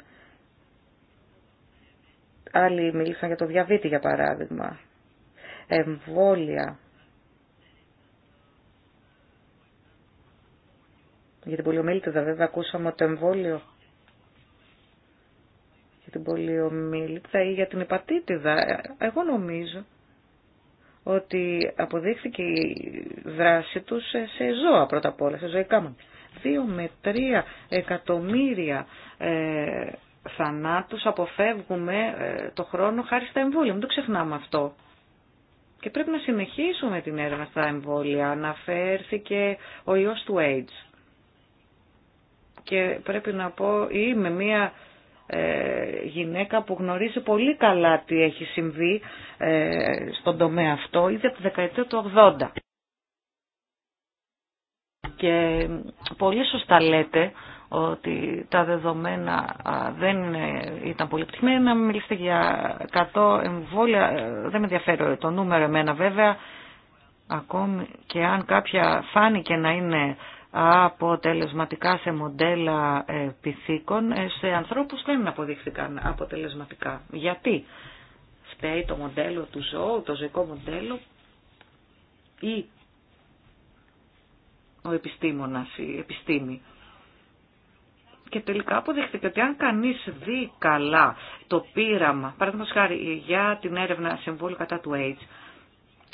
Άλλοι μίλησαν για το διαβήτη για παράδειγμα. Εμβόλια. Για την πολιομήλυτα βέβαια ακούσαμε ότι το εμβόλιο για την πολιομήλικτα ή για την υπατήτηδα. Εγώ νομίζω ότι αποδείχθηκε η δράση τους σε ζώα πρώτα απ' όλα, σε ζωικά μας. Δύο με τρία εκατομμύρια ε, θανάτους αποφεύγουμε ε, το χρόνο χάρη στα εμβόλια. Μην το ξεχνάμε αυτό. Και πρέπει να συνεχίσουμε την έρευνα στα εμβόλια. Αναφέρθηκε ο ιός του AIDS. Και πρέπει να πω, είμαι μία ε, γυναίκα που γνωρίζει πολύ καλά τι έχει συμβεί ε, στον τομέα αυτό ήδη από τη δεκαετία του 80. Και πολύ σωστά λέτε ότι τα δεδομένα δεν ήταν πολύ πτυχμένα. Μιλήσετε για 100 εμβόλια. Ε, δεν με ενδιαφέρει το νούμερο εμένα βέβαια. Ακόμη και αν κάποια φάνηκε να είναι αποτελεσματικά σε μοντέλα ε, πυθίκων, ε, σε ανθρώπους δεν αποδείχθηκαν αποτελεσματικά. Γιατί φταίει το μοντέλο του ζώου, το ζωικό μοντέλο ή ο επιστήμονας, η επιστήμη. Και τελικά αποδείχθηκε ότι αν κανείς δει καλά το πείραμα, παραδείγματος χάρη για την έρευνα συμβόλου κατά του AIDS,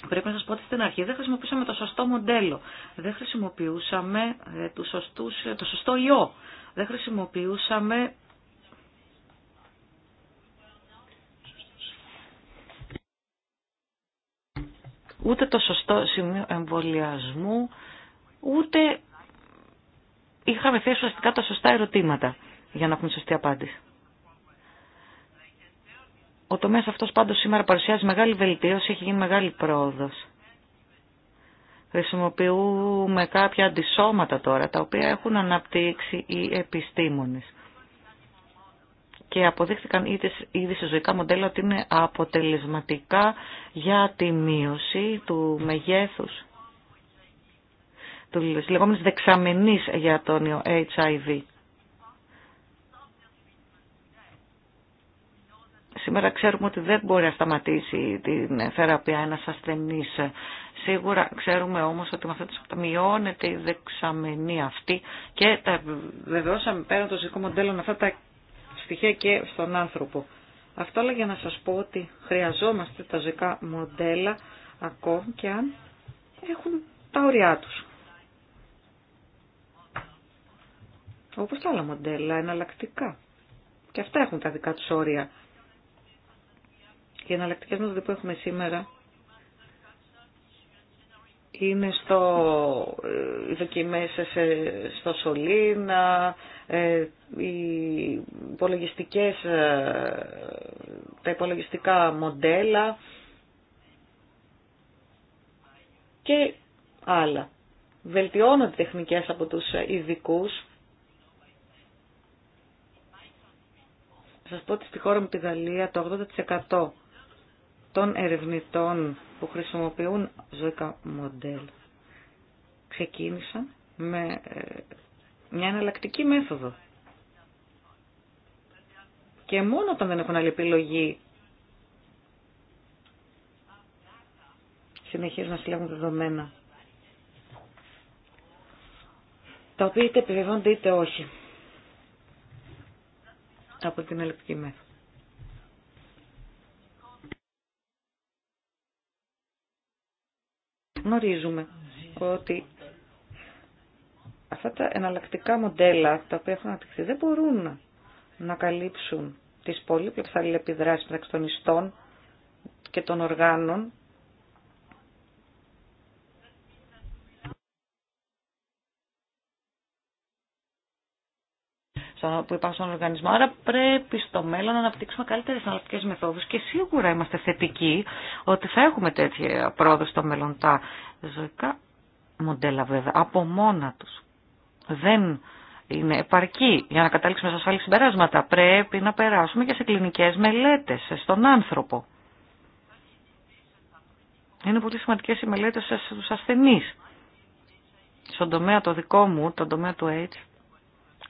Πρέπει να σας πω ότι στην αρχή δεν χρησιμοποιούσαμε το σωστό μοντέλο, δεν χρησιμοποιούσαμε ε, το, σωστούς, ε, το σωστό ιό, δεν χρησιμοποιούσαμε ούτε το σωστό σημείο εμβολιασμού, ούτε είχαμε θέσει ουσιαστικά τα σωστά ερωτήματα για να έχουμε σωστή απάντηση. Ο τομέας αυτός πάντως σήμερα παρουσιάζει μεγάλη βελτίωση, έχει γίνει μεγάλη πρόοδος. Χρησιμοποιούμε κάποια αντισώματα τώρα, τα οποία έχουν αναπτύξει οι επιστήμονες. Και αποδείχθηκαν ήδη σε ζωικά μοντέλα ότι είναι αποτελεσματικά για τη μείωση του μεγέθους του λεγόμενης δεξαμενής για τον HIV. Σήμερα ξέρουμε ότι δεν μπορεί να σταματήσει την θεραπεία ένας ασθενής. Σίγουρα ξέρουμε όμως ότι με αυτό το μειώνεται η δεξαμενή αυτή και τα βεβαιώσαμε πέραν των ζωικών μοντέλων αυτά τα στοιχεία και στον άνθρωπο. Αυτό για να σας πω ότι χρειαζόμαστε τα ζωικά μοντέλα ακόμη και αν έχουν τα ωριά τους. Όπως τα άλλα μοντέλα, εναλλακτικά. Και αυτά έχουν τα δικά τους όρια. Οι εναλλακτικές μέθοδοι που έχουμε σήμερα είναι στο ε, οι δοκιμέ στο Σολίνα, ε, οι ε, τα υπολογιστικά μοντέλα και άλλα. Βελτιώνονται τεχνικές από τους ειδικού. Σας πω ότι στη χώρα μου τη Γαλλία το 80% των ερευνητών που χρησιμοποιούν ζωικά μοντέλ ξεκίνησαν με ε, μια εναλλακτική μέθοδο. Και μόνο όταν δεν έχουν άλλη επιλογή συνεχίζουν να συλλέγουν δεδομένα. Τα οποία είτε επιβεβαιώνται είτε όχι. Από την αλληλεπτική μέθοδο. Γνωρίζουμε ότι αυτά τα εναλλακτικά μοντέλα τα οποία έχουν αναπτυχθεί δεν μπορούν να καλύψουν τις πολύπλοκες αλληλεπιδράσεις μεταξύ των ιστών και των οργάνων που υπάρχουν στον οργανισμό. Άρα πρέπει στο μέλλον να αναπτύξουμε καλύτερε αναλυτικέ μεθόδου και σίγουρα είμαστε θετικοί ότι θα έχουμε τέτοια πρόοδο στο μέλλον. Τα ζωικά μοντέλα βέβαια από μόνα του δεν είναι επαρκή για να καταλήξουμε σε ασφαλή συμπεράσματα. Πρέπει να περάσουμε και σε κλινικέ μελέτε στον άνθρωπο. Είναι πολύ σημαντικέ οι μελέτες στου ασθενεί. Στον τομέα το δικό μου, τον τομέα του AIDS,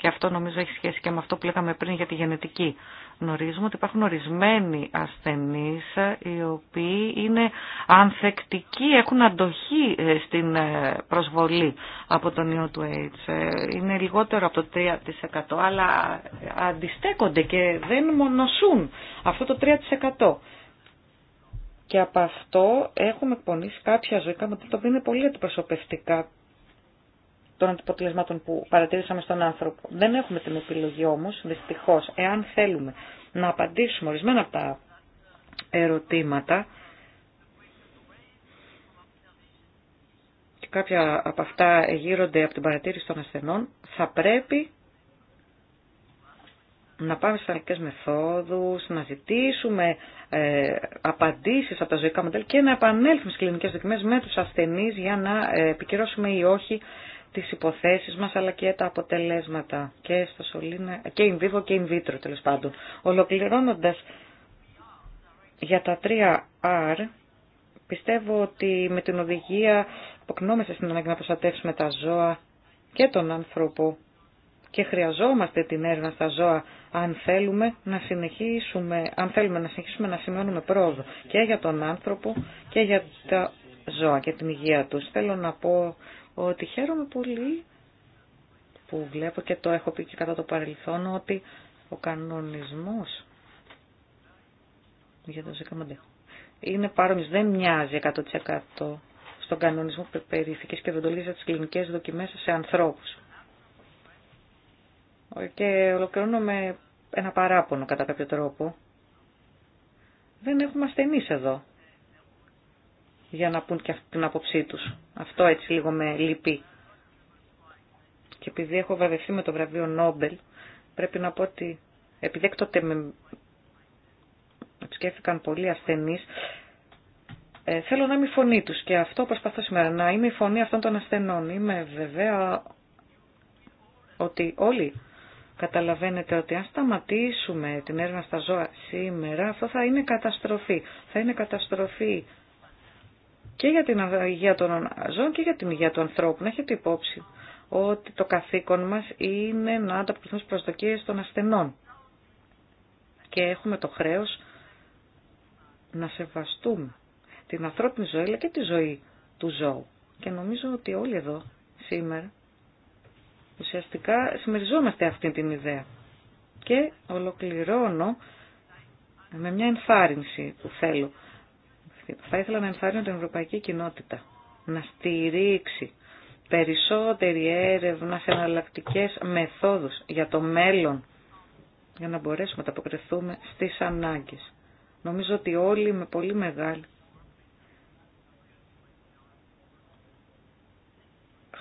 και αυτό νομίζω έχει σχέση και με αυτό που λέγαμε πριν για τη γενετική. Γνωρίζουμε ότι υπάρχουν ορισμένοι ασθενείς ε, οι οποίοι είναι ανθεκτικοί, έχουν αντοχή ε, στην ε, προσβολή από τον ιό του AIDS. Είναι λιγότερο από το 3% αλλά αντιστέκονται και δεν μονοσούν αυτό το 3%. Και από αυτό έχουμε εκπονήσει κάποια ζωικά με το οποίο είναι πολύ αντιπροσωπευτικά των αντιποτελεσμάτων που παρατήρησαμε στον άνθρωπο. Δεν έχουμε την επιλογή όμως, δυστυχώς, εάν θέλουμε να απαντήσουμε ορισμένα από τα ερωτήματα και κάποια από αυτά γύρονται από την παρατήρηση των ασθενών, θα πρέπει να πάμε στις αλληλικές μεθόδους, να ζητήσουμε ε, απαντήσεις από τα ζωικά μοντέλα και να επανέλθουμε στις κλινικές δοκιμές με τους ασθενείς για να ε, επικυρώσουμε ή όχι τις υποθέσεις μας αλλά και τα αποτελέσματα και στο σωλήνα, και in vivo και in vitro τέλος πάντων. Ολοκληρώνοντας για τα 3R πιστεύω ότι με την οδηγία αποκνόμεσα στην ανάγκη να προστατεύσουμε τα ζώα και τον άνθρωπο και χρειαζόμαστε την έρευνα στα ζώα αν θέλουμε να συνεχίσουμε, αν θέλουμε να συνεχίσουμε να σημειώνουμε πρόοδο και για τον άνθρωπο και για τα ζώα και την υγεία τους. Θέλω να πω ότι χαίρομαι πολύ που βλέπω και το έχω πει και κατά το παρελθόν ότι ο κανονισμός για το ζεκαμαντέ είναι παρόμοιος, δεν μοιάζει 100% στον κανονισμό περιφυκής και το λύζει τις κλινικές δοκιμές σε ανθρώπους. Και ολοκληρώνω με ένα παράπονο κατά κάποιο τρόπο. Δεν έχουμε ασθενείς εδώ για να πούν και αυτή την άποψή τους. Αυτό έτσι λίγο με λυπεί. Και επειδή έχω βραβευτεί με το βραβείο Νόμπελ, πρέπει να πω ότι επειδή έκτοτε με επισκέφθηκαν πολλοί ασθενεί, ε, θέλω να είμαι η φωνή τους και αυτό προσπαθώ σήμερα, να είμαι η φωνή αυτών των ασθενών. Είμαι βέβαια ότι όλοι καταλαβαίνετε ότι αν σταματήσουμε την έρευνα στα ζώα σήμερα, αυτό θα είναι καταστροφή. Θα είναι καταστροφή και για την υγεία των ζώων και για την υγεία του ανθρώπου. Να έχετε υπόψη ότι το καθήκον μας είναι να ανταποκριθούμε στις προσδοκίες των ασθενών. Και έχουμε το χρέος να σεβαστούμε την ανθρώπινη ζωή αλλά και τη ζωή του ζώου. Και νομίζω ότι όλοι εδώ σήμερα ουσιαστικά συμμεριζόμαστε αυτή την ιδέα. Και ολοκληρώνω με μια ενθάρρυνση που θέλω θα ήθελα να ενθάρρυνω την ευρωπαϊκή κοινότητα να στηρίξει περισσότερη έρευνα σε εναλλακτικέ μεθόδους για το μέλλον, για να μπορέσουμε να αποκριθούμε στις ανάγκες. Νομίζω ότι όλοι με πολύ μεγάλη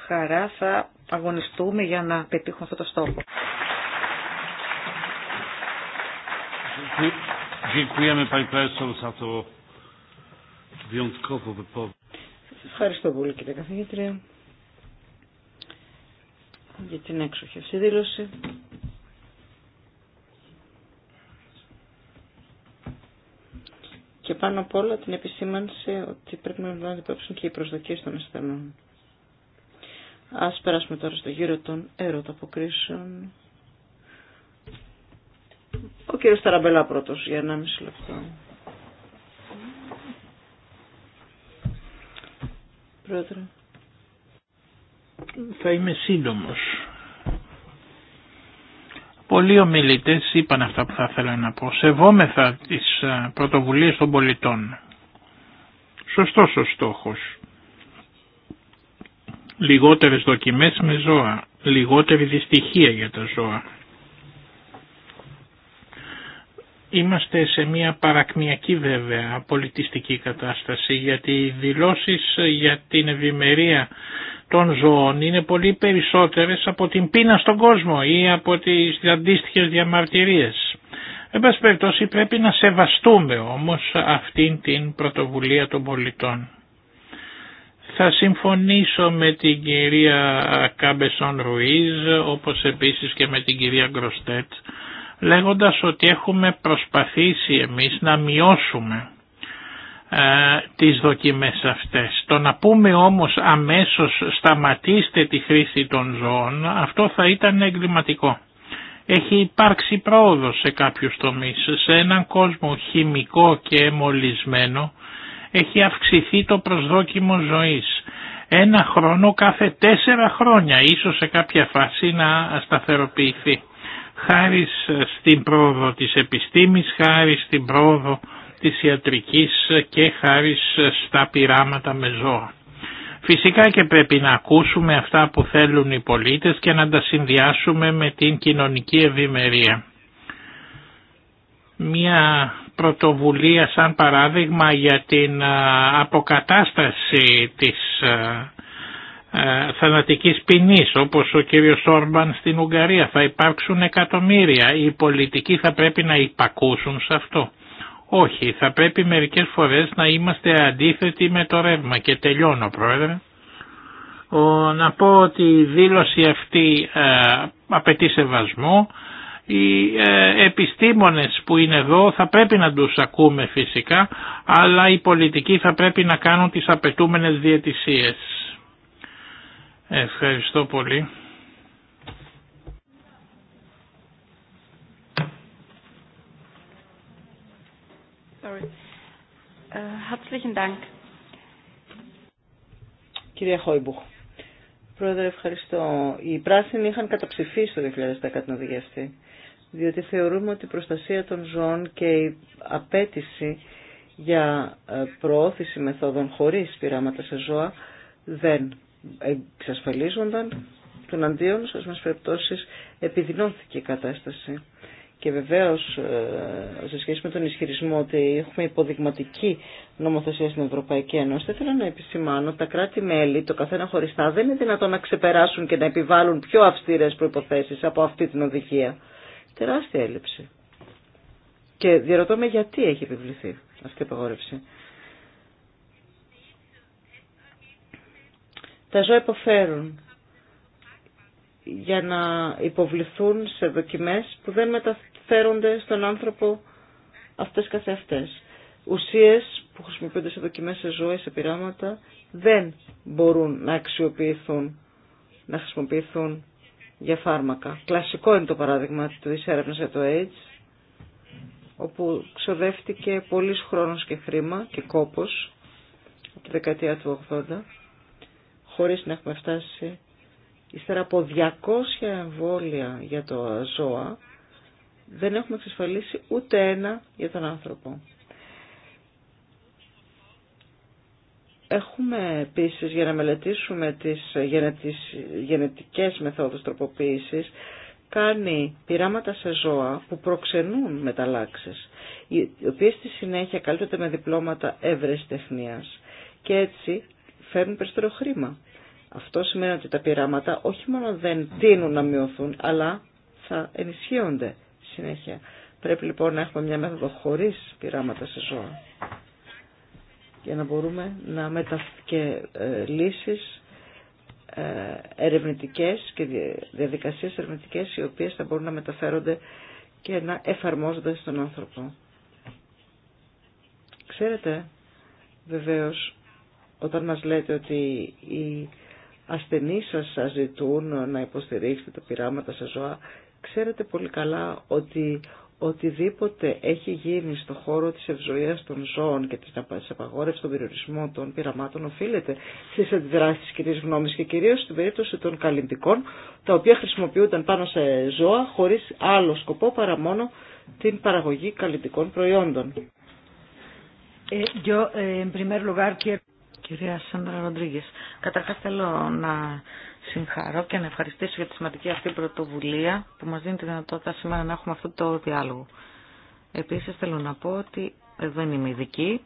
χαρά θα αγωνιστούμε για να πετύχουμε αυτό το στόχο ευχαριστώ πολύ κύριε καθηγήτρια για την έξοχη αυτή δήλωση. Και πάνω απ' όλα την επισήμανση ότι πρέπει να λάβει υπόψη και οι προσδοκίες των ασθενών. Ας περάσουμε τώρα στο γύρο των έρωτα αποκρίσεων. Ο κύριος Ταραμπελά πρώτος για 1,5 λεπτό. Πρόεδρε.
Θα είμαι σύντομος. Πολλοί ομιλητέ είπαν αυτά που θα ήθελα να πω. Σεβόμεθα τις ε, πρωτοβουλίες των πολιτών. Σωστός ο στόχος. Λιγότερες δοκιμές με ζώα. Λιγότερη δυστυχία για τα ζώα. Είμαστε σε μια παρακμιακή βέβαια πολιτιστική κατάσταση γιατί οι δηλώσεις για την ευημερία των ζώων είναι πολύ περισσότερες από την πείνα στον κόσμο ή από τις αντίστοιχες διαμαρτυρίες. Εν περιπτώσει πρέπει να σεβαστούμε όμως αυτήν την πρωτοβουλία των πολιτών. Θα συμφωνήσω με την κυρία Κάμπεσον Ρουίζ όπως επίσης και με την κυρία Γκροστέτ λέγοντας ότι έχουμε προσπαθήσει εμείς να μειώσουμε ε, τις δοκιμές αυτές. Το να πούμε όμως αμέσως σταματήστε τη χρήση των ζώων αυτό θα ήταν εγκληματικό. Έχει υπάρξει πρόοδος σε κάποιους τομείς. Σε έναν κόσμο χημικό και εμολυσμένο έχει αυξηθεί το προσδόκιμο ζωής. Ένα χρόνο κάθε τέσσερα χρόνια ίσως σε κάποια φάση να σταθεροποιηθεί χάρη στην πρόοδο της επιστήμης, χάρη στην πρόοδο της ιατρικής και χάρη στα πειράματα με ζώα. Φυσικά και πρέπει να ακούσουμε αυτά που θέλουν οι πολίτες και να τα συνδυάσουμε με την κοινωνική ευημερία. Μια πρωτοβουλία σαν παράδειγμα για την αποκατάσταση της ε, θανατική ποινή όπως ο κύριος Όρμπαν στην Ουγγαρία. Θα υπάρξουν εκατομμύρια. Οι πολιτικοί θα πρέπει να υπακούσουν σε αυτό. Όχι, θα πρέπει μερικές φορές να είμαστε αντίθετοι με το ρεύμα. Και τελειώνω πρόεδρε. Ο, να πω ότι η δήλωση αυτή ε, απαιτεί σεβασμό. Οι ε, επιστήμονες που είναι εδώ θα πρέπει να τους ακούμε φυσικά, αλλά οι πολιτικοί θα πρέπει να κάνουν τις απαιτούμενες διαιτησίες. Ευχαριστώ πολύ.
Ε, Κυρία Χόιμπουχ, Πρόεδρε, ευχαριστώ. Οι πράσινοι είχαν καταψηφίσει το 2010 την οδηγία αυτή, διότι θεωρούμε ότι η προστασία των ζώων και η απέτηση για ε, προώθηση μεθόδων χωρίς πειράματα σε ζώα δεν εξασφαλίζονταν τον αντίον, σε μας περιπτώσεις επιδεινώθηκε η κατάσταση. Και βεβαίως, ε, σε σχέση με τον ισχυρισμό ότι έχουμε υποδειγματική νομοθεσία στην Ευρωπαϊκή Ένωση, δεν θέλω να επισημάνω τα κράτη-μέλη, το καθένα χωριστά, δεν είναι δυνατόν να ξεπεράσουν και να επιβάλλουν πιο αυστηρές προϋποθέσεις από αυτή την οδηγία. Τεράστια έλλειψη. Και διαρωτώ με γιατί έχει επιβληθεί αυτή η απαγόρευση. Τα ζώα υποφέρουν για να υποβληθούν σε δοκιμές που δεν μεταφέρονται στον άνθρωπο αυτές καθεαυτές. Ουσίες που χρησιμοποιούνται σε δοκιμές σε ζώα, σε πειράματα, δεν μπορούν να αξιοποιηθούν, να χρησιμοποιηθούν για φάρμακα. Κλασικό είναι το παράδειγμα του έρευνας για το AIDS, όπου ξοδεύτηκε πολύς χρόνος και χρήμα και κόπος από τη δεκαετία του χωρίς να έχουμε φτάσει ύστερα από 200 εμβόλια για το ζώα, δεν έχουμε εξασφαλίσει ούτε ένα για τον άνθρωπο. Έχουμε επίσης για να μελετήσουμε τις γενετικές μεθόδους τροποποίησης κάνει πειράματα σε ζώα που προξενούν μεταλλάξεις, οι οποίες στη συνέχεια καλύπτονται με διπλώματα εύρεσης τεχνίας. Και έτσι φέρνουν περισσότερο χρήμα. Αυτό σημαίνει ότι τα πειράματα όχι μόνο δεν τείνουν να μειωθούν, αλλά θα ενισχύονται συνέχεια. Πρέπει λοιπόν να έχουμε μια μέθοδο χωρίς πειράματα σε ζώα για να μπορούμε να μεταφέρουμε και ε, λύσεις ε, ερευνητικές και διαδικασίες ερευνητικές οι οποίες θα μπορούν να μεταφέρονται και να εφαρμόζονται στον άνθρωπο. Ξέρετε βεβαίως όταν μας λέτε ότι οι ασθενείς σας, ζητούν να υποστηρίξετε τα πειράματα σε ζώα, ξέρετε πολύ καλά ότι οτιδήποτε έχει γίνει στο χώρο της ευζοίας των ζώων και της απαγόρευσης των περιορισμών των πειραμάτων οφείλεται στις αντιδράσεις και τις γνώμες και κυρίως στην περίπτωση των καλλιντικών τα οποία χρησιμοποιούνταν πάνω σε ζώα χωρίς άλλο σκοπό παρά μόνο την παραγωγή καλλιντικών προϊόντων. Ε, ε, Κυρία Σάντρα Ροντρίγκε, καταρχά θέλω να συγχαρώ και να ευχαριστήσω για τη σημαντική αυτή πρωτοβουλία που μα δίνει τη δυνατότητα σήμερα να έχουμε αυτό το διάλογο. Επίση θέλω να πω ότι δεν είμαι ειδική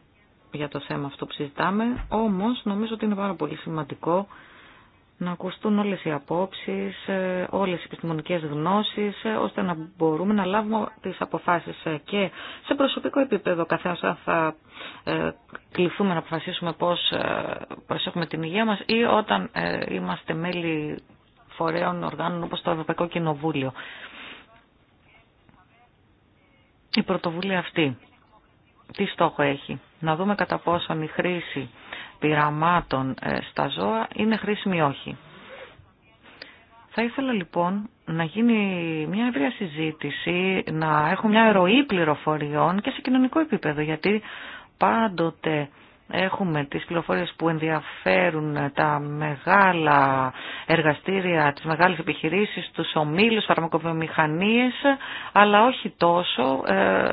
για το θέμα αυτό που συζητάμε, όμω νομίζω ότι είναι πάρα πολύ σημαντικό να ακουστούν όλες οι απόψεις, ε, όλες οι επιστημονικές γνώσεις, ε, ώστε να μπορούμε να λάβουμε τις αποφάσεις ε, και σε προσωπικό επίπεδο καθένα αν θα κληθούμε να αποφασίσουμε πώς προσέχουμε την υγεία μας ή όταν είμαστε μέλη φορέων οργάνων όπως το Ευρωπαϊκό Κοινοβούλιο. Η πρωτοβουλία αυτή τι στόχο έχει. Να δούμε κατά πόσον η χρήση πειραμάτων ε, στα ζώα είναι χρήσιμη ή όχι. Θα ήθελα λοιπόν να γίνει μια ευρεία συζήτηση, να έχω μια ροή πληροφοριών και σε κοινωνικό επίπεδο, γιατί πάντοτε Έχουμε τις πληροφορίες που ενδιαφέρουν τα μεγάλα εργαστήρια, τις μεγάλες επιχειρήσεις, τους ομίλους, φαρμακοβιομηχανίες, αλλά όχι τόσο ε,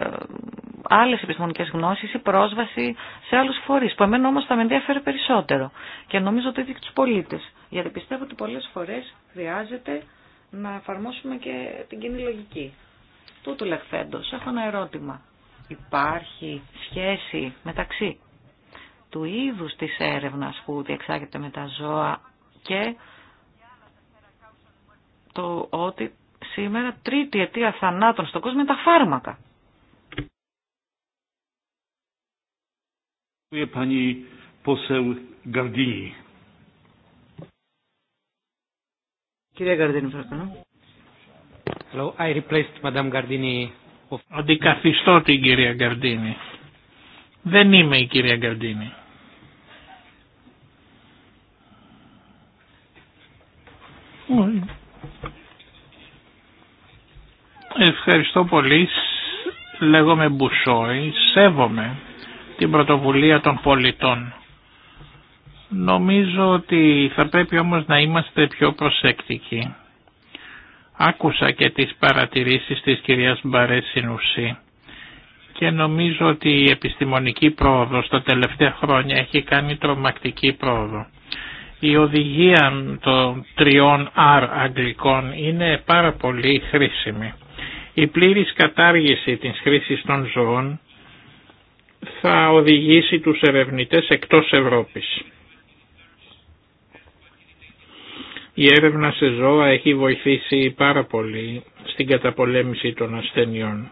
άλλες επιστημονικές γνώσεις ή πρόσβαση σε άλλους φορείς, που εμένα όμως θα με ενδιαφέρει περισσότερο. Και νομίζω ότι και τους πολίτες, γιατί πιστεύω ότι πολλές φορές χρειάζεται να εφαρμόσουμε και την κοινή λογική. Τούτου λεχθέντος, έχω ένα ερώτημα. Υπάρχει σχέση μεταξύ του είδους της έρευνας που διεξάγεται με τα ζώα και το ότι σήμερα τρίτη αιτία θανάτων στον κόσμο είναι τα φάρμακα. Κυρία Γκαρδίνη, παρακαλώ.
Hello, I replaced Madame Gardini. Αντικαθιστώ την κυρία Γκαρδίνη. Δεν είμαι η κυρία Γκαρδίνη. Ευχαριστώ πολύ. Λέγομαι Μπουσόη. Σέβομαι την πρωτοβουλία των πολιτών. Νομίζω ότι θα πρέπει όμως να είμαστε πιο προσεκτικοί. Άκουσα και τις παρατηρήσεις της κυρίας Μπαρέ συνουσή και νομίζω ότι η επιστημονική πρόοδος τα τελευταία χρόνια έχει κάνει τρομακτική πρόοδο. Η οδηγία των τριών R αγγλικών είναι πάρα πολύ χρήσιμη. Η πλήρης κατάργηση της χρήσης των ζώων θα οδηγήσει τους ερευνητές εκτός Ευρώπης. Η έρευνα σε ζώα έχει βοηθήσει πάρα πολύ στην καταπολέμηση των ασθενειών.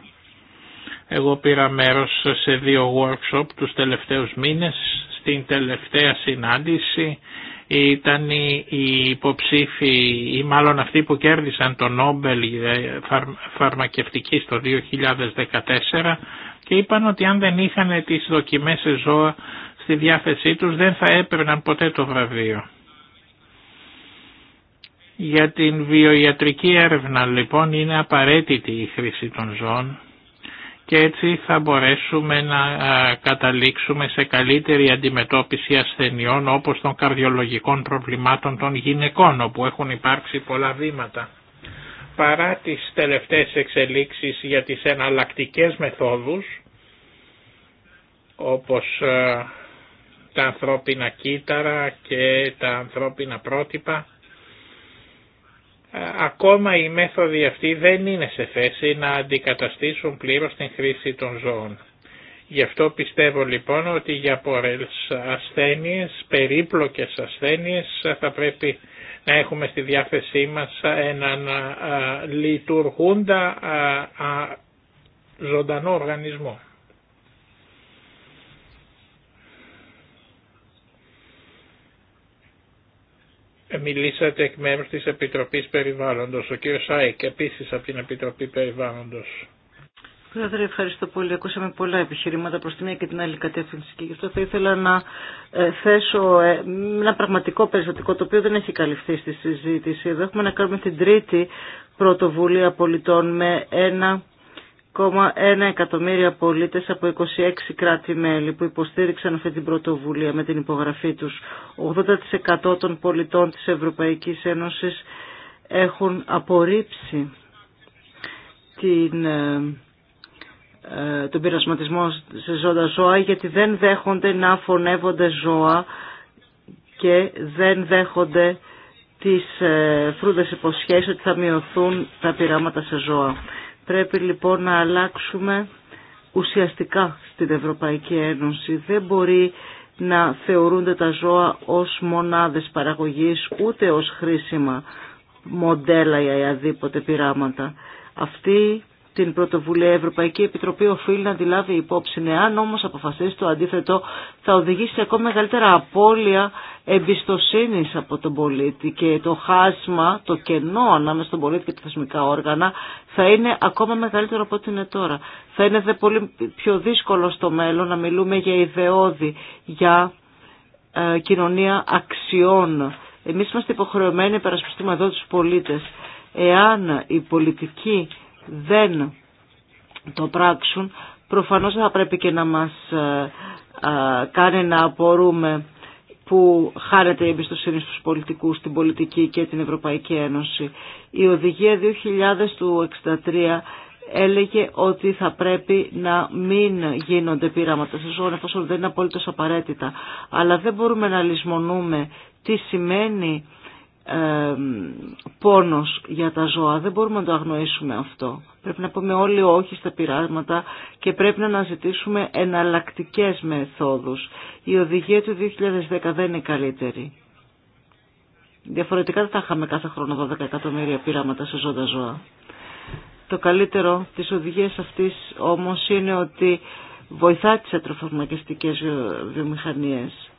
Εγώ πήρα μέρος σε δύο workshop τους τελευταίους μήνες, στην τελευταία συνάντηση ήταν οι υποψήφοι ή μάλλον αυτοί που κέρδισαν το Νόμπελ φαρμακευτικής το 2014 και είπαν ότι αν δεν είχαν τις δοκιμές σε ζώα στη διάθεσή τους δεν θα έπαιρναν ποτέ το βραβείο. Για την βιοιατρική έρευνα λοιπόν είναι απαραίτητη η χρήση των ζώων και έτσι θα μπορέσουμε να καταλήξουμε σε καλύτερη αντιμετώπιση ασθενειών όπως των καρδιολογικών προβλημάτων των γυναικών όπου έχουν υπάρξει πολλά βήματα. Παρά τις τελευταίες εξελίξεις για τις εναλλακτικές μεθόδους όπως τα ανθρώπινα κύτταρα και τα ανθρώπινα πρότυπα ε, ακόμα οι μέθοδοι αυτοί δεν είναι σε θέση να αντικαταστήσουν πλήρως την χρήση των ζώων. Γι' αυτό πιστεύω λοιπόν ότι για πορελς ασθένειες, περίπλοκες ασθένειες θα πρέπει να έχουμε στη διάθεσή μας έναν ε, λειτουργούντα ε, ζωντανό οργανισμό. Μιλήσατε εκ μέρους της Επιτροπής Περιβάλλοντος. Ο κύριος Σάικ επίσης από την Επιτροπή Περιβάλλοντος.
Πρόεδρε, ευχαριστώ πολύ. Ακούσαμε πολλά επιχειρήματα προς τη μία και την άλλη κατεύθυνση και γι' αυτό θα ήθελα να ε, θέσω ε, ένα πραγματικό περιστατικό το οποίο δεν έχει καλυφθεί στη συζήτηση. Εδώ έχουμε να κάνουμε την τρίτη πρωτοβουλία πολιτών με ένα 1,1 εκατομμύρια πολίτες από 26 κράτη-μέλη που υποστήριξαν αυτή την πρωτοβουλία με την υπογραφή τους. 80% των πολιτών της Ευρωπαϊκής Ένωσης έχουν απορρίψει την, ε, ε, τον πειρασματισμό σε ζώντα ζώα γιατί δεν δέχονται να φωνεύονται ζώα και δεν δέχονται τις ε, φρούδες υποσχέσεις ότι θα μειωθούν τα πειράματα σε ζώα. Πρέπει λοιπόν να αλλάξουμε ουσιαστικά στην Ευρωπαϊκή Ένωση. Δεν μπορεί να θεωρούνται τα ζώα ως μονάδες παραγωγής ούτε ως χρήσιμα μοντέλα οι αδίποτε πειράματα. Αυτή την πρωτοβουλία η Ευρωπαϊκή Επιτροπή οφείλει να τη υπόψη. Εάν ναι, όμω αποφασίσει το αντίθετο θα οδηγήσει σε ακόμη μεγαλύτερα απώλεια εμπιστοσύνη από τον πολίτη και το χάσμα, το κενό ανάμεσα στον πολίτη και τα θεσμικά όργανα θα είναι ακόμα μεγαλύτερο από ό,τι είναι τώρα. Θα είναι δε πολύ πιο δύσκολο στο μέλλον να μιλούμε για ιδεώδη, για ε, κοινωνία αξιών. Εμείς είμαστε υποχρεωμένοι να υπερασπιστούμε εδώ Εάν η πολιτική δεν το πράξουν, προφανώς θα πρέπει και να μας ε, ε, κάνει να απορούμε που χάνεται η εμπιστοσύνη στους πολιτικούς, την πολιτική και την Ευρωπαϊκή Ένωση. Η οδηγία 2000 του 1963 έλεγε ότι θα πρέπει να μην γίνονται πείραματα σε ζώνη εφόσον δεν είναι απολύτως απαραίτητα. Αλλά δεν μπορούμε να λησμονούμε τι σημαίνει πόνος για τα ζώα. Δεν μπορούμε να το αγνοήσουμε αυτό. Πρέπει να πούμε όλοι όχι στα πειράματα και πρέπει να αναζητήσουμε εναλλακτικές μεθόδους. Η οδηγία του 2010 δεν είναι καλύτερη. Διαφορετικά δεν θα είχαμε κάθε χρόνο 12 εκατομμύρια πειράματα σε ζώντα ζώα. Το καλύτερο της οδηγίας αυτής όμως είναι ότι βοηθά τις ατροφαρμακευτικές βιομηχανίες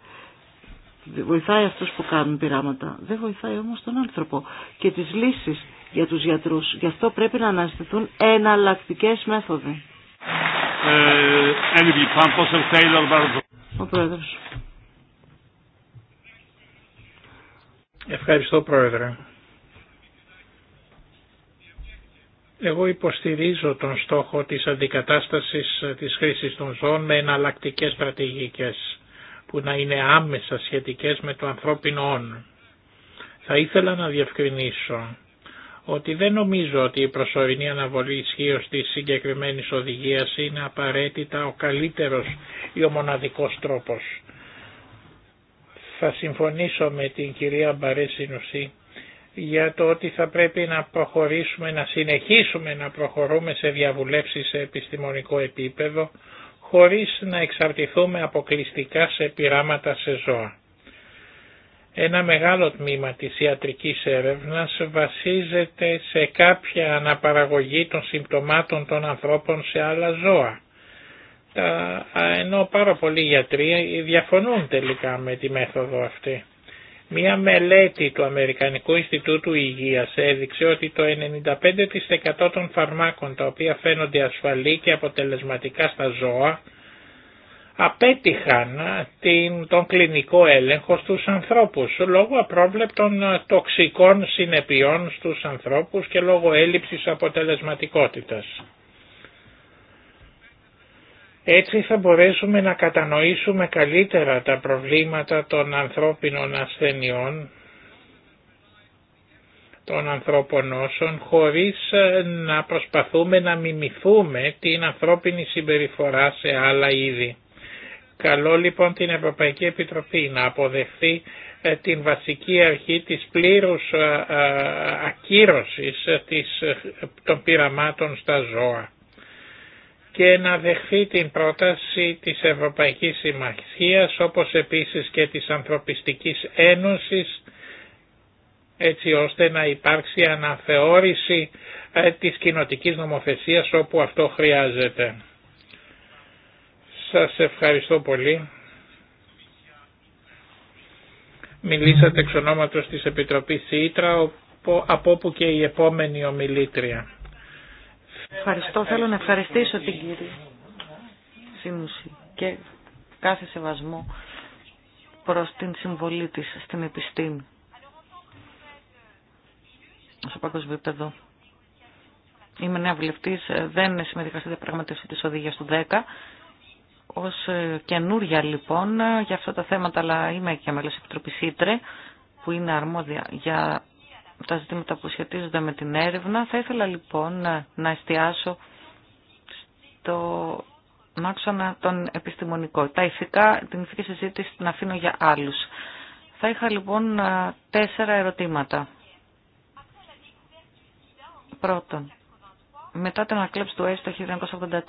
βοηθάει αυτούς που κάνουν πειράματα. Δεν βοηθάει όμως τον άνθρωπο και τις λύσεις για τους γιατρούς. Γι' αυτό πρέπει να αναστηθούν εναλλακτικέ
μέθοδοι. Ε,
Ευχαριστώ Πρόεδρε. Εγώ υποστηρίζω τον στόχο της αντικατάστασης ε, της χρήσης των ζώων με εναλλακτικές στρατηγικές που να είναι άμεσα σχετικές με το ανθρώπινο όν. Θα ήθελα να διευκρινίσω ότι δεν νομίζω ότι η προσωρινή αναβολή ισχύω τη συγκεκριμένη οδηγία είναι απαραίτητα ο καλύτερο ή ο μοναδικό τρόπο. Θα συμφωνήσω με την κυρία Μπαρέ Σινουσή για το ότι θα πρέπει να προχωρήσουμε, να συνεχίσουμε να προχωρούμε σε διαβουλεύσεις σε επιστημονικό επίπεδο χωρίς να εξαρτηθούμε αποκλειστικά σε πειράματα σε ζώα. Ένα μεγάλο τμήμα της ιατρικής έρευνας βασίζεται σε κάποια αναπαραγωγή των συμπτωμάτων των ανθρώπων σε άλλα ζώα. Τα, ενώ πάρα πολλοί γιατροί διαφωνούν τελικά με τη μέθοδο αυτή. Μία μελέτη του Αμερικανικού Ινστιτούτου Υγείας έδειξε ότι το 95% των φαρμάκων τα οποία φαίνονται ασφαλή και αποτελεσματικά στα ζώα απέτυχαν την, τον κλινικό έλεγχο στους ανθρώπους λόγω απρόβλεπτων τοξικών συνεπειών στους ανθρώπους και λόγω έλλειψης αποτελεσματικότητας. Έτσι θα μπορέσουμε να κατανοήσουμε καλύτερα τα προβλήματα των ανθρώπινων ασθενειών, των ανθρώπων όσων, χωρίς ε, να προσπαθούμε να μιμηθούμε την ανθρώπινη συμπεριφορά σε άλλα είδη. Καλό λοιπόν την Ευρωπαϊκή Επιτροπή να αποδεχθεί ε, την βασική αρχή της πλήρους ε, ακύρωσης των πειραμάτων στα ζώα και να δεχθεί την πρόταση της Ευρωπαϊκής Συμμαχίας όπως επίσης και της Ανθρωπιστικής Ένωσης έτσι ώστε να υπάρξει αναθεώρηση ε, της κοινοτικής νομοθεσίας όπου αυτό χρειάζεται. Σας ευχαριστώ πολύ. Μιλήσατε εξ ονόματος της Επιτροπής ΣΥΤΡΑ από όπου και η επόμενη ομιλήτρια. Ευχαριστώ. Θέλω να ευχαριστήσω την κύριε Σύνουση και κάθε σεβασμό
προς την συμβολή της στην επιστήμη. Στο παγκόσμιο επίπεδο. Είμαι νέα βουλευτή, δεν συμμετείχα στη διαπραγματεύση τη οδηγία του 10. Ω καινούρια λοιπόν για αυτά τα θέματα, αλλά είμαι και μέλο Επιτροπή Ήτρε, που είναι αρμόδια για τα ζητήματα που σχετίζονται με την έρευνα. Θα ήθελα λοιπόν να εστιάσω στο άξονα τον επιστημονικό. Τα ηθικά, την ηθική συζήτηση την αφήνω για άλλους. Θα είχα λοιπόν τέσσερα ερωτήματα. Πρώτον, μετά την ανακλέψη του ΕΣΤΟ το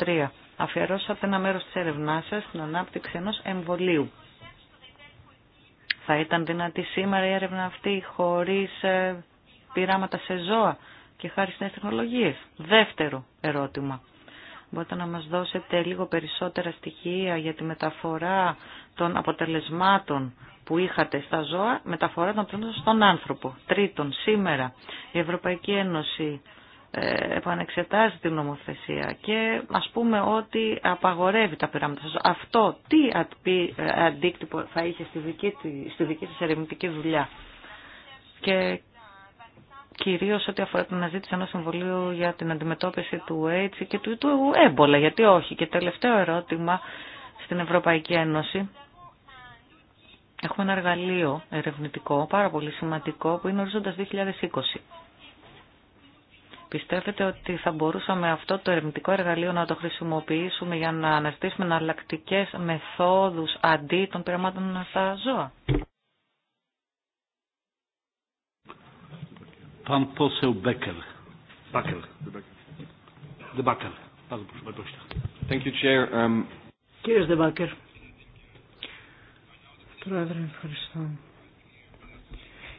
1983, αφιερώσατε ένα μέρος της έρευνάς σας στην ανάπτυξη ενός εμβολίου. Θα ήταν δυνατή σήμερα η έρευνα αυτή χωρίς ε, πειράματα σε ζώα και χάρη στις τεχνολογίες. Δεύτερο ερώτημα. Μπορείτε να μας δώσετε λίγο περισσότερα στοιχεία για τη μεταφορά των αποτελεσμάτων που είχατε στα ζώα, μεταφορά των αποτελεσμάτων στον άνθρωπο. Τρίτον, σήμερα η Ευρωπαϊκή Ένωση ε, επανεξετάζει την νομοθεσία και ας πούμε ότι απαγορεύει τα πειράματα σας. Αυτό τι ε, αντίκτυπο θα είχε στη δική, στη δική ερευνητική δουλειά. Και κυρίως ό,τι αφορά την αναζήτηση ενό συμβολίου για την αντιμετώπιση του AIDS και του, του έμπολα, γιατί όχι. Και τελευταίο ερώτημα στην Ευρωπαϊκή Ένωση. Έχουμε ένα εργαλείο ερευνητικό, πάρα πολύ σημαντικό, που είναι ορίζοντα 2020. Πιστεύετε ότι θα μπορούσαμε αυτό το ερευνητικό εργαλείο να το χρησιμοποιήσουμε για να αναζητήσουμε εναλλακτικέ μεθόδους αντί των πειραμάτων στα ζώα.
Pan poseł Becker. Bakel. De Bakel. Bardzo proszę, bardzo proszę. Thank you, Chair. Um...
Κύριος Δεμπάκερ. Πρόεδρε, ευχαριστώ.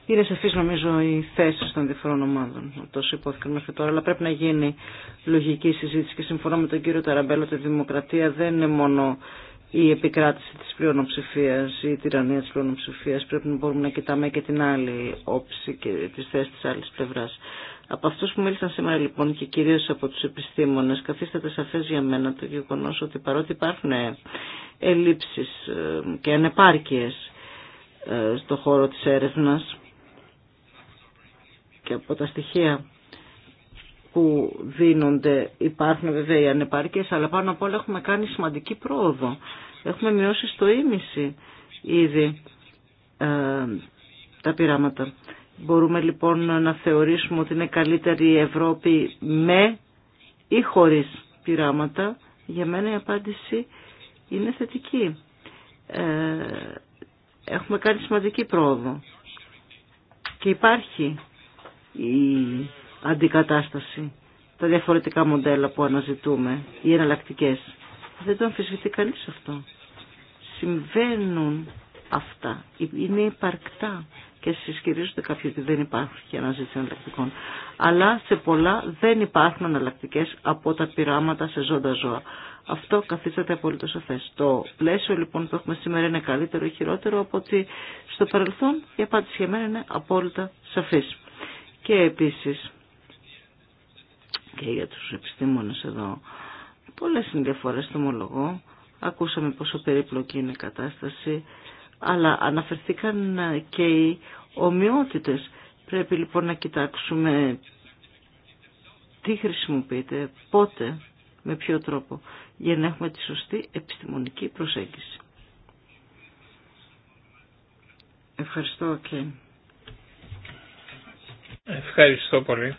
Είναι σαφή νομίζω οι θέσει των διαφορών ομάδων, όπω υπόθηκαν μέχρι τώρα, αλλά πρέπει να γίνει λογική συζήτηση και συμφωνώ με τον κύριο Ταραμπέλο ότι η δημοκρατία δεν είναι μόνο η επικράτηση της πλειονοψηφίας ή η τυραννία της πλειονοψηφίας. Πρέπει να μπορούμε να κοιτάμε και την άλλη όψη και τις θέσεις της άλλης πλευράς. Από αυτούς που μίλησαν σήμερα λοιπόν και κυρίως από τους επιστήμονες καθίσταται σαφές για μένα το γεγονό ότι παρότι υπάρχουν ε, ελλείψεις ε, και ανεπάρκειες ε, στο χώρο της έρευνας και από τα στοιχεία που δίνονται υπάρχουν βέβαια οι ανεπάρκειες αλλά πάνω απ' όλα έχουμε κάνει σημαντική πρόοδο Έχουμε μειώσει στο ίμιση ήδη ε, τα πειράματα. Μπορούμε λοιπόν να θεωρήσουμε ότι είναι καλύτερη η Ευρώπη με ή χωρίς πειράματα. Για μένα η απάντηση είναι θετική. Ε, έχουμε κάνει σημαντική πρόοδο και υπάρχει η απαντηση ειναι θετικη εχουμε κανει σημαντικη προοδο και υπαρχει η αντικατασταση τα διαφορετικά μοντέλα που αναζητούμε, οι εναλλακτικέ. Δεν το αμφισβητεί κανείς αυτό συμβαίνουν αυτά, είναι υπαρκτά και συσχυρίζονται κάποιοι ότι δεν υπάρχει αναζήτηση εναλλακτικών. Αλλά σε πολλά δεν υπάρχουν εναλλακτικέ από τα πειράματα σε ζώντα ζώα. Αυτό καθίσταται απολύτω σαφέ. Το πλαίσιο λοιπόν που έχουμε σήμερα είναι καλύτερο ή χειρότερο από ότι στο παρελθόν η απάντηση για μένα είναι απόλυτα σαφή. Και επίση και για του επιστήμονε εδώ πολλέ είναι διαφορέ, το ομολογώ. Ακούσαμε πόσο περίπλοκη είναι η κατάσταση, αλλά αναφερθήκαν και οι ομοιότητες. Πρέπει λοιπόν να κοιτάξουμε τι χρησιμοποιείται, πότε, με ποιο τρόπο, για να έχουμε τη σωστή επιστημονική προσέγγιση.
Ευχαριστώ και... Ευχαριστώ πολύ.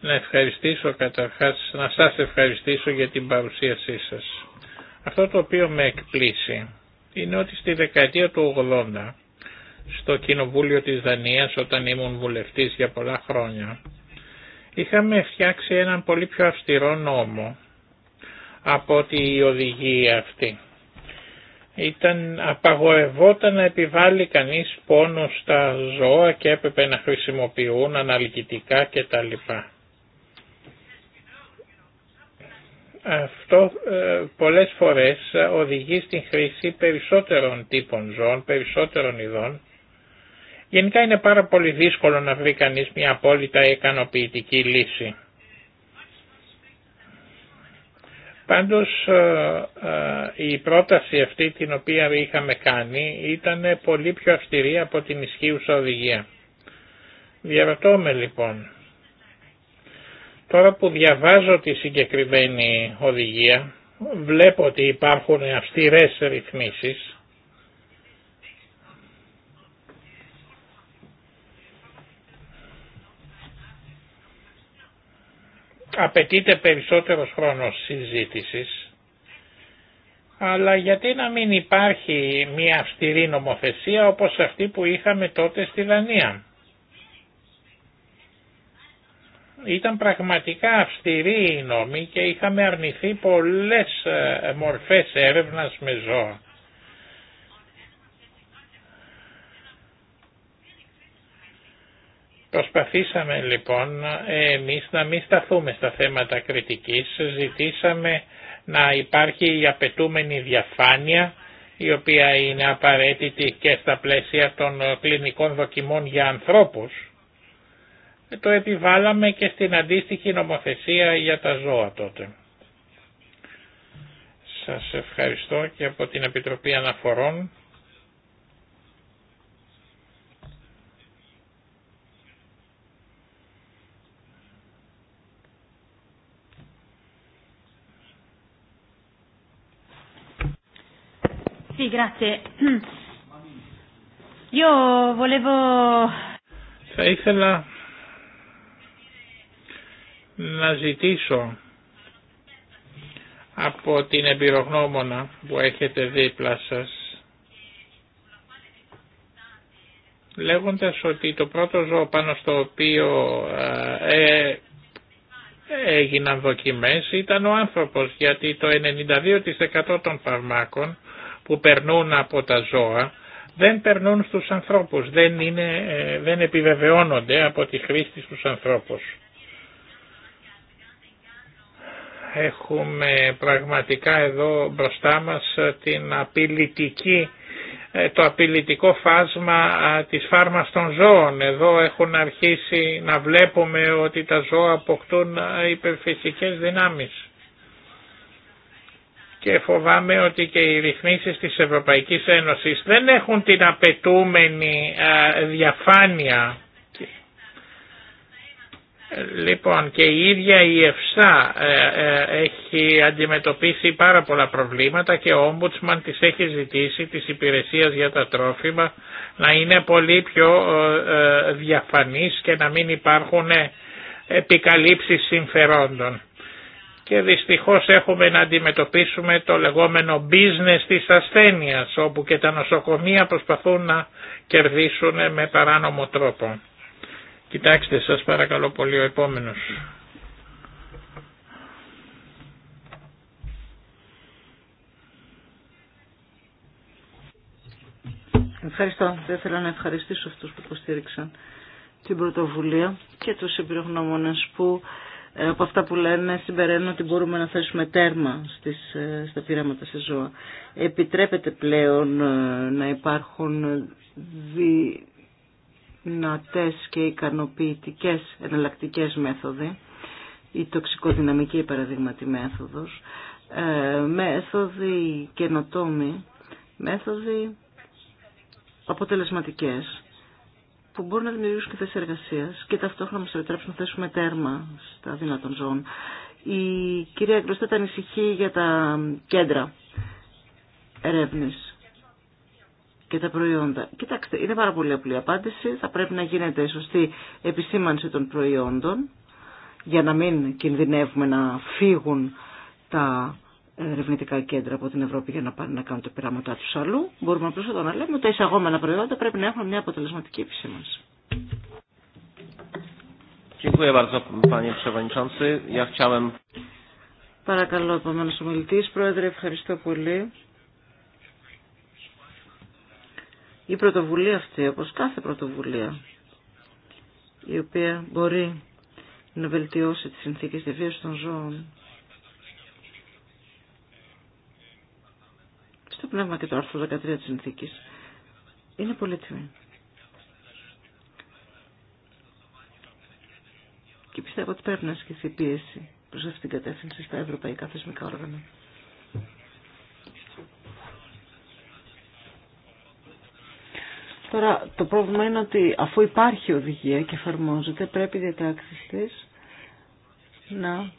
Να ευχαριστήσω καταρχάς, να σας ευχαριστήσω για την παρουσίασή σας. Αυτό το οποίο με εκπλήσει είναι ότι στη δεκαετία του 80 στο Κοινοβούλιο της Δανίας όταν ήμουν βουλευτής για πολλά χρόνια είχαμε φτιάξει έναν πολύ πιο αυστηρό νόμο από ότι η οδηγία αυτή. Ήταν, απαγορευόταν να επιβάλλει κανείς πόνο στα ζώα και έπρεπε να χρησιμοποιούν αναλυτικά κτλ. Αυτό ε, πολλές φορές ε, οδηγεί στην χρήση περισσότερων τύπων ζώων, περισσότερων ειδών. Γενικά είναι πάρα πολύ δύσκολο να βρει κανείς μια απόλυτα ικανοποιητική λύση. Πάντως ε, η πρόταση αυτή την οποία είχαμε κάνει ήταν πολύ πιο αυστηρή από την ισχύουσα οδηγία. Διαρωτώ λοιπόν, Τώρα που διαβάζω τη συγκεκριμένη οδηγία, βλέπω ότι υπάρχουν αυστηρές ρυθμίσεις απαιτείται περισσότερος χρόνος συζήτησης, αλλά γιατί να μην υπάρχει μια αυστηρή νομοθεσία όπως αυτή που είχαμε τότε στη Δανία. Ήταν πραγματικά αυστηρή η νόμη και είχαμε αρνηθεί πολλές ε, μορφές έρευνας με ζώα. Προσπαθήσαμε λοιπόν εμείς να μην σταθούμε στα θέματα κριτικής, ζητήσαμε να υπάρχει η απαιτούμενη διαφάνεια η οποία είναι απαραίτητη και στα πλαίσια των ε, κλινικών δοκιμών για ανθρώπους το επιβάλαμε και στην αντίστοιχη νομοθεσία για τα ζώα τότε. Σας ευχαριστώ και από την Επιτροπή Αναφορών. Θα ήθελα να ζητήσω από την εμπειρογνώμονα που έχετε δίπλα σας λέγοντας ότι το πρώτο ζώο πάνω στο οποίο ε, ε έγιναν δοκιμές ήταν ο άνθρωπος γιατί το 92% των φαρμάκων που περνούν από τα ζώα δεν περνούν στους ανθρώπους, δεν, είναι, ε, δεν επιβεβαιώνονται από τη χρήση στους ανθρώπους. Έχουμε πραγματικά εδώ μπροστά μας ε, την ε, το απειλητικό φάσμα ε, της φάρμας των ζώων. Εδώ έχουν αρχίσει να βλέπουμε ότι τα ζώα αποκτούν υπερφυσικές δυνάμεις. Και φοβάμαι ότι και οι ρυθμίσεις της Ευρωπαϊκής Ένωσης δεν έχουν την απαιτούμενη διαφάνεια Λοιπόν και η ίδια η ΕΦΣΑ ε, ε, έχει αντιμετωπίσει πάρα πολλά προβλήματα και ο Όμπουτσμαν της έχει ζητήσει της υπηρεσίας για τα τρόφιμα να είναι πολύ πιο ε, διαφανής και να μην υπάρχουν επικαλύψεις συμφερόντων. Και δυστυχώς έχουμε να αντιμετωπίσουμε το λεγόμενο business της ασθένειας όπου και τα νοσοκομεία προσπαθούν να κερδίσουν με παράνομο τρόπο. Κοιτάξτε σας παρακαλώ πολύ ο επόμενος.
Ευχαριστώ. Δεν ήθελα να ευχαριστήσω αυτούς που υποστήριξαν την πρωτοβουλία και τους εμπειρογνώμονες που ε, από αυτά που λένε συμπεραίνουν ότι μπορούμε να θέσουμε τέρμα στις, ε, στα πειράματα σε ζώα. Επιτρέπεται πλέον ε, να υπάρχουν δι, δυνατές και ικανοποιητικές εναλλακτικέ μέθοδοι, η τοξικοδυναμική παραδείγματη μέθοδος, ε, μέθοδοι καινοτόμοι, μέθοδοι αποτελεσματικές που μπορούν να δημιουργήσουν και θέσει εργασία και ταυτόχρονα μα επιτρέψουν να θέσουμε τέρμα στα δυνατών ζώων. Η κυρία Γκροστέτα ανησυχεί για τα κέντρα ερεύνη και τα προϊόντα. Κοιτάξτε, είναι πάρα πολύ απλή απάντηση. Θα πρέπει να γίνεται η σωστή επισήμανση των προϊόντων για να μην κινδυνεύουμε να φύγουν τα ερευνητικά κέντρα από την Ευρώπη για να πάνε να κάνουν τα πειράματά του αλλού. Μπορούμε απλώ εδώ να λέμε ότι τα εισαγόμενα προϊόντα πρέπει να έχουν μια αποτελεσματική επισήμανση. Παρακαλώ, επόμενο ομιλητή. Πρόεδρε, ευχαριστώ πολύ. Η πρωτοβουλία αυτή, όπως κάθε πρωτοβουλία, η οποία μπορεί να βελτιώσει τις συνθήκες διαβίωσης των ζώων, στο πνεύμα και το άρθρο 13 της συνθήκης, είναι πολύτιμη. Και πιστεύω ότι πρέπει να ασκηθεί πίεση προς αυτήν την κατεύθυνση στα ευρωπαϊκά θεσμικά όργανα. Τώρα το πρόβλημα είναι ότι αφού υπάρχει οδηγία και εφαρμόζεται πρέπει οι διατάξει τη να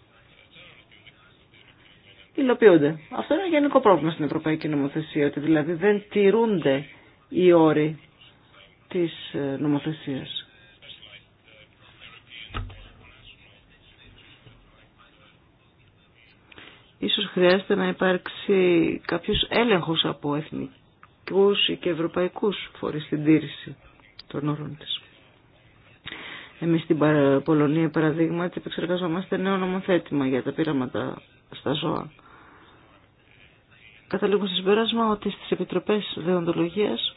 υλοποιούνται. Αυτό είναι ένα γενικό πρόβλημα στην Ευρωπαϊκή Νομοθεσία, ότι δηλαδή δεν τηρούνται οι όροι της ε, νομοθεσίας. Ίσως χρειάζεται να υπάρξει κάποιος έλεγχος από εθνική ή και ευρωπαϊκούς φορείς στην τήρηση των όρων της. Εμείς στην Πολωνία, παραδείγματι, επεξεργαζόμαστε νέο νομοθέτημα για τα πείραματα στα ζώα. Καταλήγω στο συμπέρασμα ότι στις επιτροπές δεοντολογίας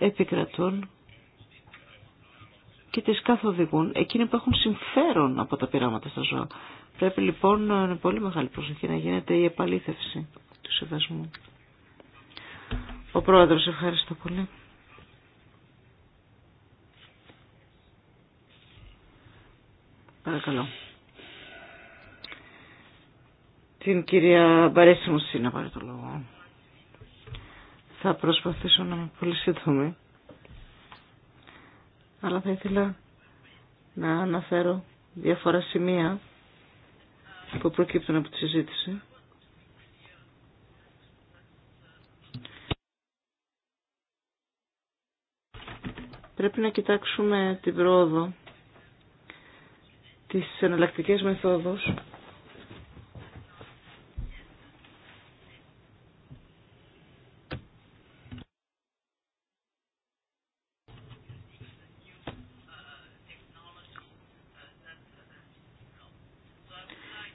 επικρατούν και τις καθοδηγούν εκείνοι που έχουν συμφέρον από τα πειράματα στα ζώα. Πρέπει λοιπόν με πολύ μεγάλη προσοχή να γίνεται η επαλήθευση του σεβασμού. Ο πρόεδρος, ευχαριστώ πολύ. Παρακαλώ. Την κυρία Μπαρέση Μουσή να πάρει το λόγο. Θα προσπαθήσω να είμαι πολύ σύντομη. Αλλά θα ήθελα να αναφέρω διάφορα σημεία που προκύπτουν από τη συζήτηση. πρέπει να κοιτάξουμε την πρόοδο της εναλλακτικής μεθόδους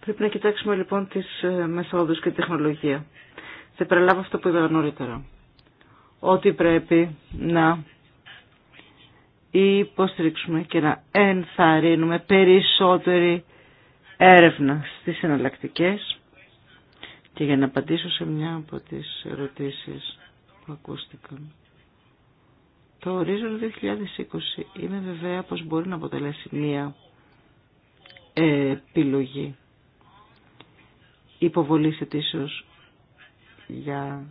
Πρέπει να κοιτάξουμε λοιπόν τις ε, μεθόδους και τη τεχνολογία. Θα επαναλάβω αυτό που είπα νωρίτερα. Ότι πρέπει να υποστηρίξουμε και να ενθαρρύνουμε περισσότερη έρευνα στις εναλλακτικέ και για να απαντήσω σε μια από τις ερωτήσεις που ακούστηκαν. Το ορίζον 2020 είναι βεβαία πως μπορεί να αποτελέσει μια επιλογή υποβολής αιτήσεως για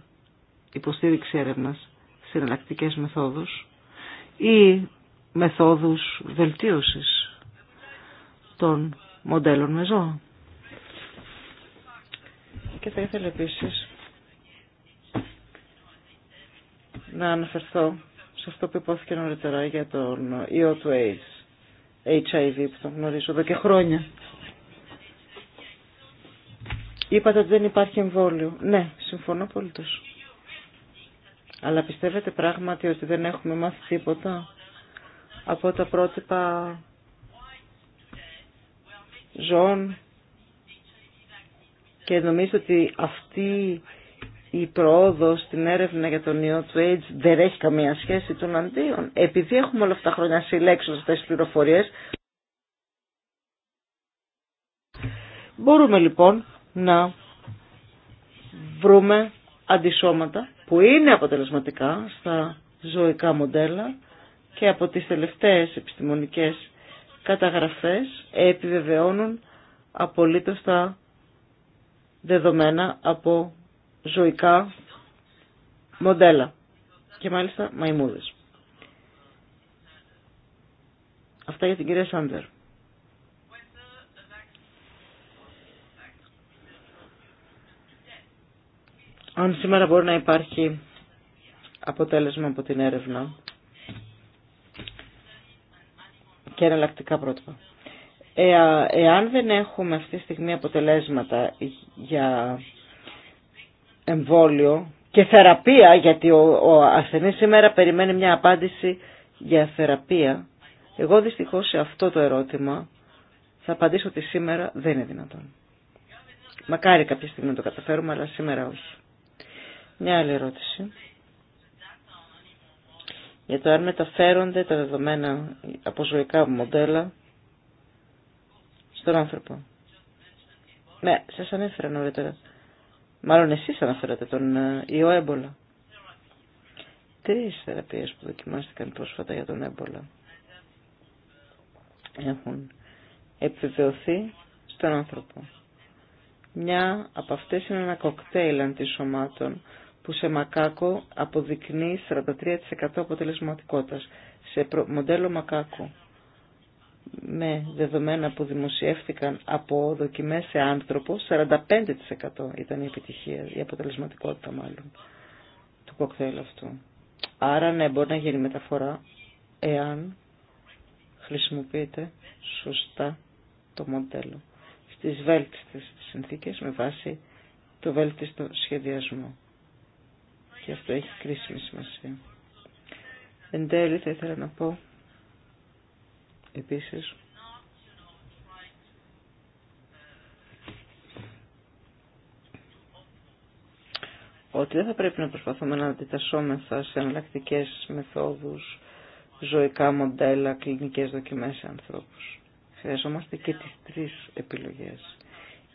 υποστήριξη έρευνας σε εναλλακτικέ μεθόδους ή μεθόδους βελτίωσης των μοντέλων με ζώα. Και θα ήθελα επίσης να αναφερθώ σε αυτό που υπόθηκε νωρίτερα για τον ιό του AIDS, HIV που τον γνωρίζω εδώ και χρόνια. Είπατε ότι δεν υπάρχει εμβόλιο. Ναι, συμφωνώ πολύ Αλλά πιστεύετε πράγματι ότι δεν έχουμε μάθει τίποτα από τα πρότυπα ζώων και νομίζω ότι αυτή η προόδος στην έρευνα για τον ιό του AIDS δεν έχει καμία σχέση των αντίων. Επειδή έχουμε όλα αυτά τα χρόνια συλλέξει αυτές τις πληροφορίες, μπορούμε λοιπόν να βρούμε αντισώματα που είναι αποτελεσματικά στα ζωικά μοντέλα και από τις τελευταίες επιστημονικές καταγραφές επιβεβαιώνουν απολύτως τα δεδομένα από ζωικά μοντέλα και μάλιστα μαϊμούδες. Αυτά για την κυρία Σάντερ. Αν σήμερα μπορεί να υπάρχει αποτέλεσμα από την έρευνα, και εναλλακτικά πρότυπα. εάν δεν έχουμε αυτή τη στιγμή αποτελέσματα για εμβόλιο και θεραπεία, γιατί ο, ο ασθενής σήμερα περιμένει μια απάντηση για θεραπεία, εγώ δυστυχώς σε αυτό το ερώτημα θα απαντήσω ότι σήμερα δεν είναι δυνατόν. Μακάρι κάποια στιγμή να το καταφέρουμε, αλλά σήμερα όχι. Μια άλλη ερώτηση για το αν μεταφέρονται τα δεδομένα από ζωικά μοντέλα στον άνθρωπο. Ναι, σας ανέφερα νωρίτερα. Μάλλον εσείς αναφέρατε τον ε, ιό έμπολα. Τρεις θεραπείες που δοκιμάστηκαν πρόσφατα για τον έμπολα έχουν επιβεβαιωθεί στον άνθρωπο. Μια από αυτές είναι ένα κοκτέιλ αντισωμάτων που σε μακάκο αποδεικνύει 43% αποτελεσματικότητας. Σε μοντέλο μακάκου με δεδομένα που δημοσιεύτηκαν από δοκιμές σε άνθρωπο, 45% ήταν η επιτυχία, η αποτελεσματικότητα μάλλον, του κοκτέιλ αυτού. Άρα ναι, μπορεί να γίνει μεταφορά, εάν χρησιμοποιείται σωστά το μοντέλο. Στις βέλτιστες συνθήκες με βάση το βέλτιστο σχεδιασμό και αυτό έχει κρίσιμη σημασία. Εν τέλει θα ήθελα να πω επίσης ότι δεν θα πρέπει να προσπαθούμε να αντιτασσόμεθα σε εναλλακτικέ μεθόδους, ζωικά μοντέλα, κλινικές δοκιμές σε ανθρώπους. Χρειαζόμαστε και τις τρεις επιλογές.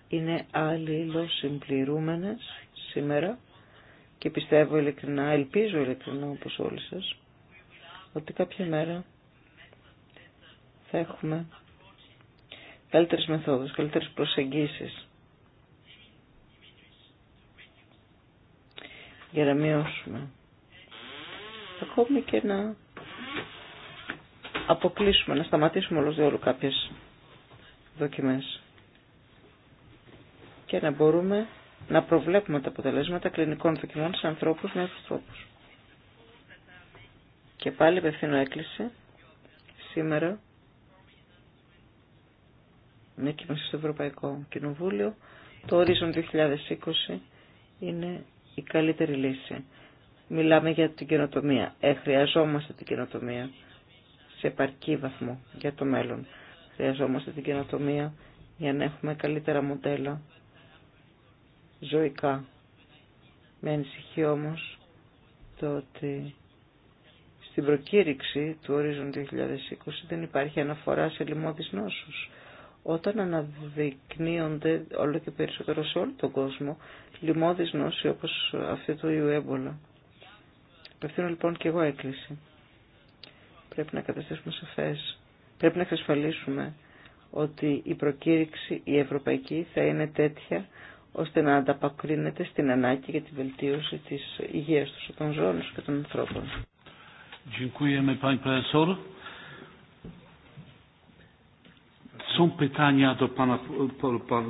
Είναι αλληλοσυμπληρούμενες σήμερα και πιστεύω ειλικρινά, ελπίζω ειλικρινά όπως όλοι σας, ότι κάποια μέρα θα έχουμε καλύτερες μεθόδους, καλύτερες προσεγγίσεις για να μειώσουμε ακόμη και να αποκλείσουμε, να σταματήσουμε όλος διόλου κάποιες δοκιμές και να μπορούμε να προβλέπουμε τα αποτελέσματα κλινικών δοκιμών σε ανθρώπους με τρόπους. Και πάλι απευθύνω έκκληση σήμερα με κίνηση στο Ευρωπαϊκό Κοινοβούλιο το Horizon 2020 είναι η καλύτερη λύση. Μιλάμε για την καινοτομία. Ε, χρειαζόμαστε την καινοτομία σε επαρκή βαθμό για το μέλλον. Χρειαζόμαστε την καινοτομία για να έχουμε καλύτερα μοντέλα ζωικά. Με ανησυχεί όμω το ότι στην προκήρυξη του ορίζον 2020 δεν υπάρχει αναφορά σε λοιμώδεις νόσους. Όταν αναδεικνύονται όλο και περισσότερο σε όλο τον κόσμο λοιμώδεις νόσοι όπως αυτή του ιού έμπολα. Απευθύνω λοιπόν και εγώ έκκληση. Πρέπει να καταστήσουμε σαφέ. Πρέπει να εξασφαλίσουμε ότι η προκήρυξη η ευρωπαϊκή θα είναι τέτοια ώστε να ανταπακρίνεται στην ανάγκη για τη βελτίωση της υγείας τους των ζώων και των ανθρώπων.
Są pytania do pana,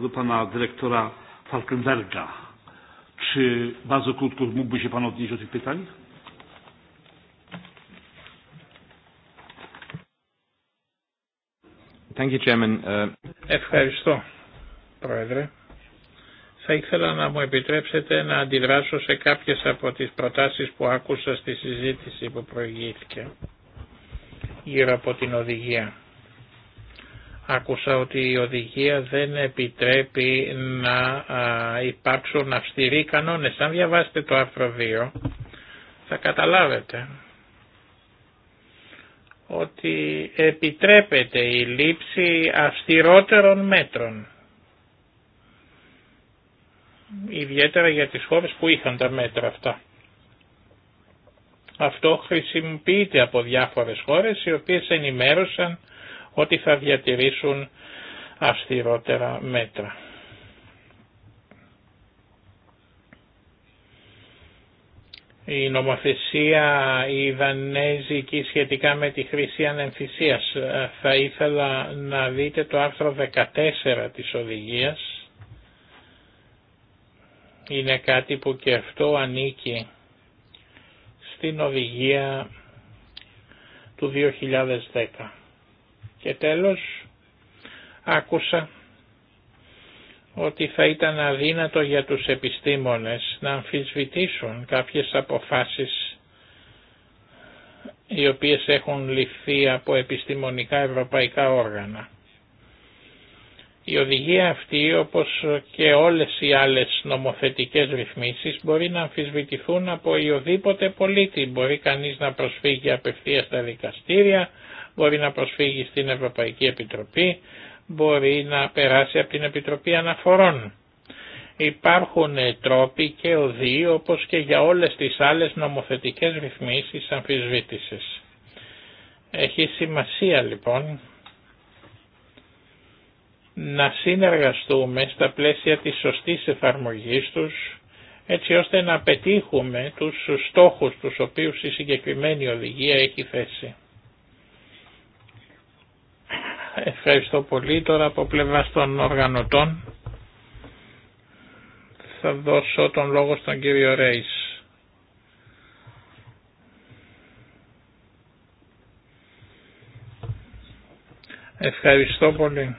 do pana dyrektora
Ευχαριστώ, Πρόεδρε. Θα ήθελα να μου επιτρέψετε να αντιδράσω σε κάποιες από τις προτάσεις που άκουσα στη συζήτηση που προηγήθηκε γύρω από την οδηγία. Άκουσα ότι η οδηγία δεν επιτρέπει να υπάρξουν αυστηροί κανόνες. Αν διαβάσετε το άρθρο 2 θα καταλάβετε ότι επιτρέπεται η λήψη αυστηρότερων μέτρων ιδιαίτερα για τις χώρες που είχαν τα μέτρα αυτά. Αυτό χρησιμοποιείται από διάφορες χώρες οι οποίες ενημέρωσαν ότι θα διατηρήσουν αυστηρότερα μέτρα. Η νομοθεσία η Δανέζικη σχετικά με τη χρήση ανεμφυσίας. Ε, θα ήθελα να δείτε το άρθρο 14 της οδηγίας είναι κάτι που και αυτό ανήκει στην οδηγία του 2010. Και τέλος άκουσα ότι θα ήταν αδύνατο για τους επιστήμονες να αμφισβητήσουν κάποιες αποφάσεις οι οποίες έχουν ληφθεί από επιστημονικά ευρωπαϊκά όργανα. Η οδηγία αυτή όπως και όλες οι άλλες νομοθετικές ρυθμίσεις μπορεί να αμφισβητηθούν από οποιοδήποτε πολίτη. Μπορεί κανείς να προσφύγει απευθείας στα δικαστήρια, μπορεί να προσφύγει στην Ευρωπαϊκή Επιτροπή, μπορεί να περάσει από την Επιτροπή Αναφορών. Υπάρχουν τρόποι και οδοί όπως και για όλες τις άλλες νομοθετικές ρυθμίσεις αμφισβήτησης. Έχει σημασία λοιπόν να συνεργαστούμε στα πλαίσια της σωστής εφαρμογής τους, έτσι ώστε να πετύχουμε τους στόχους τους οποίους η συγκεκριμένη οδηγία έχει θέσει. Ευχαριστώ πολύ. Τώρα από πλευρά των οργανωτών θα δώσω τον λόγο στον κύριο Ρέης. Ευχαριστώ πολύ.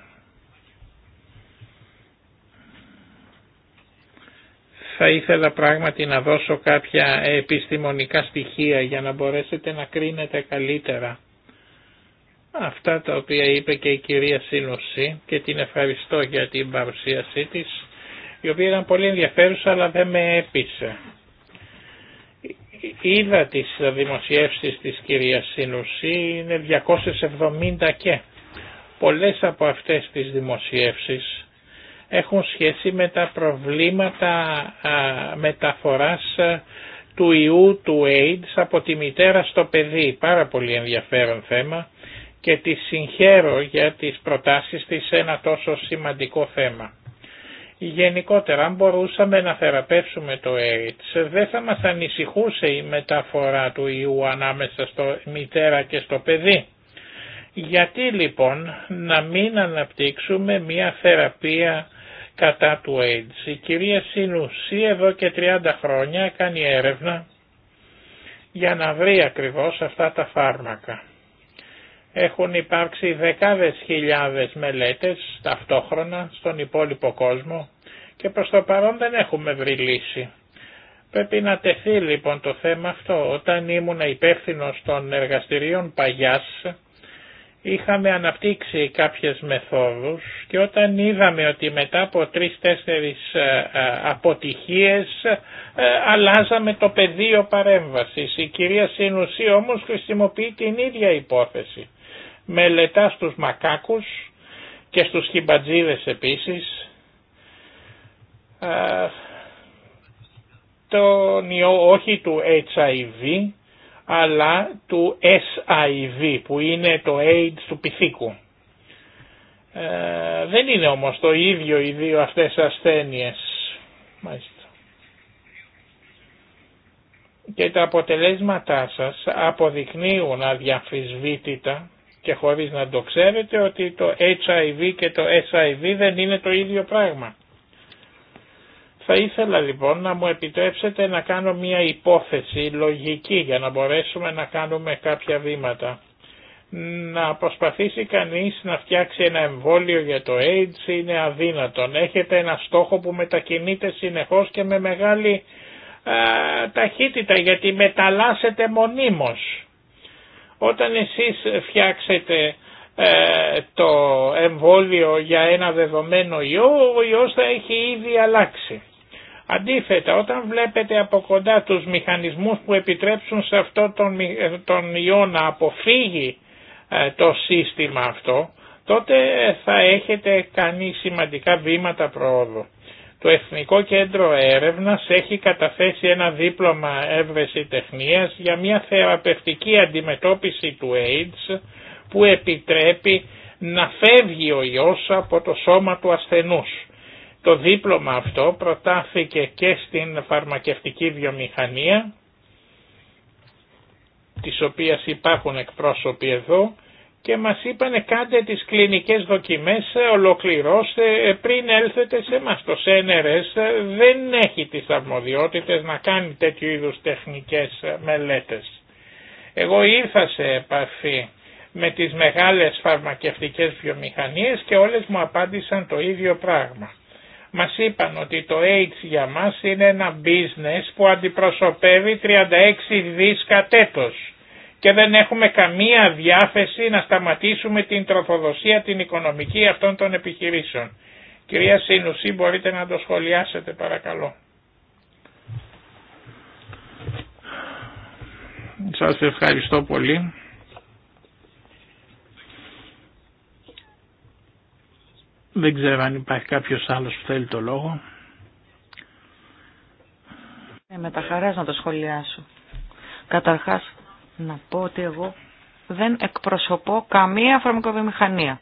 θα ήθελα πράγματι να δώσω κάποια επιστημονικά στοιχεία για να μπορέσετε να κρίνετε καλύτερα αυτά τα οποία είπε και η κυρία Σύνωση και την ευχαριστώ για την παρουσίασή της η οποία ήταν πολύ ενδιαφέρουσα αλλά δεν με έπεισε. Είδα τις δημοσιεύσεις της κυρίας Σύνωση, είναι 270 και πολλές από αυτές τις δημοσιεύσεις έχουν σχέση με τα προβλήματα μεταφοράς του ιού του AIDS από τη μητέρα στο παιδί. Πάρα πολύ ενδιαφέρον θέμα και τη συγχαίρω για τις προτάσεις της σε ένα τόσο σημαντικό θέμα. Γενικότερα, αν μπορούσαμε να θεραπεύσουμε το AIDS, δεν θα μας ανησυχούσε η μεταφορά του ιού ανάμεσα στο μητέρα και στο παιδί. Γιατί λοιπόν να μην αναπτύξουμε μια θεραπεία κατά του AIDS. Η κυρία Σινουσή εδώ και 30 χρόνια κάνει έρευνα για να βρει ακριβώς αυτά τα φάρμακα. Έχουν υπάρξει δεκάδες χιλιάδες μελέτες ταυτόχρονα στον υπόλοιπο κόσμο και προς το παρόν δεν έχουμε βρει λύση. Πρέπει να τεθεί λοιπόν το θέμα αυτό. Όταν ήμουν υπεύθυνο των εργαστηρίων Παγιάς, είχαμε αναπτύξει κάποιες μεθόδους και όταν είδαμε ότι μετά από τρεις-τέσσερις ε, ε, αποτυχίες ε, αλλάζαμε το πεδίο παρέμβασης. Η κυρία Συνουσή όμως χρησιμοποιεί την ίδια υπόθεση. Μελετά στους μακάκους και στους χιμπατζίδες επίσης τον ιό όχι του HIV αλλά του SIV που είναι το AIDS του πυθίκου. Ε, δεν είναι όμως το ίδιο οι δύο αυτές ασθένειες. Και τα αποτελέσματά σας αποδεικνύουν αδιαφυσβήτητα και χωρίς να το ξέρετε ότι το HIV και το SIV δεν είναι το ίδιο πράγμα. Θα ήθελα λοιπόν να μου επιτρέψετε να κάνω μια υπόθεση λογική για να μπορέσουμε να κάνουμε κάποια βήματα. Να προσπαθήσει κανείς να φτιάξει ένα εμβόλιο για το AIDS είναι αδύνατον. Έχετε ένα στόχο που μετακινείται συνεχώς και με μεγάλη ταχύτητα γιατί μεταλλάσσετε μονίμως. Όταν εσείς φτιάξετε ε, το εμβόλιο για ένα δεδομένο ιό, ο ιός θα έχει ήδη αλλάξει. Αντίθετα, όταν βλέπετε από κοντά τους μηχανισμούς που επιτρέψουν σε αυτό τον, ε, τον ιό να αποφύγει ε, το σύστημα αυτό, τότε ε, θα έχετε κάνει σημαντικά βήματα προόδου. Το Εθνικό Κέντρο Έρευνας έχει καταθέσει ένα δίπλωμα έβρεση τεχνίας για μια θεραπευτική αντιμετώπιση του AIDS που επιτρέπει να φεύγει ο ιός από το σώμα του ασθενούς. Το δίπλωμα αυτό προτάθηκε και στην φαρμακευτική βιομηχανία, της οποίας υπάρχουν εκπρόσωποι εδώ, και μας είπανε κάντε τις κλινικές δοκιμές, ε, ολοκληρώστε ε, πριν έλθετε σε μας. Το ΣΕΝΕΡΕΣ ε, δεν έχει τις αρμοδιότητες να κάνει τέτοιου είδους τεχνικές μελέτες. Εγώ ήρθα σε επαφή με τις μεγάλες φαρμακευτικές βιομηχανίες και όλες μου απάντησαν το ίδιο πράγμα μας είπαν ότι το AIDS για μας είναι ένα business που αντιπροσωπεύει 36 δις κατέτος και δεν έχουμε καμία διάθεση να σταματήσουμε την τροφοδοσία την οικονομική αυτών των επιχειρήσεων. Κυρία Σίνουση μπορείτε να το σχολιάσετε παρακαλώ. Σας ευχαριστώ πολύ. Δεν ξέρω αν υπάρχει κάποιος άλλος που θέλει το λόγο.
Ε, με τα χαράς να το σχολιάσω. Καταρχάς να πω ότι εγώ δεν εκπροσωπώ καμία φαρμακοβιομηχανία.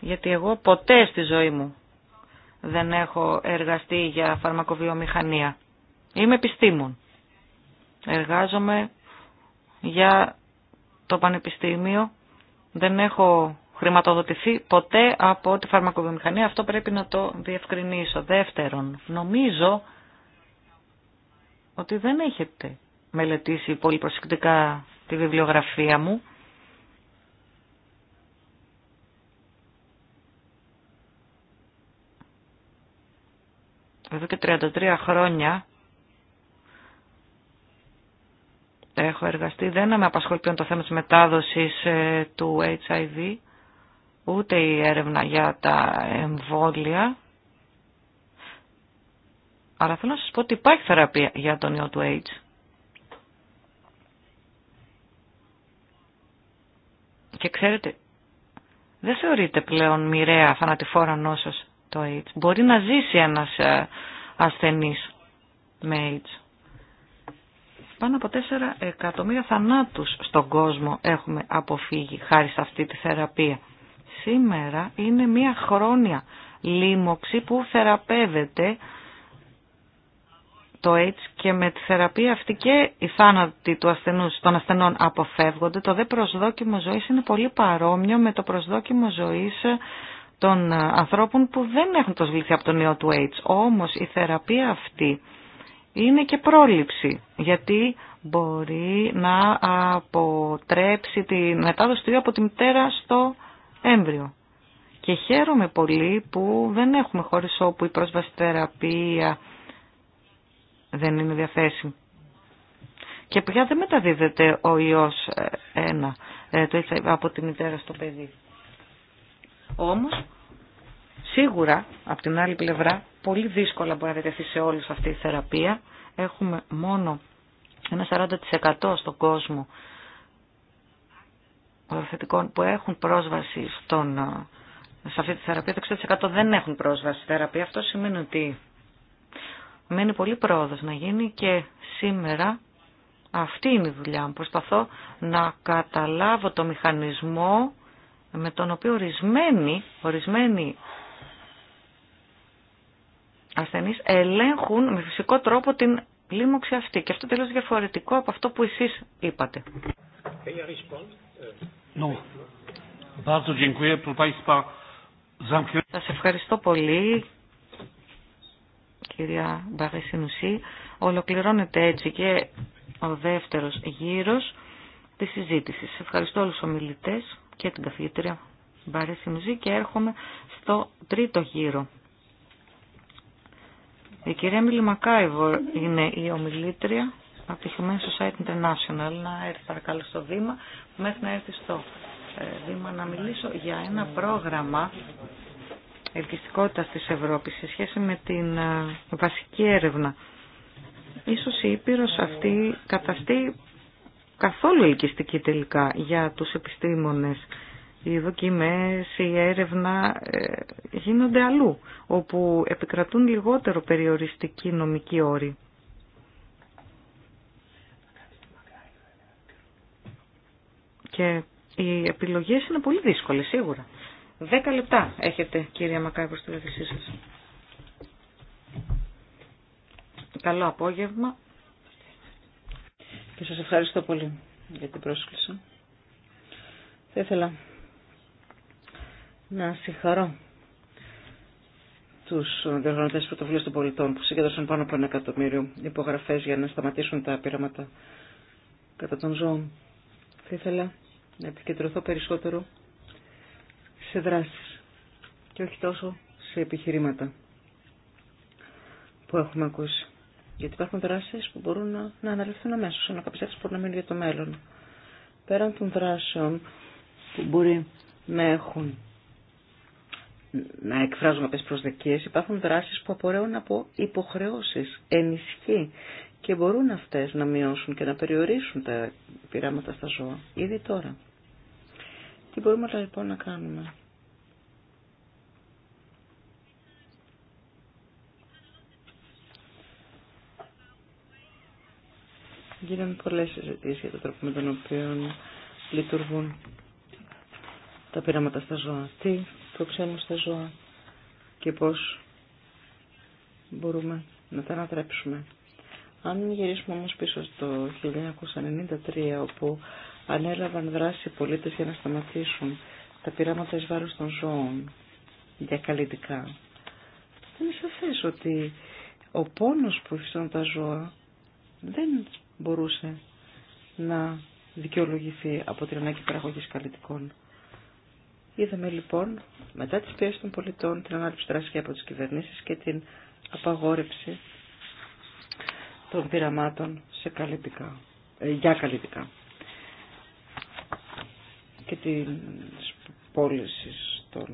Γιατί εγώ ποτέ στη ζωή μου δεν έχω εργαστεί για φαρμακοβιομηχανία. Είμαι επιστήμων. Εργάζομαι για το πανεπιστήμιο. Δεν έχω χρηματοδοτηθεί ποτέ από τη φαρμακοβιομηχανία. Αυτό πρέπει να το διευκρινίσω. Δεύτερον, νομίζω ότι δεν έχετε μελετήσει πολύ προσεκτικά τη βιβλιογραφία μου. Εδώ και 33 χρόνια έχω εργαστεί. Δεν με απασχολεί το θέμα της μετάδοσης ε, του HIV ούτε η έρευνα για τα εμβόλια. Αλλά θέλω να σας πω ότι υπάρχει θεραπεία για τον ιό του AIDS. Και ξέρετε, δεν θεωρείται πλέον μοιραία θανατηφόρα νόσος το AIDS. Μπορεί να ζήσει ένας ε, ασθενής με AIDS. Πάνω από 4 εκατομμύρια θανάτους στον κόσμο έχουμε αποφύγει χάρη σε αυτή τη θεραπεία σήμερα είναι μια χρόνια λίμωξη που θεραπεύεται το AIDS και με τη θεραπεία αυτή και οι θάνατοι του ασθενούς, των ασθενών αποφεύγονται. Το δε προσδόκιμο ζωής είναι πολύ παρόμοιο με το προσδόκιμο ζωής των ανθρώπων που δεν έχουν προσβληθεί από τον ιό του AIDS. Όμως η θεραπεία αυτή είναι και πρόληψη, γιατί μπορεί να αποτρέψει τη μετάδοση του ιού από τη μητέρα στο έμβριο. Και χαίρομαι πολύ που δεν έχουμε χώρες όπου η πρόσβαση θεραπεία δεν είναι διαθέσιμη. Και πια δεν μεταδίδεται ο ιός ε, ένα ε, το από τη μητέρα στο παιδί. Όμως, σίγουρα, από την άλλη πλευρά, πολύ δύσκολα μπορεί να διατεθεί σε όλους αυτή η θεραπεία. Έχουμε μόνο ένα 40% στον κόσμο προθετικών που έχουν πρόσβαση στον, σε αυτή τη θεραπεία, το 60% δεν έχουν πρόσβαση στη θεραπεία. Αυτό σημαίνει ότι μένει πολύ πρόοδο να γίνει και σήμερα αυτή είναι η δουλειά μου. Προσπαθώ να καταλάβω το μηχανισμό με τον οποίο ορισμένοι, ορισμένοι ασθενείς ελέγχουν με φυσικό τρόπο την λίμωξη αυτή. Και αυτό τελείως διαφορετικό από αυτό που εσείς είπατε.
Σας ευχαριστώ πολύ,
κυρία Μπαγεσινουσή. Ολοκληρώνεται έτσι και ο δεύτερος γύρος της συζήτησης. Ευχαριστώ όλους τους ομιλητές και την καθηγήτρια Μπαγεσινουσή και έρχομαι στο τρίτο γύρο. Η κυρία Μακάιβορ είναι η ομιλήτρια από τη Human Society International να έρθει παρακαλώ στο βήμα μέχρι να έρθει στο ε, βήμα να μιλήσω για ένα πρόγραμμα ελκυστικότητας της Ευρώπης σε σχέση με την ε, βασική έρευνα. Ίσως η Ήπειρος αυτή καταστεί καθόλου ελκυστική τελικά για τους επιστήμονες. Οι δοκιμές, η έρευνα ε, γίνονται αλλού, όπου επικρατούν λιγότερο περιοριστικοί νομικοί όροι. και οι επιλογές είναι πολύ δύσκολες σίγουρα. Δέκα λεπτά έχετε κύριε Μακάβρο στη διάθεσή σας. Καλό απόγευμα. Και σας ευχαριστώ πολύ για την πρόσκληση. Θα ήθελα να συγχαρώ του διοργανωτέ τη πρωτοβουλία των πολιτών που συγκέντρωσαν πάνω από ένα εκατομμύριο υπογραφέ για να σταματήσουν τα πειράματα κατά των ζώων. Θα ήθελα να επικεντρωθώ περισσότερο σε δράσεις και όχι τόσο σε επιχειρήματα που έχουμε ακούσει. Γιατί υπάρχουν δράσεις που μπορούν να, να αναλυθούν αμέσως, ενώ κάποιες μπορούν να μείνουν για το μέλλον. Πέραν των δράσεων που μπορεί να έχουν να εκφράζουμε κάποιες προσδοκίες, υπάρχουν δράσεις που απορρέουν από υποχρεώσεις, ενισχύ και μπορούν αυτές να μειώσουν και να περιορίσουν τα πειράματα στα ζώα, ήδη τώρα. Τι μπορούμε λοιπόν να κάνουμε. Γίνανε πολλές συζητήσεις για τον τρόπο με τον οποίο λειτουργούν τα πειράματα στα ζώα. Τι προξένουν στα ζώα και πώς μπορούμε να τα ανατρέψουμε. Αν γυρίσουμε όμως πίσω στο 1993 όπου ανέλαβαν δράση οι πολίτες για να σταματήσουν τα πειράματα εις βάρος των ζώων για καλλιτικά. Είναι σαφές ότι ο πόνος που υφιστούν τα ζώα δεν μπορούσε να δικαιολογηθεί από την ανάγκη παραγωγής καλλιτικών. Είδαμε λοιπόν μετά τις πιέσεις των πολιτών την ανάληψη δράση και από τις κυβερνήσεις και την απαγόρευση των πειραμάτων σε καλλιτικά, ε, για καλλιτικά και τη πώληση των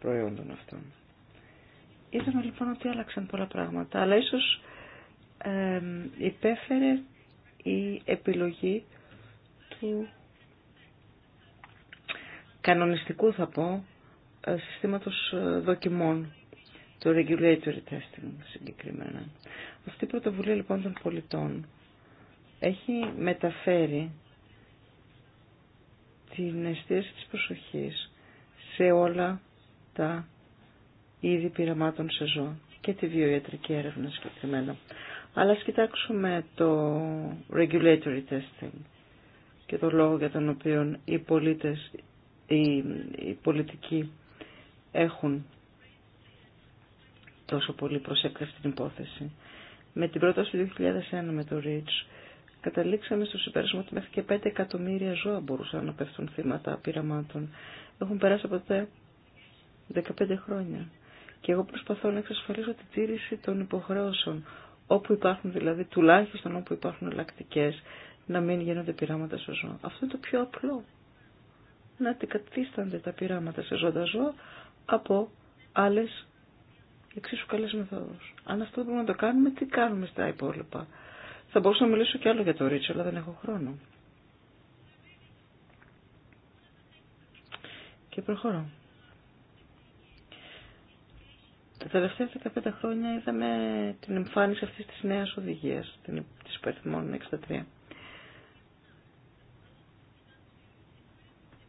προϊόντων αυτών. Είδαμε λοιπόν ότι άλλαξαν πολλά πράγματα, αλλά ίσως υπέφερε η επιλογή του κανονιστικού θα πω ε, συστήματος ε, δοκιμών το regulatory testing συγκεκριμένα. Αυτή η πρωτοβουλία λοιπόν των πολιτών έχει μεταφέρει την εστίαση της προσοχής σε όλα τα είδη πειραμάτων σε ζώα και τη βιοιατρική έρευνα συγκεκριμένα. Αλλά ας κοιτάξουμε το regulatory testing και το λόγο για τον οποίο οι πολίτες, οι, οι πολιτικοί έχουν τόσο πολύ προσέξει την υπόθεση. Με την πρόταση του 2001 με το REACH Καταλήξαμε στο συμπέρασμα ότι μέχρι και 5 εκατομμύρια ζώα μπορούσαν να πέφτουν θύματα πειραμάτων. Έχουν περάσει από τότε 15 χρόνια. Και εγώ προσπαθώ να εξασφαλίσω την τήρηση των υποχρεώσεων. Όπου υπάρχουν δηλαδή, τουλάχιστον όπου υπάρχουν ελλακτικέ, να μην γίνονται πειράματα σε ζώα. Αυτό είναι το πιο απλό. Να αντικαθίστανται τα πειράματα σε ζώντα ζώα από άλλε εξίσου καλέ μεθόδου. Αν αυτό μπορούμε να το κάνουμε, τι κάνουμε στα υπόλοιπα. Θα μπορούσα να μιλήσω και άλλο για το Ρίτσο, αλλά δεν έχω χρόνο. Και προχωρώ. Τα τελευταία 15 χρόνια είδαμε την εμφάνιση αυτής της νέας οδηγίας, της υπερθυμών 63,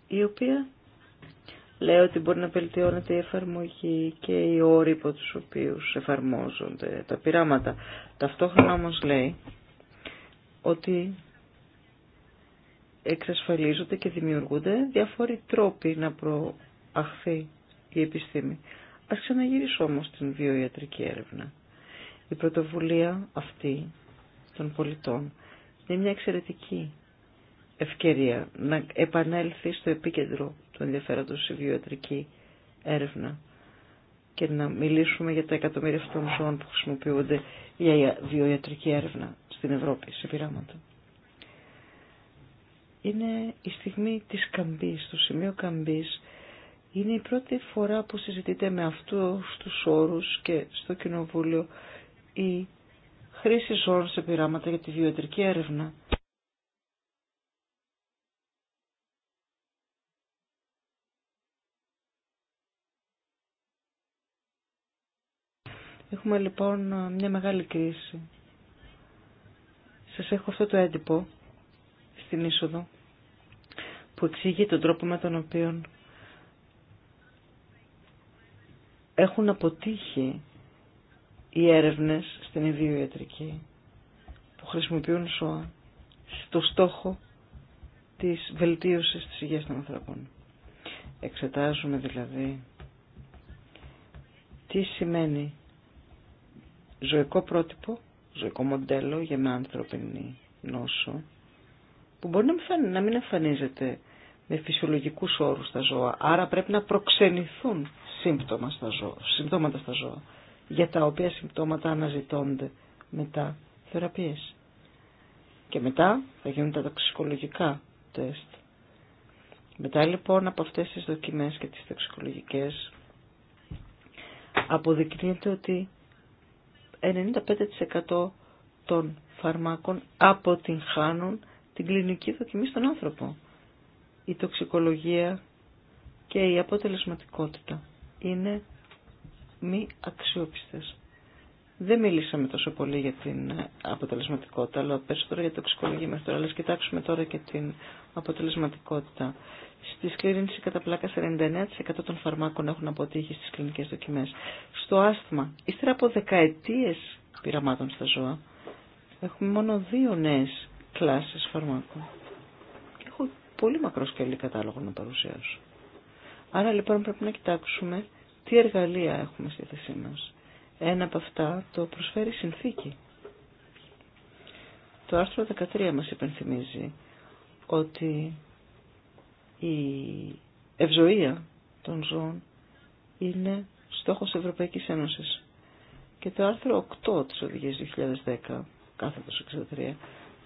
η οποία λέει ότι μπορεί να βελτιώνεται η εφαρμογή και οι όροι από τους οποίους εφαρμόζονται τα πειράματα. Ταυτόχρονα όμως λέει ότι εξασφαλίζονται και δημιουργούνται διάφοροι τρόποι να προαχθεί η επιστήμη. Ας ξαναγυρίσω όμως την βιοιατρική έρευνα. Η πρωτοβουλία αυτή των πολιτών είναι μια εξαιρετική ευκαιρία να επανέλθει στο επίκεντρο του ενδιαφέροντος η βιοιατρική έρευνα και να μιλήσουμε για τα εκατομμύρια αυτών ζώων που χρησιμοποιούνται για βιοιατρική έρευνα στην Ευρώπη, σε πειράματα. Είναι η στιγμή της καμπής, το σημείο καμπής. Είναι η πρώτη φορά που συζητείται με αυτού τους όρους και στο Κοινοβούλιο η χρήση ζώων σε πειράματα για τη βιοιατρική έρευνα. Έχουμε λοιπόν μια μεγάλη κρίση. Σας έχω αυτό το έντυπο στην είσοδο που εξηγεί τον τρόπο με τον οποίο έχουν αποτύχει οι έρευνες στην ιδιοιατρική που χρησιμοποιούν σώα στο στόχο της βελτίωσης της υγείας των ανθρώπων. Εξετάζουμε δηλαδή τι σημαίνει ζωικό πρότυπο, ζωικό μοντέλο για με ανθρώπινη νόσο, που μπορεί να μην εμφανίζεται με φυσιολογικούς όρους στα ζώα, άρα πρέπει να προξενηθούν σύμπτωμα στα ζώα, συμπτώματα στα ζώα, για τα οποία συμπτώματα αναζητώνται μετά θεραπείες. Και μετά θα γίνουν τα τοξικολογικά τεστ. Μετά λοιπόν από αυτές τις δοκιμές και τις τοξικολογικές αποδεικνύεται ότι 95% των φαρμάκων αποτυγχάνουν την κλινική δοκιμή στον άνθρωπο. Η τοξικολογία και η αποτελεσματικότητα είναι μη αξιόπιστες δεν μιλήσαμε τόσο πολύ για την αποτελεσματικότητα, αλλά περισσότερο για το μέχρι τώρα. Ας κοιτάξουμε τώρα και την αποτελεσματικότητα. Στη σκλήρινση κατά πλάκα 49% των φαρμάκων έχουν αποτύχει στις κλινικές δοκιμές. Στο άσθμα, ύστερα από δεκαετίες πειραμάτων στα ζώα, έχουμε μόνο δύο νέες κλάσεις φαρμάκων. Έχω πολύ μακρό σκελή κατάλογο να παρουσιάσω. Άρα λοιπόν πρέπει να κοιτάξουμε τι εργαλεία έχουμε στη θέση μας ένα από αυτά το προσφέρει συνθήκη. Το άρθρο 13 μας υπενθυμίζει ότι η ευζοία των ζώων είναι στόχος Ευρωπαϊκής Ένωσης. Και το άρθρο 8 της Οδηγίας 2010, κάθετος 63,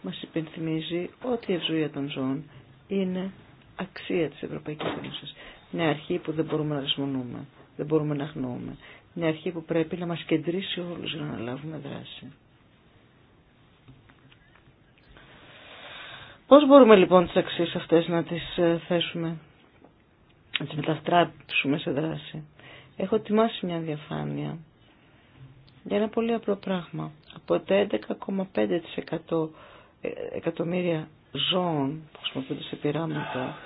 μας υπενθυμίζει ότι η ευζοία των ζώων είναι αξία της Ευρωπαϊκής Ένωσης. Μια αρχή που δεν μπορούμε να λησμονούμε, δεν μπορούμε να αγνοούμε μια αρχή που πρέπει να μας κεντρήσει όλους για να λάβουμε δράση. Πώς μπορούμε λοιπόν τις αξίες αυτές να τις ε, θέσουμε, να τις μεταστράψουμε σε δράση. Έχω ετοιμάσει μια διαφάνεια για ένα πολύ απλό πράγμα. Από τα 11,5% ε, εκατομμύρια ζώων που χρησιμοποιούνται σε πειράματα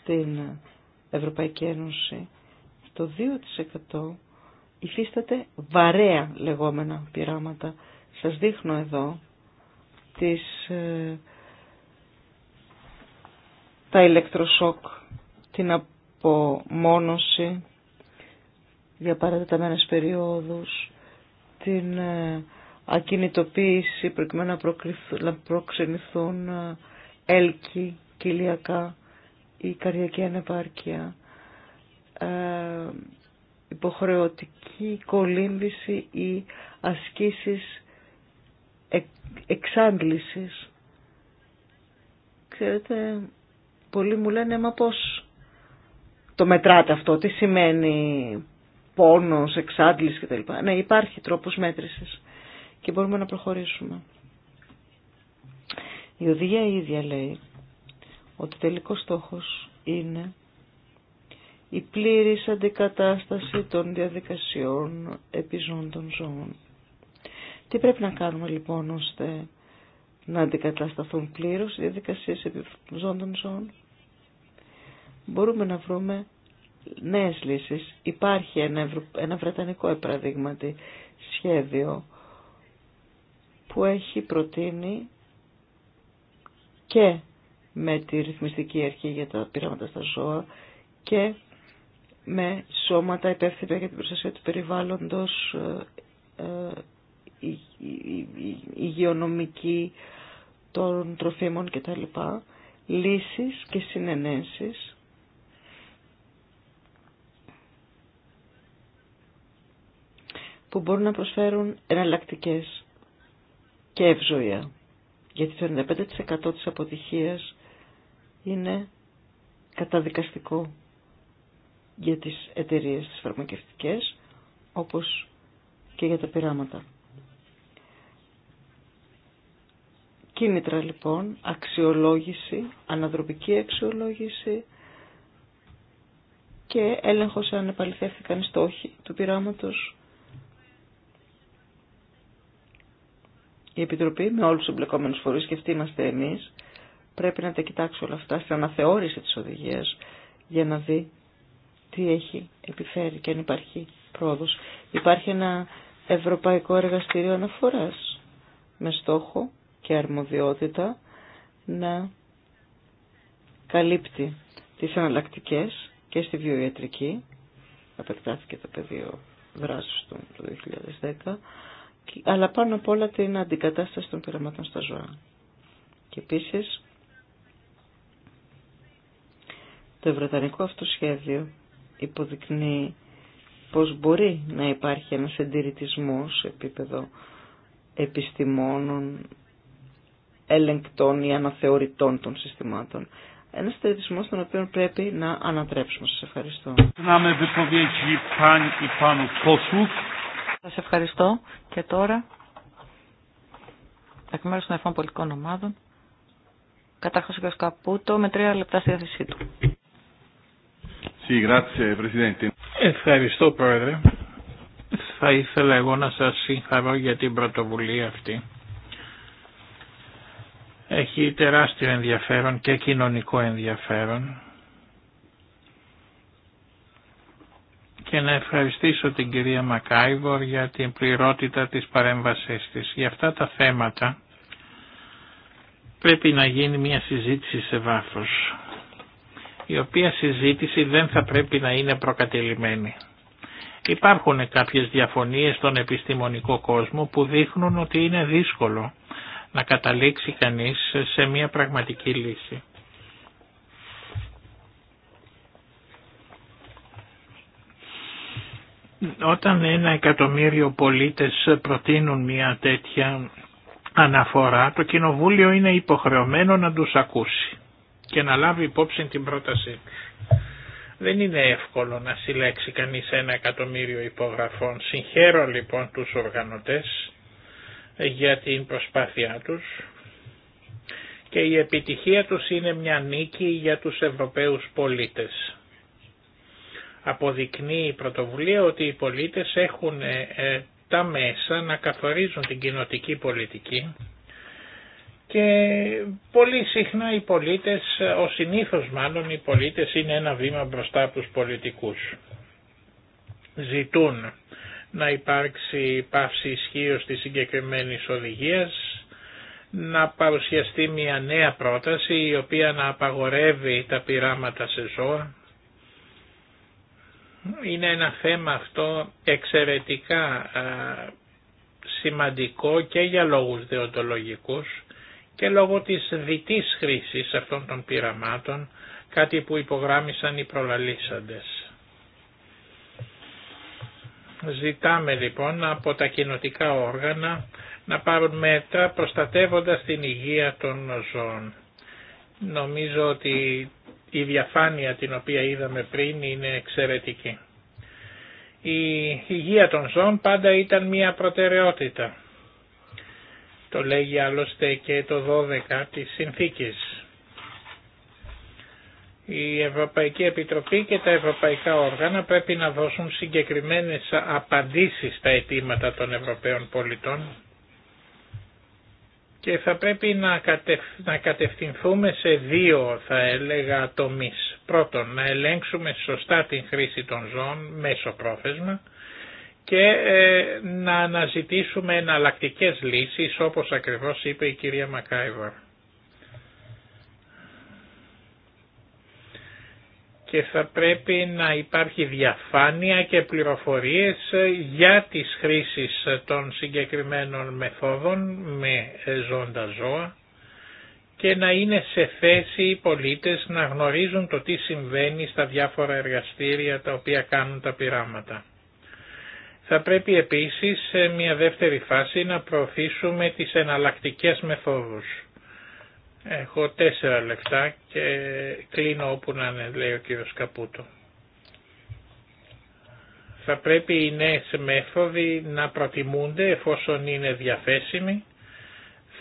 στην Ευρωπαϊκή Ένωση, το 2% υφίσταται βαρέα λεγόμενα πειράματα. Σας δείχνω εδώ τις, ε, τα ηλεκτροσόκ, την απομόνωση για παρατεταμένες περιόδους, την ε, ακινητοποίηση προκειμένου να προξενηθούν ε, έλκη, κοιλιακά ή καρδιακή ανεπάρκεια, υποχρεωτική κολύμβηση ή ασκήσεις εξάντλησης. Ξέρετε, πολλοί μου λένε, μα πώς το μετράτε αυτό, τι σημαίνει πόνος, εξάντληση κτλ. Ναι, υπάρχει τρόπος μέτρησης και μπορούμε να προχωρήσουμε. Η οδηγία ίδια λέει ότι τελικός στόχος είναι η πλήρης αντικατάσταση των διαδικασιών των ζώων. Τι πρέπει να κάνουμε λοιπόν ώστε να αντικατασταθούν πλήρως οι διαδικασίες των ζώων. Μπορούμε να βρούμε νέες λύσεις. Υπάρχει ένα, ένα βρετανικό επραδείγματι σχέδιο που έχει προτείνει και με τη ρυθμιστική αρχή για τα πειράματα στα ζώα και με σώματα υπεύθυνα για την προστασία του περιβάλλοντος, ε, ε, υγειονομική των τροφίμων κτλ. Λύσεις και συνενέσεις. που μπορούν να προσφέρουν εναλλακτικέ και ευζοία. Γιατί το 95% της αποτυχίας είναι καταδικαστικό για τις εταιρείες τις φαρμακευτικές όπως και για τα πειράματα. Κίνητρα λοιπόν, αξιολόγηση, αναδρομική αξιολόγηση και έλεγχος αν επαληθεύθηκαν οι στόχοι του πειράματος. Η Επιτροπή με όλους τους εμπλεκόμενους φορείς και αυτοί είμαστε εμείς πρέπει να τα κοιτάξει όλα αυτά στην αναθεώρηση της οδηγίας για να δει τι έχει επιφέρει και αν υπάρχει πρόοδος. Υπάρχει ένα ευρωπαϊκό εργαστήριο αναφοράς με στόχο και αρμοδιότητα να καλύπτει τις εναλλακτικέ και στη βιοιατρική, απεκτάθηκε το πεδίο δράσης του 2010, αλλά πάνω απ' όλα την αντικατάσταση των πειραμάτων στα ζωά. Και επίσης το Βρετανικό αυτό σχέδιο υποδεικνύει πως μπορεί να υπάρχει ένας εντηρητισμός σε επίπεδο επιστημόνων, ελεγκτών ή αναθεωρητών
των συστημάτων.
Ένας εντηρητισμός τον οποίο πρέπει να ανατρέψουμε. Σας ευχαριστώ. Σας ευχαριστώ και τώρα εκ μέρους των εφών πολιτικών ομάδων. Καταρχάς ο κ. με τρία λεπτά στη διάθεσή του.
Ευχαριστώ Πρόεδρε. Θα ήθελα εγώ να σας συγχαρώ για την πρωτοβουλία αυτή. Έχει τεράστιο ενδιαφέρον και κοινωνικό ενδιαφέρον. Και να ευχαριστήσω την κυρία Μακάιβορ για την πληρότητα της παρέμβασής της. Για αυτά τα θέματα πρέπει να γίνει μια συζήτηση σε βάθος η οποία συζήτηση δεν θα πρέπει να είναι προκατελημένη. Υπάρχουν κάποιες διαφωνίες στον επιστημονικό κόσμο που δείχνουν ότι είναι δύσκολο να καταλήξει κανείς σε μια πραγματική λύση. Όταν ένα εκατομμύριο πολίτες προτείνουν μια τέτοια αναφορά, το Κοινοβούλιο είναι υποχρεωμένο να τους ακούσει και να λάβει υπόψη την πρότασή Δεν είναι εύκολο να συλλέξει κανείς ένα εκατομμύριο υπογραφών. Συγχαίρω λοιπόν τους οργανωτές για την προσπάθειά τους και η επιτυχία τους είναι μια νίκη για τους Ευρωπαίους πολίτες. Αποδεικνύει η πρωτοβουλία ότι οι πολίτες έχουν ε, τα μέσα να καθορίζουν την κοινοτική πολιτική και πολύ συχνά οι πολίτες, ο συνήθως μάλλον οι πολίτες είναι ένα βήμα μπροστά από τους πολιτικούς. Ζητούν να υπάρξει πάυση ισχύω της συγκεκριμένη οδηγίας, να παρουσιαστεί μια νέα πρόταση η οποία να απαγορεύει τα πειράματα σε ζώα. Είναι ένα θέμα αυτό εξαιρετικά σημαντικό και για λόγους δεοντολογικούς και λόγω της διτής χρήσης αυτών των πειραμάτων, κάτι που υπογράμμισαν οι προλαλήσαντες. Ζητάμε λοιπόν από τα κοινοτικά όργανα να πάρουν μέτρα προστατεύοντας την υγεία των ζώων. Νομίζω ότι η διαφάνεια την οποία είδαμε πριν είναι εξαιρετική. Η υγεία των ζώων πάντα ήταν μια προτεραιότητα. Το λέγει άλλωστε και το 12 της συνθήκης. Η Ευρωπαϊκή Επιτροπή και τα ευρωπαϊκά όργανα πρέπει να δώσουν συγκεκριμένες απαντήσεις στα αιτήματα των Ευρωπαίων πολιτών και θα πρέπει να κατευθυνθούμε σε δύο θα έλεγα τομείς. Πρώτον, να ελέγξουμε σωστά την χρήση των ζώων μέσω πρόθεσμα και ε, να αναζητήσουμε εναλλακτικέ λύσεις όπως ακριβώς είπε η κυρία Μακάιβαρ. Και θα πρέπει να υπάρχει διαφάνεια και πληροφορίες ε, για τις χρήσεις των συγκεκριμένων μεθόδων με ε, ζώντα ζώα και να είναι σε θέση οι πολίτες να γνωρίζουν το τι συμβαίνει στα διάφορα εργαστήρια τα οποία κάνουν τα πειράματα. Θα πρέπει επίσης σε μια δεύτερη φάση να προωθήσουμε τις εναλλακτικές μεθόδους. Έχω τέσσερα λεπτά και κλείνω όπου να είναι, λέει ο κύριος Καπούτο. Θα πρέπει οι νέες μέθοδοι να προτιμούνται εφόσον είναι διαθέσιμοι.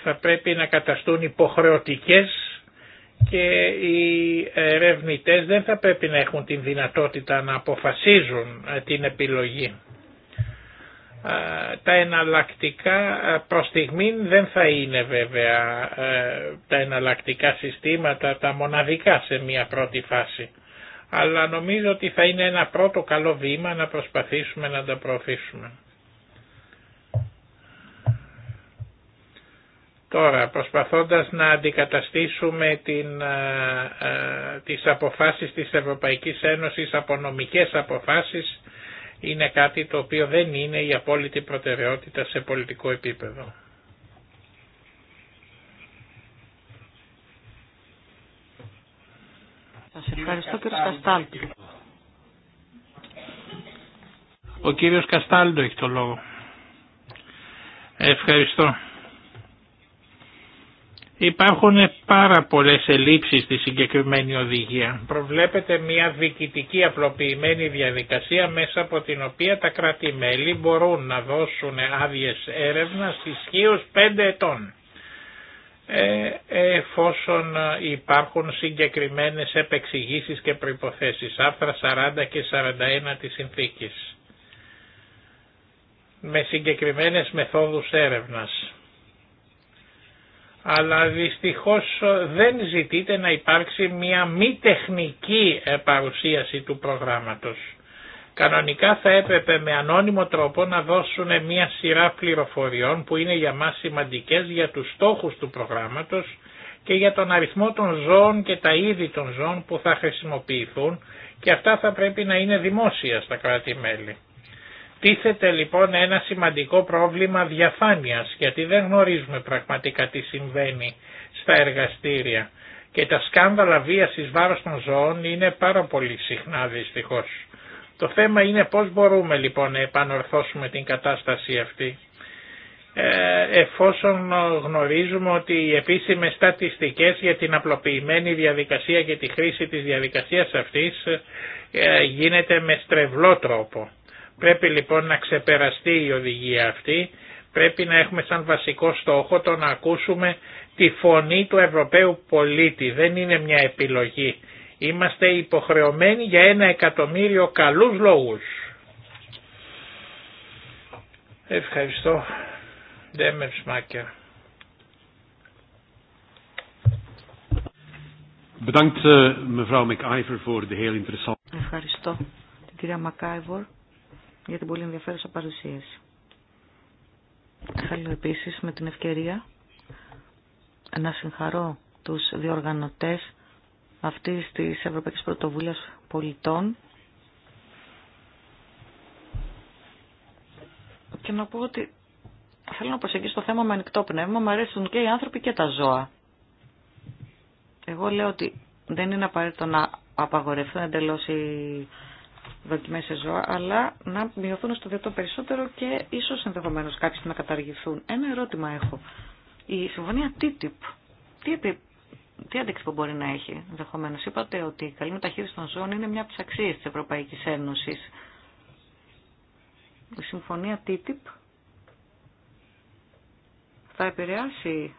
Θα πρέπει να καταστούν υποχρεωτικές και οι ερευνητές δεν θα πρέπει να έχουν την δυνατότητα να αποφασίζουν ε, την επιλογή. Ε, τα εναλλακτικά ε, προ στιγμήν δεν θα είναι βέβαια ε, τα εναλλακτικά συστήματα τα μοναδικά σε μια πρώτη φάση. Αλλά νομίζω ότι θα είναι ένα πρώτο καλό βήμα να προσπαθήσουμε να τα προωθήσουμε. Τώρα προσπαθώντας να αντικαταστήσουμε την, αποφάσει τις αποφάσεις της Ευρωπαϊκής Ένωσης από νομικές αποφάσεις είναι κάτι το οποίο δεν είναι η απόλυτη προτεραιότητα σε πολιτικό επίπεδο. Σας ευχαριστώ κύριε καστάλτη. Ο κύριος Καστάλτο έχει το λόγο. Ευχαριστώ. Υπάρχουν πάρα πολλές ελλείψεις στη συγκεκριμένη οδηγία. Προβλέπεται μια διοικητική απλοποιημένη διαδικασία μέσα από την οποία τα κρατη μπορούν να δώσουν άδειε έρευνα ισχύω 5 ετών. Ε, εφόσον υπάρχουν συγκεκριμένες επεξηγήσεις και προϋποθέσεις, άρθρα 40 και 41 της συνθήκης, με συγκεκριμένες μεθόδους έρευνας αλλά δυστυχώς ε, δεν ζητείται να υπάρξει μια μη τεχνική ε, παρουσίαση του προγράμματος. Κανονικά θα έπρεπε με ανώνυμο τρόπο να δώσουν μια σειρά πληροφοριών που είναι για μας σημαντικές για τους στόχους του προγράμματος και για τον αριθμό των ζώων και τα είδη των ζώων που θα χρησιμοποιηθούν και αυτά θα πρέπει να είναι δημόσια στα κράτη-μέλη. Τίθεται λοιπόν ένα σημαντικό πρόβλημα διαφάνειας γιατί δεν γνωρίζουμε πραγματικά τι συμβαίνει στα εργαστήρια και τα σκάνδαλα βίας εις βάρος των ζώων είναι πάρα πολύ συχνά δυστυχώς. Το θέμα είναι πώς μπορούμε λοιπόν να επανορθώσουμε την κατάσταση αυτή ε, εφόσον ε, γνωρίζουμε ότι οι επίσημες στατιστικές για την απλοποιημένη διαδικασία και τη χρήση της διαδικασίας αυτής ε, γίνεται με στρεβλό τρόπο. Πρέπει λοιπόν να ξεπεραστεί η οδηγία αυτή, πρέπει να έχουμε σαν βασικό στόχο το να ακούσουμε τη φωνή του Ευρωπαίου πολίτη, δεν είναι μια επιλογή. Είμαστε υποχρεωμένοι για ένα εκατομμύριο καλούς λόγους. Ευχαριστώ. Μάκερ. Eh, Ευχαριστώ
την κυρία Μακάιβορ για την πολύ ενδιαφέρουσα παρουσίαση. Θέλω επίσης με την ευκαιρία να συγχαρώ τους διοργανωτές αυτής της Ευρωπαϊκής Πρωτοβουλίας Πολιτών και να πω ότι θέλω να προσεγγίσω το θέμα με ανοιχτό πνεύμα. Μου αρέσουν και οι άνθρωποι και τα ζώα. Εγώ λέω ότι δεν είναι απαραίτητο να απαγορευτούν εντελώς οι δοκιμές σε ζώα, αλλά να μειωθούν στο δυνατόν περισσότερο και ίσως ενδεχομένως κάποιοι να καταργηθούν. Ένα ερώτημα έχω. Η συμφωνία TTIP, τι, τι αντίκτυπο μπορεί να έχει ενδεχομένω. Είπατε ότι η καλή μεταχείριση των ζώων είναι μια από τι αξίε τη Ευρωπαϊκή Ένωση. Η συμφωνία TTIP θα επηρεάσει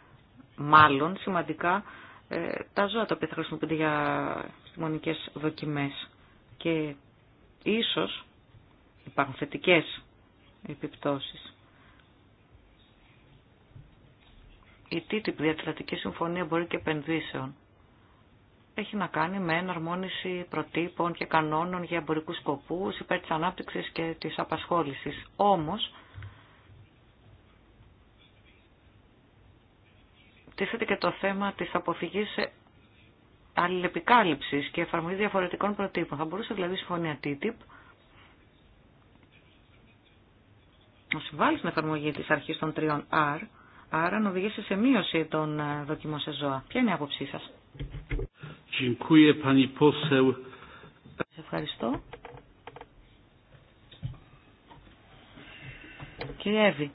μάλλον σημαντικά ε, τα ζώα τα οποία θα χρησιμοποιούνται για επιστημονικές δοκιμές. Και Ίσως υπάρχουν θετικές επιπτώσεις. Η TTIP, Διατλαντική Συμφωνία Μπορεί και Επενδύσεων, έχει να κάνει με εναρμόνιση προτύπων και κανόνων για εμπορικούς σκοπούς υπέρ της ανάπτυξης και της απασχόλησης. Όμως, τίθεται και το θέμα της αποφυγής αλληλεπικάλυψης και εφαρμογή διαφορετικών προτύπων. Θα μπορούσε δηλαδή η συμφωνία TTIP να συμβάλλει στην εφαρμογή της αρχής των τριών R, άρα να οδηγήσει σε μείωση των ε, δοκιμών σε ζώα. Ποια είναι η άποψή σας.
Σας ευχαριστώ.
Κύριε Εύη.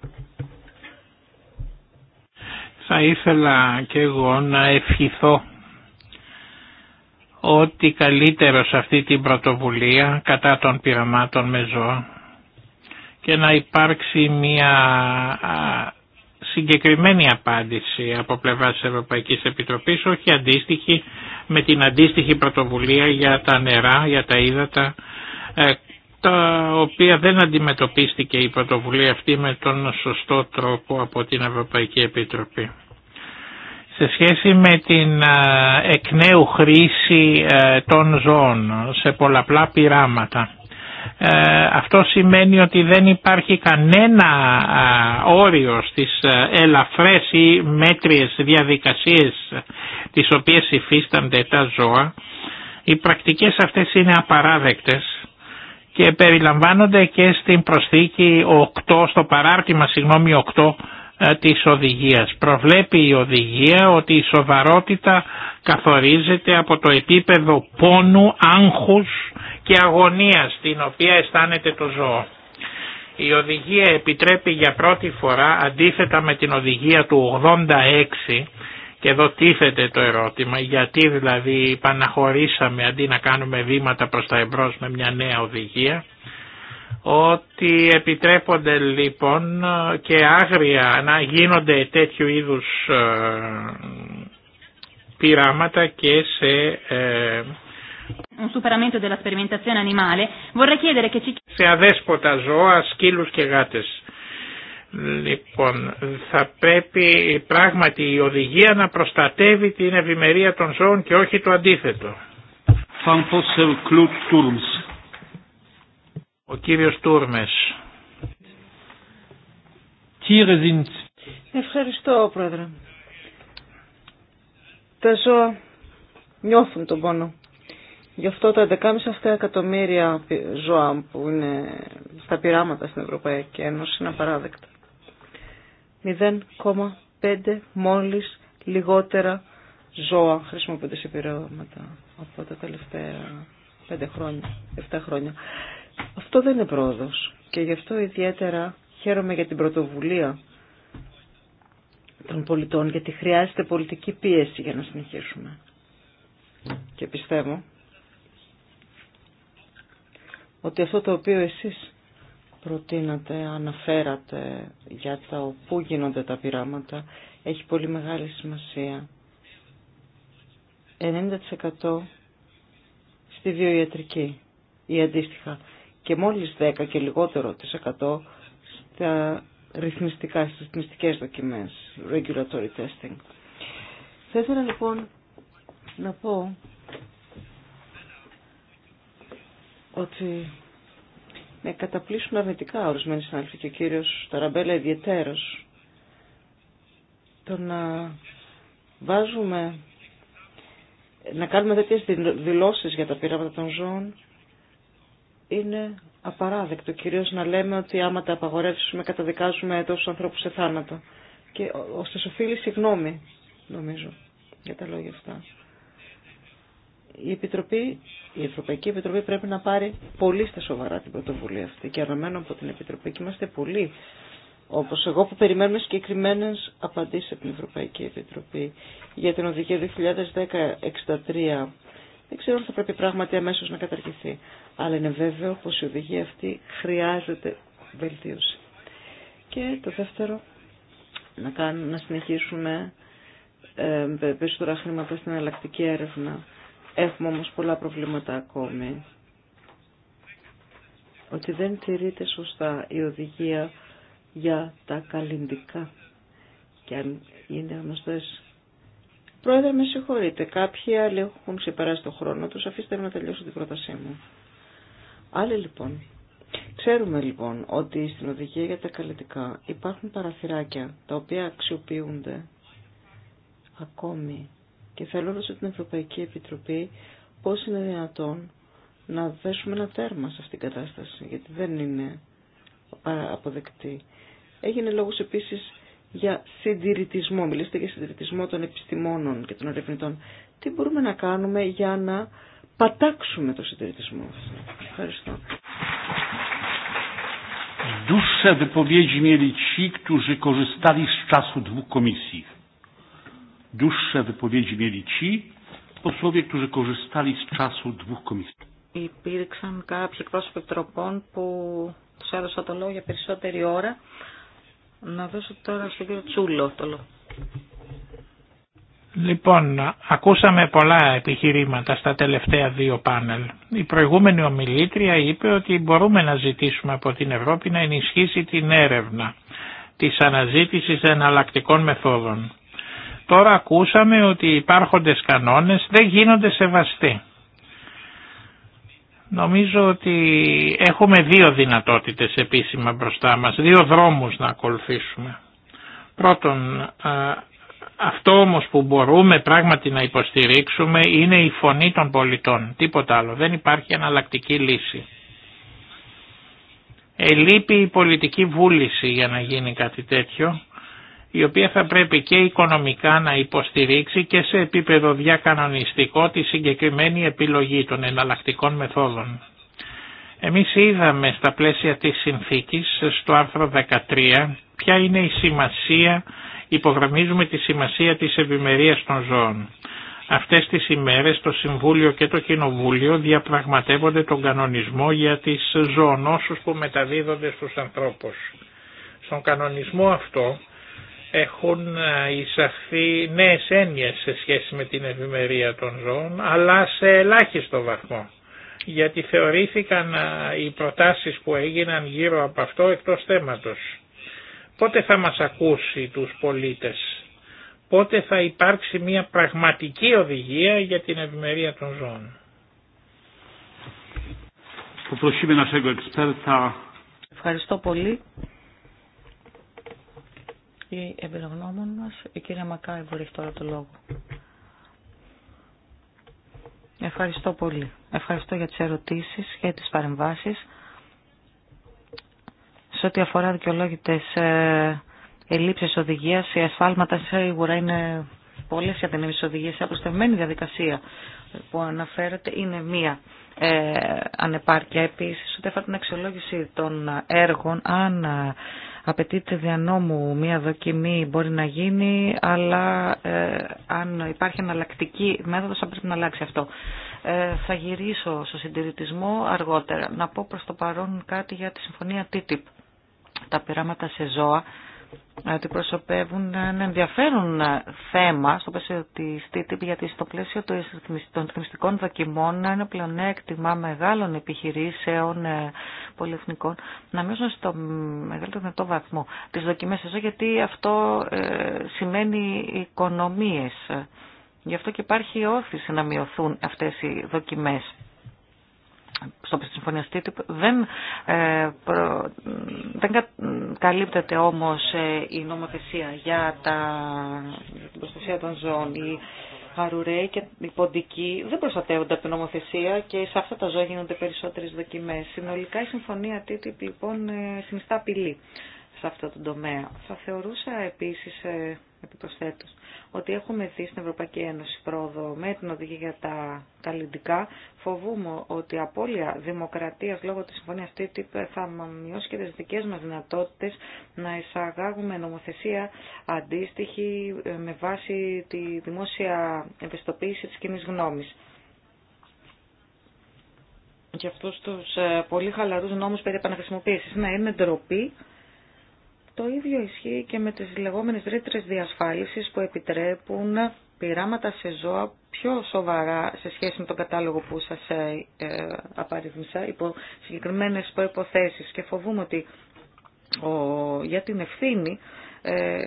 Θα ήθελα και εγώ να ευχηθώ ότι καλύτερο σε αυτή την πρωτοβουλία κατά των πειραμάτων με ζώα και να υπάρξει μια συγκεκριμένη απάντηση από πλευρά της Ευρωπαϊκής Επιτροπής, όχι αντίστοιχη με την αντίστοιχη πρωτοβουλία για τα νερά, για τα ύδατα, ε, τα οποία δεν αντιμετωπίστηκε η πρωτοβουλία αυτή με τον σωστό τρόπο από την Ευρωπαϊκή Επιτροπή σε σχέση με την εκ νέου χρήση των ζώων σε πολλαπλά πειράματα. Ε, αυτό σημαίνει ότι δεν υπάρχει κανένα όριο στις ελαφρές ή μέτριες διαδικασίες τις οποίες υφίστανται τα ζώα. Οι πρακτικές αυτές είναι απαράδεκτες και περιλαμβάνονται και στην προσθήκη 8, στο παράρτημα συγγνώμη 8 ε, της οδηγίας. Προβλέπει η οδηγία ότι η σοβαρότητα καθορίζεται από το επίπεδο πόνου, άγχους και αγωνίας την οποία αισθάνεται το ζώο. Η οδηγία επιτρέπει για πρώτη φορά αντίθετα με την οδηγία του 86 και εδώ τίθεται το ερώτημα γιατί δηλαδή παναχωρήσαμε αντί να κάνουμε βήματα προς τα εμπρός με μια νέα οδηγία ότι επιτρέπονται λοιπόν και άγρια να γίνονται τέτοιου είδους ε, πειράματα και σε σε αδέσποτα ζώα, σκύλου και γάτες. Λοιπόν, θα πρέπει πράγματι η οδηγία να προστατεύει την ευημερία των ζώων και όχι το αντίθετο. Ο κύριος Τούρμες.
Ευχαριστώ, Πρόεδρε. Τα ζώα νιώθουν τον πόνο. Γι' αυτό τα 11,5 αυτά εκατομμύρια ζώα που είναι στα πειράματα στην Ευρωπαϊκή Ένωση είναι απαράδεκτα. 0,5 μόλις λιγότερα ζώα χρησιμοποιούνται σε πειράματα από τα τελευταία 5 χρόνια, 7 χρόνια. Αυτό δεν είναι πρόοδος και γι' αυτό ιδιαίτερα χαίρομαι για την πρωτοβουλία των πολιτών γιατί χρειάζεται πολιτική πίεση για να συνεχίσουμε. Και πιστεύω ότι αυτό το οποίο εσείς προτείνατε, αναφέρατε για το πού γίνονται τα πειράματα έχει πολύ μεγάλη σημασία. 90% στη βιοιατρική ή αντίστοιχα και μόλις 10 και λιγότερο της 100 στα ρυθμιστικά, στις ρυθμιστικές δοκιμές, regulatory testing. Θα ήθελα λοιπόν να πω ότι με καταπλήσουν αρνητικά ορισμένοι συνάδελφοι και ο κύριος Ταραμπέλα ιδιαιτέρως το να βάζουμε να κάνουμε τέτοιες δηλώσεις για τα πείραματα των ζώων είναι απαράδεκτο κυρίως να λέμε ότι άμα τα απαγορεύσουμε καταδικάζουμε τόσους ανθρώπους σε θάνατο. Και ώστε οφείλει συγγνώμη, νομίζω, για τα λόγια αυτά. Η, Επιτροπή, η Ευρωπαϊκή Επιτροπή πρέπει να πάρει πολύ στα σοβαρά την πρωτοβουλία αυτή και αναμένω από την Επιτροπή και είμαστε πολλοί όπως εγώ που περιμένουμε συγκεκριμένε απαντήσει από την Ευρωπαϊκή Επιτροπή για την οδηγία 2010-63 δεν ξέρω αν θα πρέπει πράγματι αμέσω να καταργηθεί. Αλλά είναι βέβαιο πω η οδηγία αυτή χρειάζεται βελτίωση. Και το δεύτερο, να, κάνουμε, να συνεχίσουμε ε, περισσότερα χρήματα στην εναλλακτική έρευνα. Έχουμε όμω πολλά προβλήματα ακόμη. Ότι δεν τηρείται σωστά η οδηγία για τα καλλιντικά. Και αν είναι γνωστές Πρόεδρε, με συγχωρείτε. Κάποιοι άλλοι έχουν ξεπεράσει τον χρόνο του Αφήστε με να τελειώσω την πρότασή μου. Άλλοι λοιπόν. Ξέρουμε λοιπόν ότι στην οδηγία για τα καλλιτικά υπάρχουν παραθυράκια τα οποία αξιοποιούνται ακόμη και θέλω να την Ευρωπαϊκή Επιτροπή πώς είναι δυνατόν να δέσουμε ένα τέρμα σε αυτήν την κατάσταση γιατί δεν είναι αποδεκτή. Έγινε λόγος επίσης για συντηρητισμό. Μιλήσατε για συντηρητισμό των επιστημόνων και των ερευνητών. Τι μπορούμε να κάνουμε για να
πατάξουμε το συντηρητισμό Ευχαριστώ.
Υπήρξαν κάποιοι εκπρόσωποι τροπών που του έδωσα το λόγο για περισσότερη ώρα να δώσω τώρα στον κύριο Τσούλο το λόγο.
Λοιπόν, ακούσαμε πολλά επιχειρήματα στα τελευταία δύο πάνελ. Η προηγούμενη ομιλήτρια είπε ότι μπορούμε να ζητήσουμε από την Ευρώπη να ενισχύσει την έρευνα της αναζήτησης εναλλακτικών μεθόδων. Τώρα ακούσαμε ότι οι υπάρχοντες κανόνες δεν γίνονται σεβαστοί. Νομίζω ότι έχουμε δύο δυνατότητες επίσημα μπροστά μας, δύο δρόμους να ακολουθήσουμε. Πρώτον, αυτό όμως που μπορούμε πράγματι να υποστηρίξουμε είναι η φωνή των πολιτών, τίποτα άλλο, δεν υπάρχει αναλλακτική λύση. Ελείπει η πολιτική βούληση για να γίνει κάτι τέτοιο η οποία θα πρέπει και οικονομικά να υποστηρίξει και σε επίπεδο διακανονιστικό τη συγκεκριμένη επιλογή των εναλλακτικών μεθόδων. Εμείς είδαμε στα πλαίσια της συνθήκης στο άρθρο 13 ποια είναι η σημασία, υπογραμμίζουμε τη σημασία της ευημερία των ζώων. Αυτές τις ημέρες το Συμβούλιο και το Κοινοβούλιο διαπραγματεύονται τον κανονισμό για τις ζωονόσους που μεταδίδονται στους ανθρώπους. Στον κανονισμό αυτό έχουν ε, εισαχθεί νέες έννοιες σε σχέση με την ευημερία των ζώων, αλλά σε ελάχιστο βαθμό. Γιατί θεωρήθηκαν ε, οι προτάσεις που έγιναν γύρω από αυτό εκτός θέματος. Πότε θα μας ακούσει τους πολίτες, πότε θα υπάρξει μια πραγματική οδηγία για την ευημερία των ζώων. Ευχαριστώ πολύ
οι εμπειρογνώμων μας. Η κυρία Μακάη έχει τώρα το λόγο. Ευχαριστώ πολύ. Ευχαριστώ για τις ερωτήσεις και τις παρεμβάσεις. Σε ό,τι αφορά δικαιολόγητες ε, ελλείψεις οδηγίας, οι ασφάλματα σίγουρα είναι πολλές για την οδηγίες. Η αποστευμένη διαδικασία που αναφέρεται είναι μία ε, ανεπάρκεια. Επίσης, ούτε αφορά την αξιολόγηση των έργων, αν απαιτείται διανόμου μία δοκιμή μπορεί να γίνει, αλλά ε, αν υπάρχει εναλλακτική μέθοδος θα πρέπει να αλλάξει αυτό. Ε, θα γυρίσω στο συντηρητισμό αργότερα. Να πω προς το παρόν κάτι για τη συμφωνία TTIP. Τα πειράματα σε ζώα αντιπροσωπεύουν ένα ενδιαφέρον ε, θέμα στο πλαίσιο τη TTIP, γιατί στο πλαίσιο των ρυθμιστικών δοκιμών είναι πλεονέκτημα μεγάλων επιχειρήσεων ε, πολυεθνικών να μειώσουν στο μεγαλύτερο δυνατό βαθμό τι δοκιμέ εδώ, γιατί αυτό ε, σημαίνει οικονομίε. Γι' αυτό και υπάρχει όθηση να μειωθούν αυτέ οι δοκιμές στο συμφωνία TTIP δεν, ε, προ, δεν καλύπτεται όμως ε, η νομοθεσία για, τα, την προστασία των ζώων. Οι χαρουρέοι και οι ποντικοί δεν προστατεύονται από την νομοθεσία και σε αυτά τα ζώα γίνονται περισσότερες δοκιμές. Συνολικά η συμφωνία TTIP λοιπόν ε, συνιστά απειλή σε αυτό το τομέα. Θα θεωρούσα επίσης ε, επιπροσθέτως ότι έχουμε δει στην Ευρωπαϊκή Ένωση πρόοδο με την οδηγία για τα καλλιντικά. Φοβούμαι ότι η απώλεια δημοκρατίας λόγω της συμφωνίας TTIP θα μειώσει και τι δικέ μας δυνατότητες να εισαγάγουμε νομοθεσία αντίστοιχη ε, με βάση τη δημόσια ευαισθητοποίηση της κοινή γνώμη. και αυτούς του ε, πολύ χαλαρούς νόμους περί επαναχρησιμοποίηση. Να είναι ντροπή το ίδιο ισχύει και με τις λεγόμενες ρήτρες διασφάλισης που επιτρέπουν πειράματα σε ζώα πιο σοβαρά σε σχέση με τον κατάλογο που σας ε, ε, απαριθμίσα υπό συγκεκριμένες προϋποθέσεις και φοβούμαι ότι ο, για την ευθύνη ε,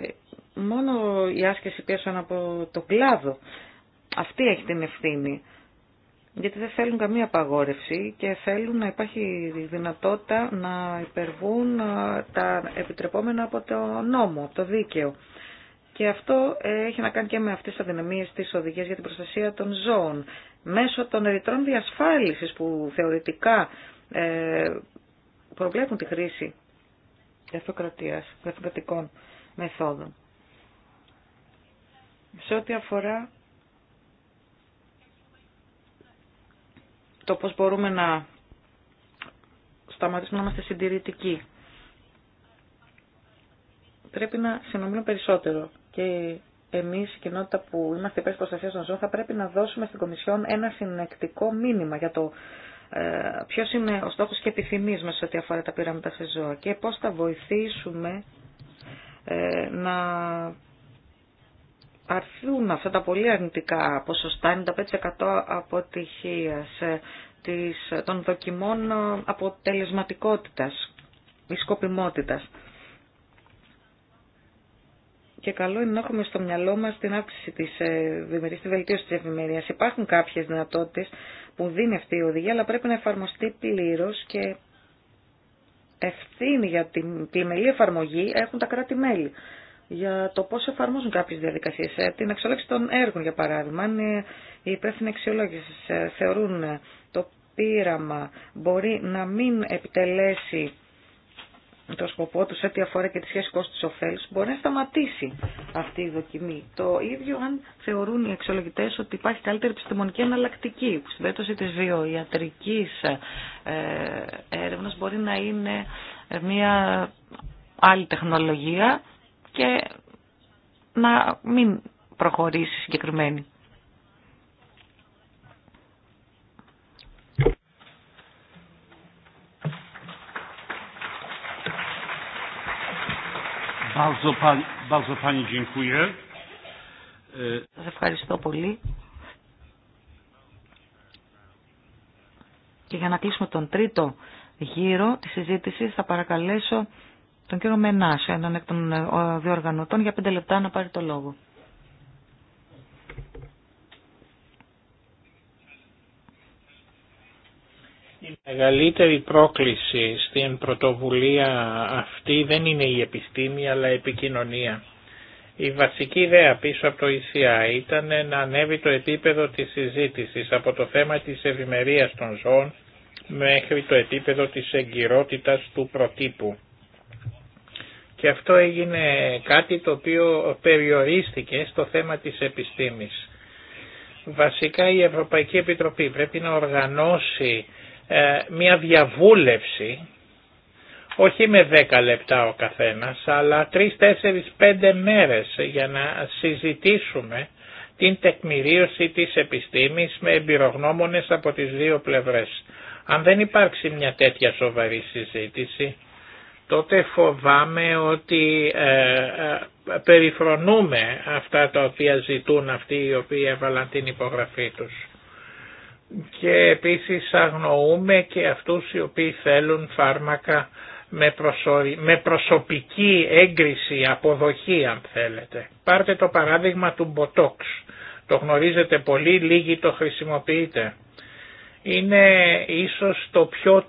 μόνο η άσκηση πίσω από τον κλάδο αυτή έχει την ευθύνη γιατί δεν θέλουν καμία απαγόρευση και θέλουν να υπάρχει δυνατότητα να υπερβούν ε, τα επιτρεπόμενα από το νόμο, από το δίκαιο. Και αυτό ε, έχει να κάνει και με αυτές τις αδυναμίες της οδηγίας για την προστασία των ζώων. Μέσω των ερητρών διασφάλισης που θεωρητικά ε, προβλέπουν τη χρήση γραφειοκρατίας, ευθοκρατικών μεθόδων. Σε ό,τι αφορά το πώς μπορούμε να σταματήσουμε να είμαστε συντηρητικοί. Πρέπει να συνομιλούμε περισσότερο και εμείς η κοινότητα που είμαστε υπέρ προστασία των ζώων θα πρέπει να δώσουμε στην Κομισιόν ένα συνεκτικό μήνυμα για το ε, ποιος είναι ο στόχος και επιθυμής μας ό,τι αφορά τα πειράματα σε ζώα και πώς θα βοηθήσουμε ε, να αρθούν αυτά τα πολύ αρνητικά ποσοστά, 95% αποτυχίας ε, των δοκιμών ε, αποτελεσματικότητας ή σκοπιμότητας. Και καλό είναι να έχουμε στο μυαλό μας την αύξηση της ευημερίας, τη βελτίωση της ευημερίας. Υπάρχουν κάποιες δυνατότητες που δίνει αυτή η οδηγία, αλλά πρέπει να εφαρμοστεί πλήρως και ευθύνη για την πλημελή εφαρμογή έχουν τα κράτη-μέλη για το πώ εφαρμόζουν κάποιες διαδικασίες. Ε, την αξιολόγηση των έργων, για παράδειγμα, αν οι υπεύθυνοι αξιολόγηση ε, θεωρούν ε, το πείραμα μπορεί να μην επιτελέσει το σκοπό του ό,τι αφορά και τη σχέση κόστου ωφέλου, μπορεί να σταματήσει αυτή η δοκιμή. Το ίδιο αν θεωρούν οι αξιολογητέ ότι υπάρχει καλύτερη επιστημονική εναλλακτική, που στην περίπτωση τη βιοιατρική έρευνα μπορεί να είναι μια άλλη τεχνολογία και να μην προχωρήσει συγκεκριμένη. E, Σα ευχαριστώ πολύ. Και για να κλείσουμε τον τρίτο γύρο της συζήτηση, θα παρακαλέσω τον κύριο Μενάς, έναν εκ των ε, διοργανωτών, για πέντε λεπτά να πάρει το λόγο.
Η μεγαλύτερη πρόκληση στην πρωτοβουλία αυτή δεν είναι η επιστήμη αλλά η επικοινωνία. Η βασική ιδέα πίσω από το ECI ήταν να ανέβει το επίπεδο της συζήτησης από το θέμα της ευημερίας των ζώων μέχρι το επίπεδο της εγκυρότητας του προτύπου. Και αυτό έγινε κάτι το οποίο περιορίστηκε στο θέμα της επιστήμης. Βασικά η Ευρωπαϊκή Επιτροπή πρέπει να οργανώσει ε, μια διαβούλευση, όχι με 10 λεπτά ο καθένας, αλλά 3, 4, 5 μέρες για να συζητήσουμε την τεκμηρίωση της επιστήμης με εμπειρογνώμονες από τις δύο πλευρές. Αν δεν υπάρξει μια τέτοια σοβαρή συζήτηση, τότε φοβάμαι ότι ε, ε, περιφρονούμε αυτά τα οποία ζητούν αυτοί οι οποίοι έβαλαν την υπογραφή τους. Και επίσης αγνοούμε και αυτούς οι οποίοι θέλουν φάρμακα με προσωπική έγκριση, αποδοχή αν θέλετε. Πάρτε το παράδειγμα του Μποτόξ. Το γνωρίζετε πολύ, λίγοι το χρησιμοποιείτε είναι ίσως το πιο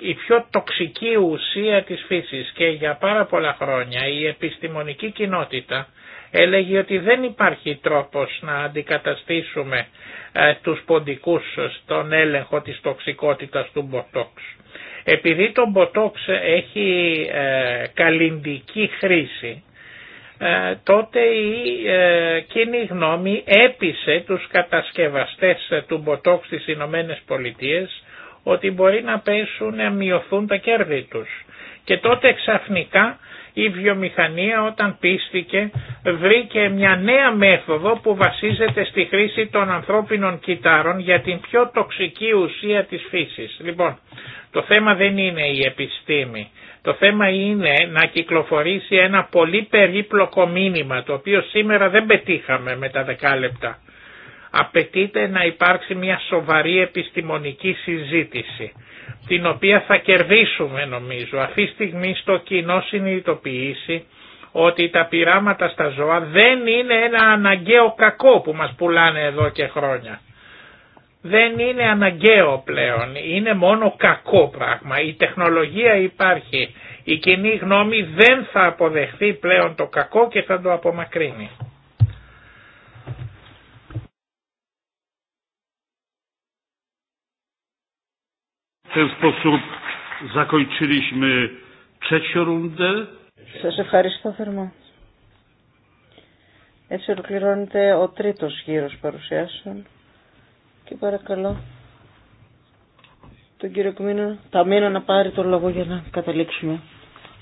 η πιο τοξική ουσία της φύσης και για πάρα πολλά χρόνια η επιστημονική κοινότητα έλεγε ότι δεν υπάρχει τρόπος να αντικαταστήσουμε ε, τους ποντικούς στον έλεγχο της τοξικότητας του μποτόξ. Επειδή το μποτόξ έχει ε, καλλιντική χρήση ε, τότε η ε, κοινή γνώμη έπεισε τους κατασκευαστές ε, του Μποτόξ στις Ηνωμένε Πολιτείες ότι μπορεί να πέσουν, να μειωθούν τα κέρδη τους. Και τότε ξαφνικά η βιομηχανία όταν πίστηκε βρήκε μια νέα μέθοδο που βασίζεται στη χρήση των ανθρώπινων κυτάρων για την πιο τοξική ουσία της φύσης. Λοιπόν, το θέμα δεν είναι η επιστήμη. Το θέμα είναι να κυκλοφορήσει ένα πολύ περίπλοκο μήνυμα το οποίο σήμερα δεν πετύχαμε με τα δεκάλεπτα. Απαιτείται να υπάρξει μια σοβαρή επιστημονική συζήτηση την οποία θα κερδίσουμε νομίζω. Αυτή τη στιγμή στο κοινό συνειδητοποιήσει ότι τα πειράματα στα ζώα δεν είναι ένα αναγκαίο κακό που μας πουλάνε εδώ και χρόνια. Δεν είναι αναγκαίο πλέον, είναι μόνο κακό πράγμα. Η τεχνολογία υπάρχει, η κοινή γνώμη δεν θα αποδεχθεί πλέον το κακό και θα το απομακρύνει.
ten sposób zakończyliśmy trzecią rundę.
Σας ευχαριστώ θερμά. Έτσι ολοκληρώνεται ο τρίτος γύρος παρουσιάσεων και παρακαλώ τον κύριο Κμίνο, τα μήνα να πάρει τον λόγο για να καταλήξουμε.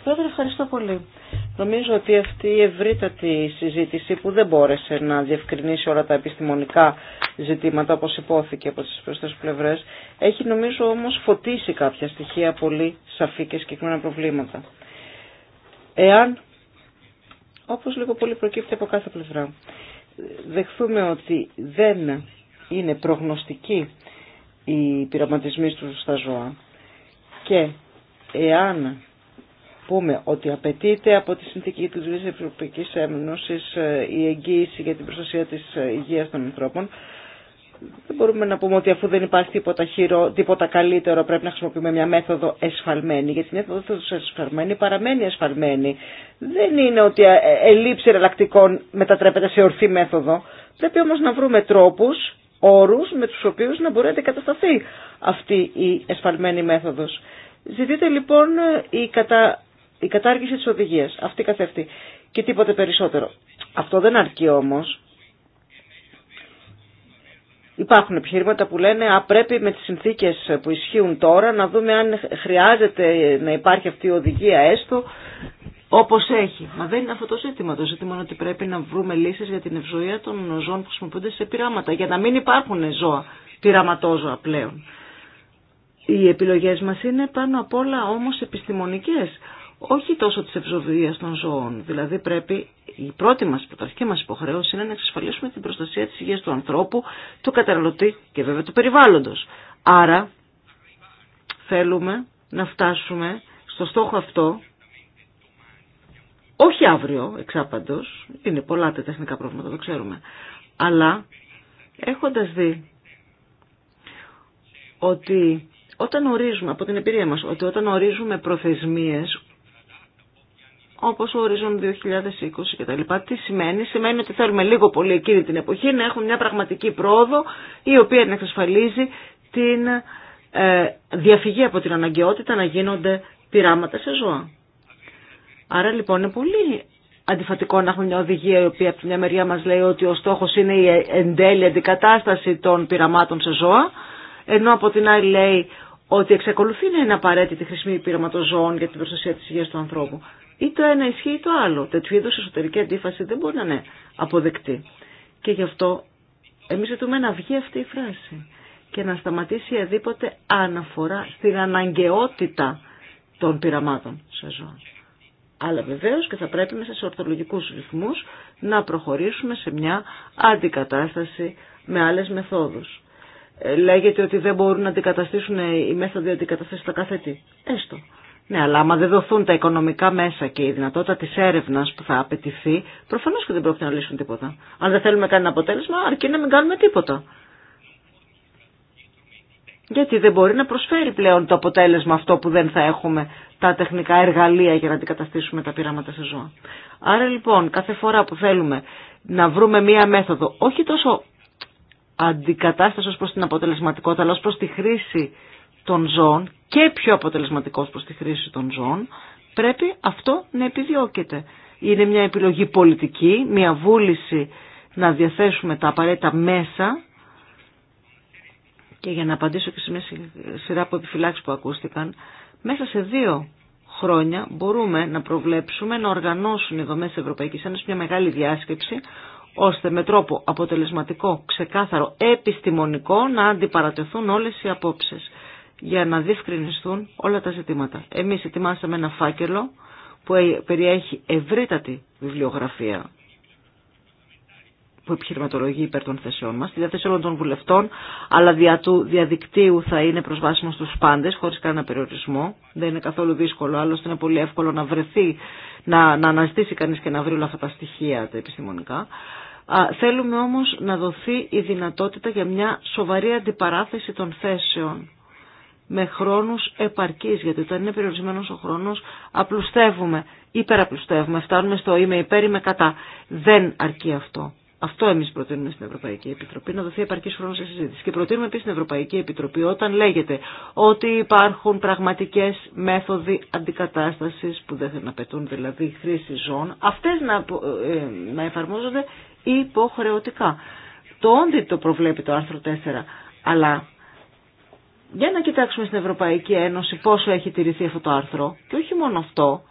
Πρόεδρε, ευχαριστώ πολύ. Νομίζω ότι αυτή η ευρύτατη συζήτηση που δεν μπόρεσε να διευκρινίσει όλα τα επιστημονικά ζητήματα όπως υπόθηκε από τις προσθέσεις πλευρές, έχει νομίζω όμως φωτίσει κάποια στοιχεία πολύ σαφή και συγκεκριμένα προβλήματα. Εάν, όπως λίγο πολύ προκύπτει από κάθε πλευρά, δεχθούμε ότι δεν είναι προγνωστικοί οι πειραματισμοί του στα ζώα και εάν πούμε ότι απαιτείται από τη συνθήκη τη Λειτουργία Ευρωπαϊκή Ένωση ε, η εγγύηση για την προστασία της ε, υγείας των ανθρώπων. Δεν μπορούμε να πούμε ότι αφού δεν υπάρχει τίποτα, χειρό, τίποτα καλύτερο πρέπει να χρησιμοποιούμε μια μέθοδο εσφαλμένη. Γιατί η μέθοδο εσφαλμένη παραμένει εσφαλμένη. Δεν είναι ότι ε, ελλείψη εναλλακτικών μετατρέπεται σε ορθή μέθοδο. Πρέπει όμως να βρούμε τρόπους, όρους με τους οποίους να μπορεί να αντικατασταθεί αυτή η εσφαλμένη μέθοδος. Ζητείται λοιπόν η, κατα η κατάργηση της οδηγίας, αυτή καθ' αυτή και τίποτε περισσότερο. Αυτό δεν αρκεί όμως. Υπάρχουν επιχειρήματα που λένε α, πρέπει με τις συνθήκες που ισχύουν τώρα να δούμε αν χρειάζεται να υπάρχει αυτή η οδηγία έστω όπως έχει. Μα δεν είναι αυτό το ζήτημα. Το ζήτημα είναι ότι πρέπει να βρούμε λύσεις για την ευζοία των ζώων που χρησιμοποιούνται σε πειράματα για να μην υπάρχουν ζώα, πειραματόζωα πλέον. Οι επιλογές μας είναι πάνω απ' όλα όμως επιστημονικές όχι τόσο της ευζοβίας των ζώων. Δηλαδή πρέπει η πρώτη μας πρωταρχική μας υποχρέωση είναι να εξασφαλίσουμε την προστασία της υγείας του ανθρώπου, του καταναλωτή και βέβαια του περιβάλλοντος. Άρα θέλουμε να φτάσουμε στο στόχο αυτό όχι αύριο, εξάπαντος, είναι πολλά τα τεχνικά προβλήματα, το ξέρουμε, αλλά έχοντας δει ότι όταν ορίζουμε, από την εμπειρία μας, ότι όταν ορίζουμε προθεσμίες όπως ο Horizon 2020 κτλ. Τι σημαίνει, σημαίνει ότι θέλουμε λίγο πολύ εκείνη την εποχή να έχουμε μια πραγματική πρόοδο η οποία να εξασφαλίζει την ε, διαφυγή από την αναγκαιότητα να γίνονται πειράματα σε ζώα. Άρα λοιπόν είναι πολύ αντιφατικό να έχουμε μια οδηγία η οποία από τη μια μεριά μας λέει ότι ο στόχος είναι η εν τέλει αντικατάσταση των πειραμάτων σε ζώα, ενώ από την άλλη λέει ότι εξακολουθεί να είναι απαραίτητη η χρησμή πειραματοζώων για την προστασία της υγείας του ανθρώπου. Ή το ένα ισχύει ή το άλλο. Τέτοιου είδου εσωτερική αντίφαση δεν μπορεί να είναι αποδεκτή. Και γι' αυτό εμεί ζητούμε να βγει αυτή η φράση και να σταματήσει αδίποτε αναφορά στην αναγκαιότητα των πειραμάτων σε ζώα. Αλλά βεβαίω και θα πρέπει μέσα σε ορθολογικού ρυθμούς να προχωρήσουμε σε μια αντικατάσταση με άλλε μεθόδου. Ε, λέγεται ότι δεν μπορούν να αντικαταστήσουν οι μέθοδοι αντικαταστήσεις τα κάθε τι. Έστω. Ναι, αλλά άμα δεν δοθούν τα οικονομικά μέσα και η δυνατότητα τη έρευνα που θα απαιτηθεί, προφανώ και δεν πρόκειται να λύσουν τίποτα. Αν δεν θέλουμε κανένα αποτέλεσμα, αρκεί να μην κάνουμε τίποτα. Γιατί δεν μπορεί να προσφέρει πλέον το αποτέλεσμα αυτό που δεν θα έχουμε τα τεχνικά εργαλεία για να αντικαταστήσουμε τα πειράματα σε ζώα. Άρα λοιπόν, κάθε φορά που θέλουμε να βρούμε μία μέθοδο, όχι τόσο αντικατάσταση ω προς την αποτελεσματικότητα, αλλά ω προς τη χρήση των ζώων και πιο αποτελεσματικός προς τη χρήση των ζώων, πρέπει αυτό να επιδιώκεται. Είναι μια επιλογή πολιτική, μια βούληση να διαθέσουμε τα απαραίτητα μέσα και για να απαντήσω και σε μια σειρά από επιφυλάξεις που ακούστηκαν, μέσα σε δύο χρόνια μπορούμε να προβλέψουμε να οργανώσουν οι δομές της Ευρωπαϊκής Ένωσης μια μεγάλη διάσκεψη ώστε με τρόπο αποτελεσματικό, ξεκάθαρο, επιστημονικό να αντιπαρατεθούν όλες οι απόψεις για να διευκρινιστούν όλα τα ζητήματα. Εμείς ετοιμάσαμε ένα φάκελο που ε, περιέχει ευρύτατη βιβλιογραφία που επιχειρηματολογεί υπέρ των θέσεών μας, τη διαθέση όλων των βουλευτών, αλλά δια του διαδικτύου θα είναι προσβάσιμο στους πάντες, χωρίς κανένα περιορισμό. Δεν είναι καθόλου δύσκολο, άλλωστε είναι πολύ εύκολο να βρεθεί, να, να αναζητήσει κανείς και να βρει όλα αυτά τα στοιχεία τα επιστημονικά. Α, θέλουμε όμως να δοθεί η δυνατότητα για μια σοβαρή αντιπαράθεση των θέσεων με χρόνους επαρκής, γιατί όταν είναι περιορισμένος ο χρόνος απλουστεύουμε, υπεραπλουστεύουμε, φτάνουμε στο είμαι υπέρ, είμαι κατά. Δεν αρκεί αυτό. Αυτό εμεί προτείνουμε στην Ευρωπαϊκή Επιτροπή, να δοθεί επαρκή χρόνο σε συζήτηση. Και προτείνουμε επίση στην Ευρωπαϊκή Επιτροπή, όταν λέγεται ότι υπάρχουν πραγματικέ μέθοδοι αντικατάσταση που δεν θέλουν να πετούν, δηλαδή χρήση ζώων, αυτέ να, ε, ε, να εφαρμόζονται υποχρεωτικά. Το όντι το προβλέπει το άρθρο 4, αλλά για να κοιτάξουμε στην Ευρωπαϊκή Ένωση πόσο έχει τηρηθεί αυτό το άρθρο και όχι μόνο αυτό,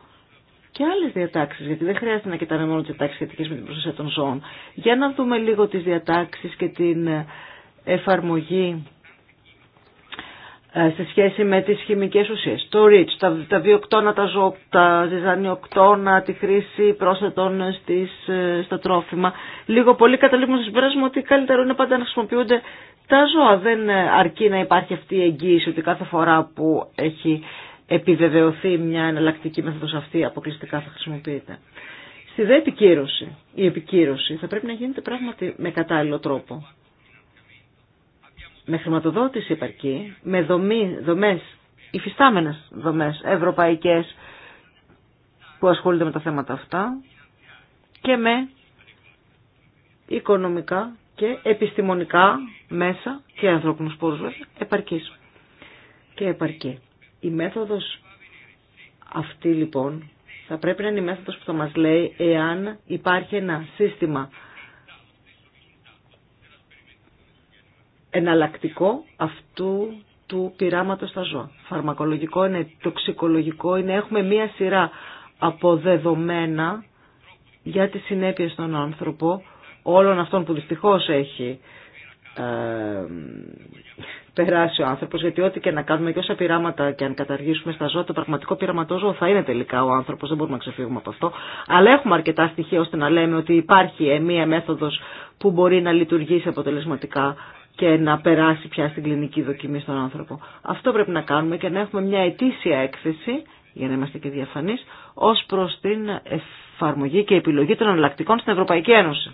και άλλε διατάξει, γιατί δεν χρειάζεται να κοιτάμε μόνο τι διατάξει σχετικέ με την προστασία των ζώων. Για να δούμε λίγο τι διατάξει και την εφαρμογή ε, σε σχέση με τις χημικές ουσίες. Το REACH, τα, τα βιοκτώνα, τα, ζω, τα ζυζανιοκτώνα, τη χρήση πρόσθετων στις, ε, στα τρόφιμα. Λίγο πολύ καταλήγουμε στο συμπέρασμα ότι καλύτερο είναι πάντα να χρησιμοποιούνται τα ζώα. Δεν ε, αρκεί να υπάρχει αυτή η εγγύηση ότι κάθε φορά που έχει επιβεβαιωθεί μια εναλλακτική μέθοδος αυτή αποκλειστικά θα χρησιμοποιείται. Στη δε επικύρωση, η επικύρωση θα πρέπει να γίνεται πράγματι με κατάλληλο τρόπο με χρηματοδότηση επαρκή, με δομή, δομές, υφιστάμενες δομές ευρωπαϊκές που ασχολούνται με τα θέματα αυτά και με οικονομικά και επιστημονικά μέσα και ανθρώπινους πόρους και επαρκή. Η μέθοδος αυτή λοιπόν θα πρέπει να είναι η μέθοδος που θα μας λέει εάν υπάρχει ένα σύστημα εναλλακτικό αυτού του πειράματος στα ζώα. Φαρμακολογικό είναι, τοξικολογικό είναι, έχουμε μία σειρά από δεδομένα για τις συνέπειες στον άνθρωπο, όλων αυτών που δυστυχώς έχει ε, περάσει ο άνθρωπος, γιατί ό,τι και να κάνουμε και όσα πειράματα και αν καταργήσουμε στα ζώα, το πραγματικό πειραματόζωο θα είναι τελικά ο άνθρωπος, δεν μπορούμε να ξεφύγουμε από αυτό. Αλλά έχουμε αρκετά στοιχεία ώστε να λέμε ότι υπάρχει μία μέθοδος που μπορεί να λειτουργήσει αποτελεσματικά και να περάσει πια στην κλινική δοκιμή στον άνθρωπο. Αυτό πρέπει να κάνουμε και να έχουμε μια ετήσια έκθεση, για να είμαστε και διαφανείς, ως προς την εφαρμογή και επιλογή των εναλλακτικών στην Ευρωπαϊκή Ένωση.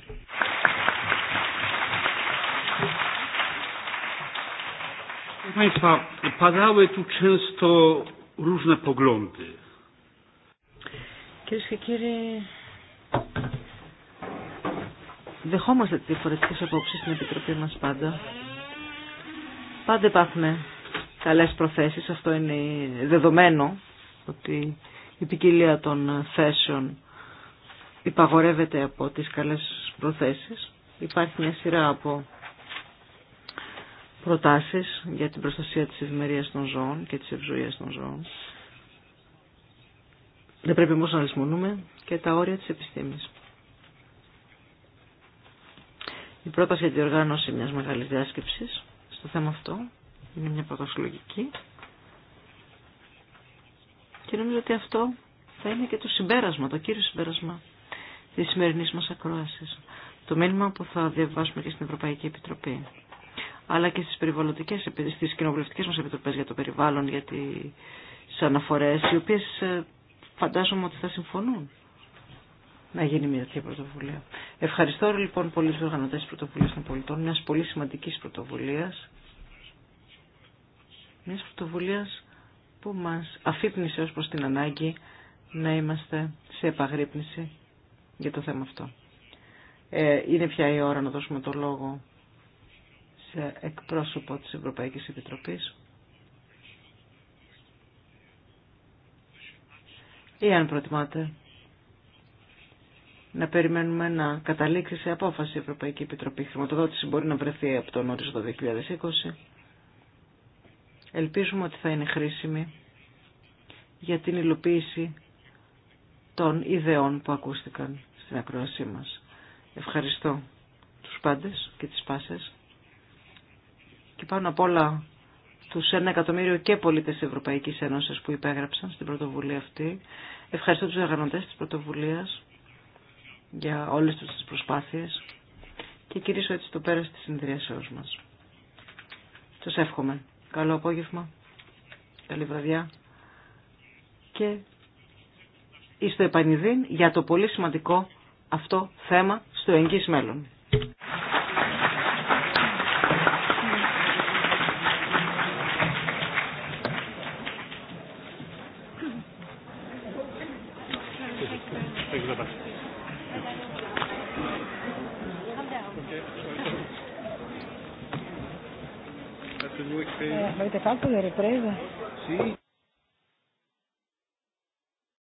Κυρίε και κύριοι,
δεχόμαστε τις διαφορετικές απόψεις στην Επιτροπή μας πάντα. Πάντα υπάρχουν καλές προθέσεις, αυτό είναι δεδομένο ότι η ποικιλία των θέσεων υπαγορεύεται από τις καλές προθέσεις. Υπάρχει μια σειρά από προτάσεις για την προστασία της ευημερίας των ζώων και της ευζοίας των ζώων. Δεν πρέπει όμω να λησμονούμε και τα όρια της επιστήμης. Η πρόταση για τη οργάνωση μιας μεγάλης διάσκεψης στο θέμα αυτό είναι μια πρόταση λογική. Και νομίζω ότι αυτό θα είναι και το συμπέρασμα, το κύριο συμπέρασμα της σημερινής μας ακρόασης. Το μήνυμα που θα διαβάσουμε και στην Ευρωπαϊκή Επιτροπή αλλά και στις περιβαλλοντικές, στις κοινοβουλευτικές μας επιτροπές για το περιβάλλον, για τις αναφορές, οι οποίες ε, φαντάζομαι ότι θα συμφωνούν να γίνει μια τέτοια πρωτοβουλία. Ευχαριστώ λοιπόν πολύ του οργανωτέ τη πρωτοβουλία των πολιτών, μια πολύ σημαντική πρωτοβουλία. Μια πρωτοβουλία που μα αφύπνισε ω προ την ανάγκη να είμαστε σε επαγρύπνηση για το θέμα αυτό. Ε, είναι πια η ώρα να δώσουμε το λόγο σε εκπρόσωπο της Ευρωπαϊκής Επιτροπής. Ή αν προτιμάτε να περιμένουμε να καταλήξει σε απόφαση η Ευρωπαϊκή Επιτροπή. Η χρηματοδότηση μπορεί να βρεθεί από τον το 2020. Ελπίζουμε ότι θα είναι χρήσιμη για την υλοποίηση των ιδεών που ακούστηκαν στην ακρόασή μας. Ευχαριστώ τους πάντες και τις πάσες και πάνω απ' όλα τους 1 εκατομμύριο και πολίτες της Ευρωπαϊκής Ένωσης που υπέγραψαν στην πρωτοβουλία αυτή. Ευχαριστώ τους εργανωτές της πρωτοβουλίας για όλες τους τις προσπάθειες και κυρίως έτσι το πέρας της συνδυασίας μας. Σας εύχομαι. Καλό απόγευμα, καλή βραδιά και είστε επανειδήν για το πολύ σημαντικό αυτό θέμα στο εγγύς μέλλον. Avete fatto de riprese?
Sí.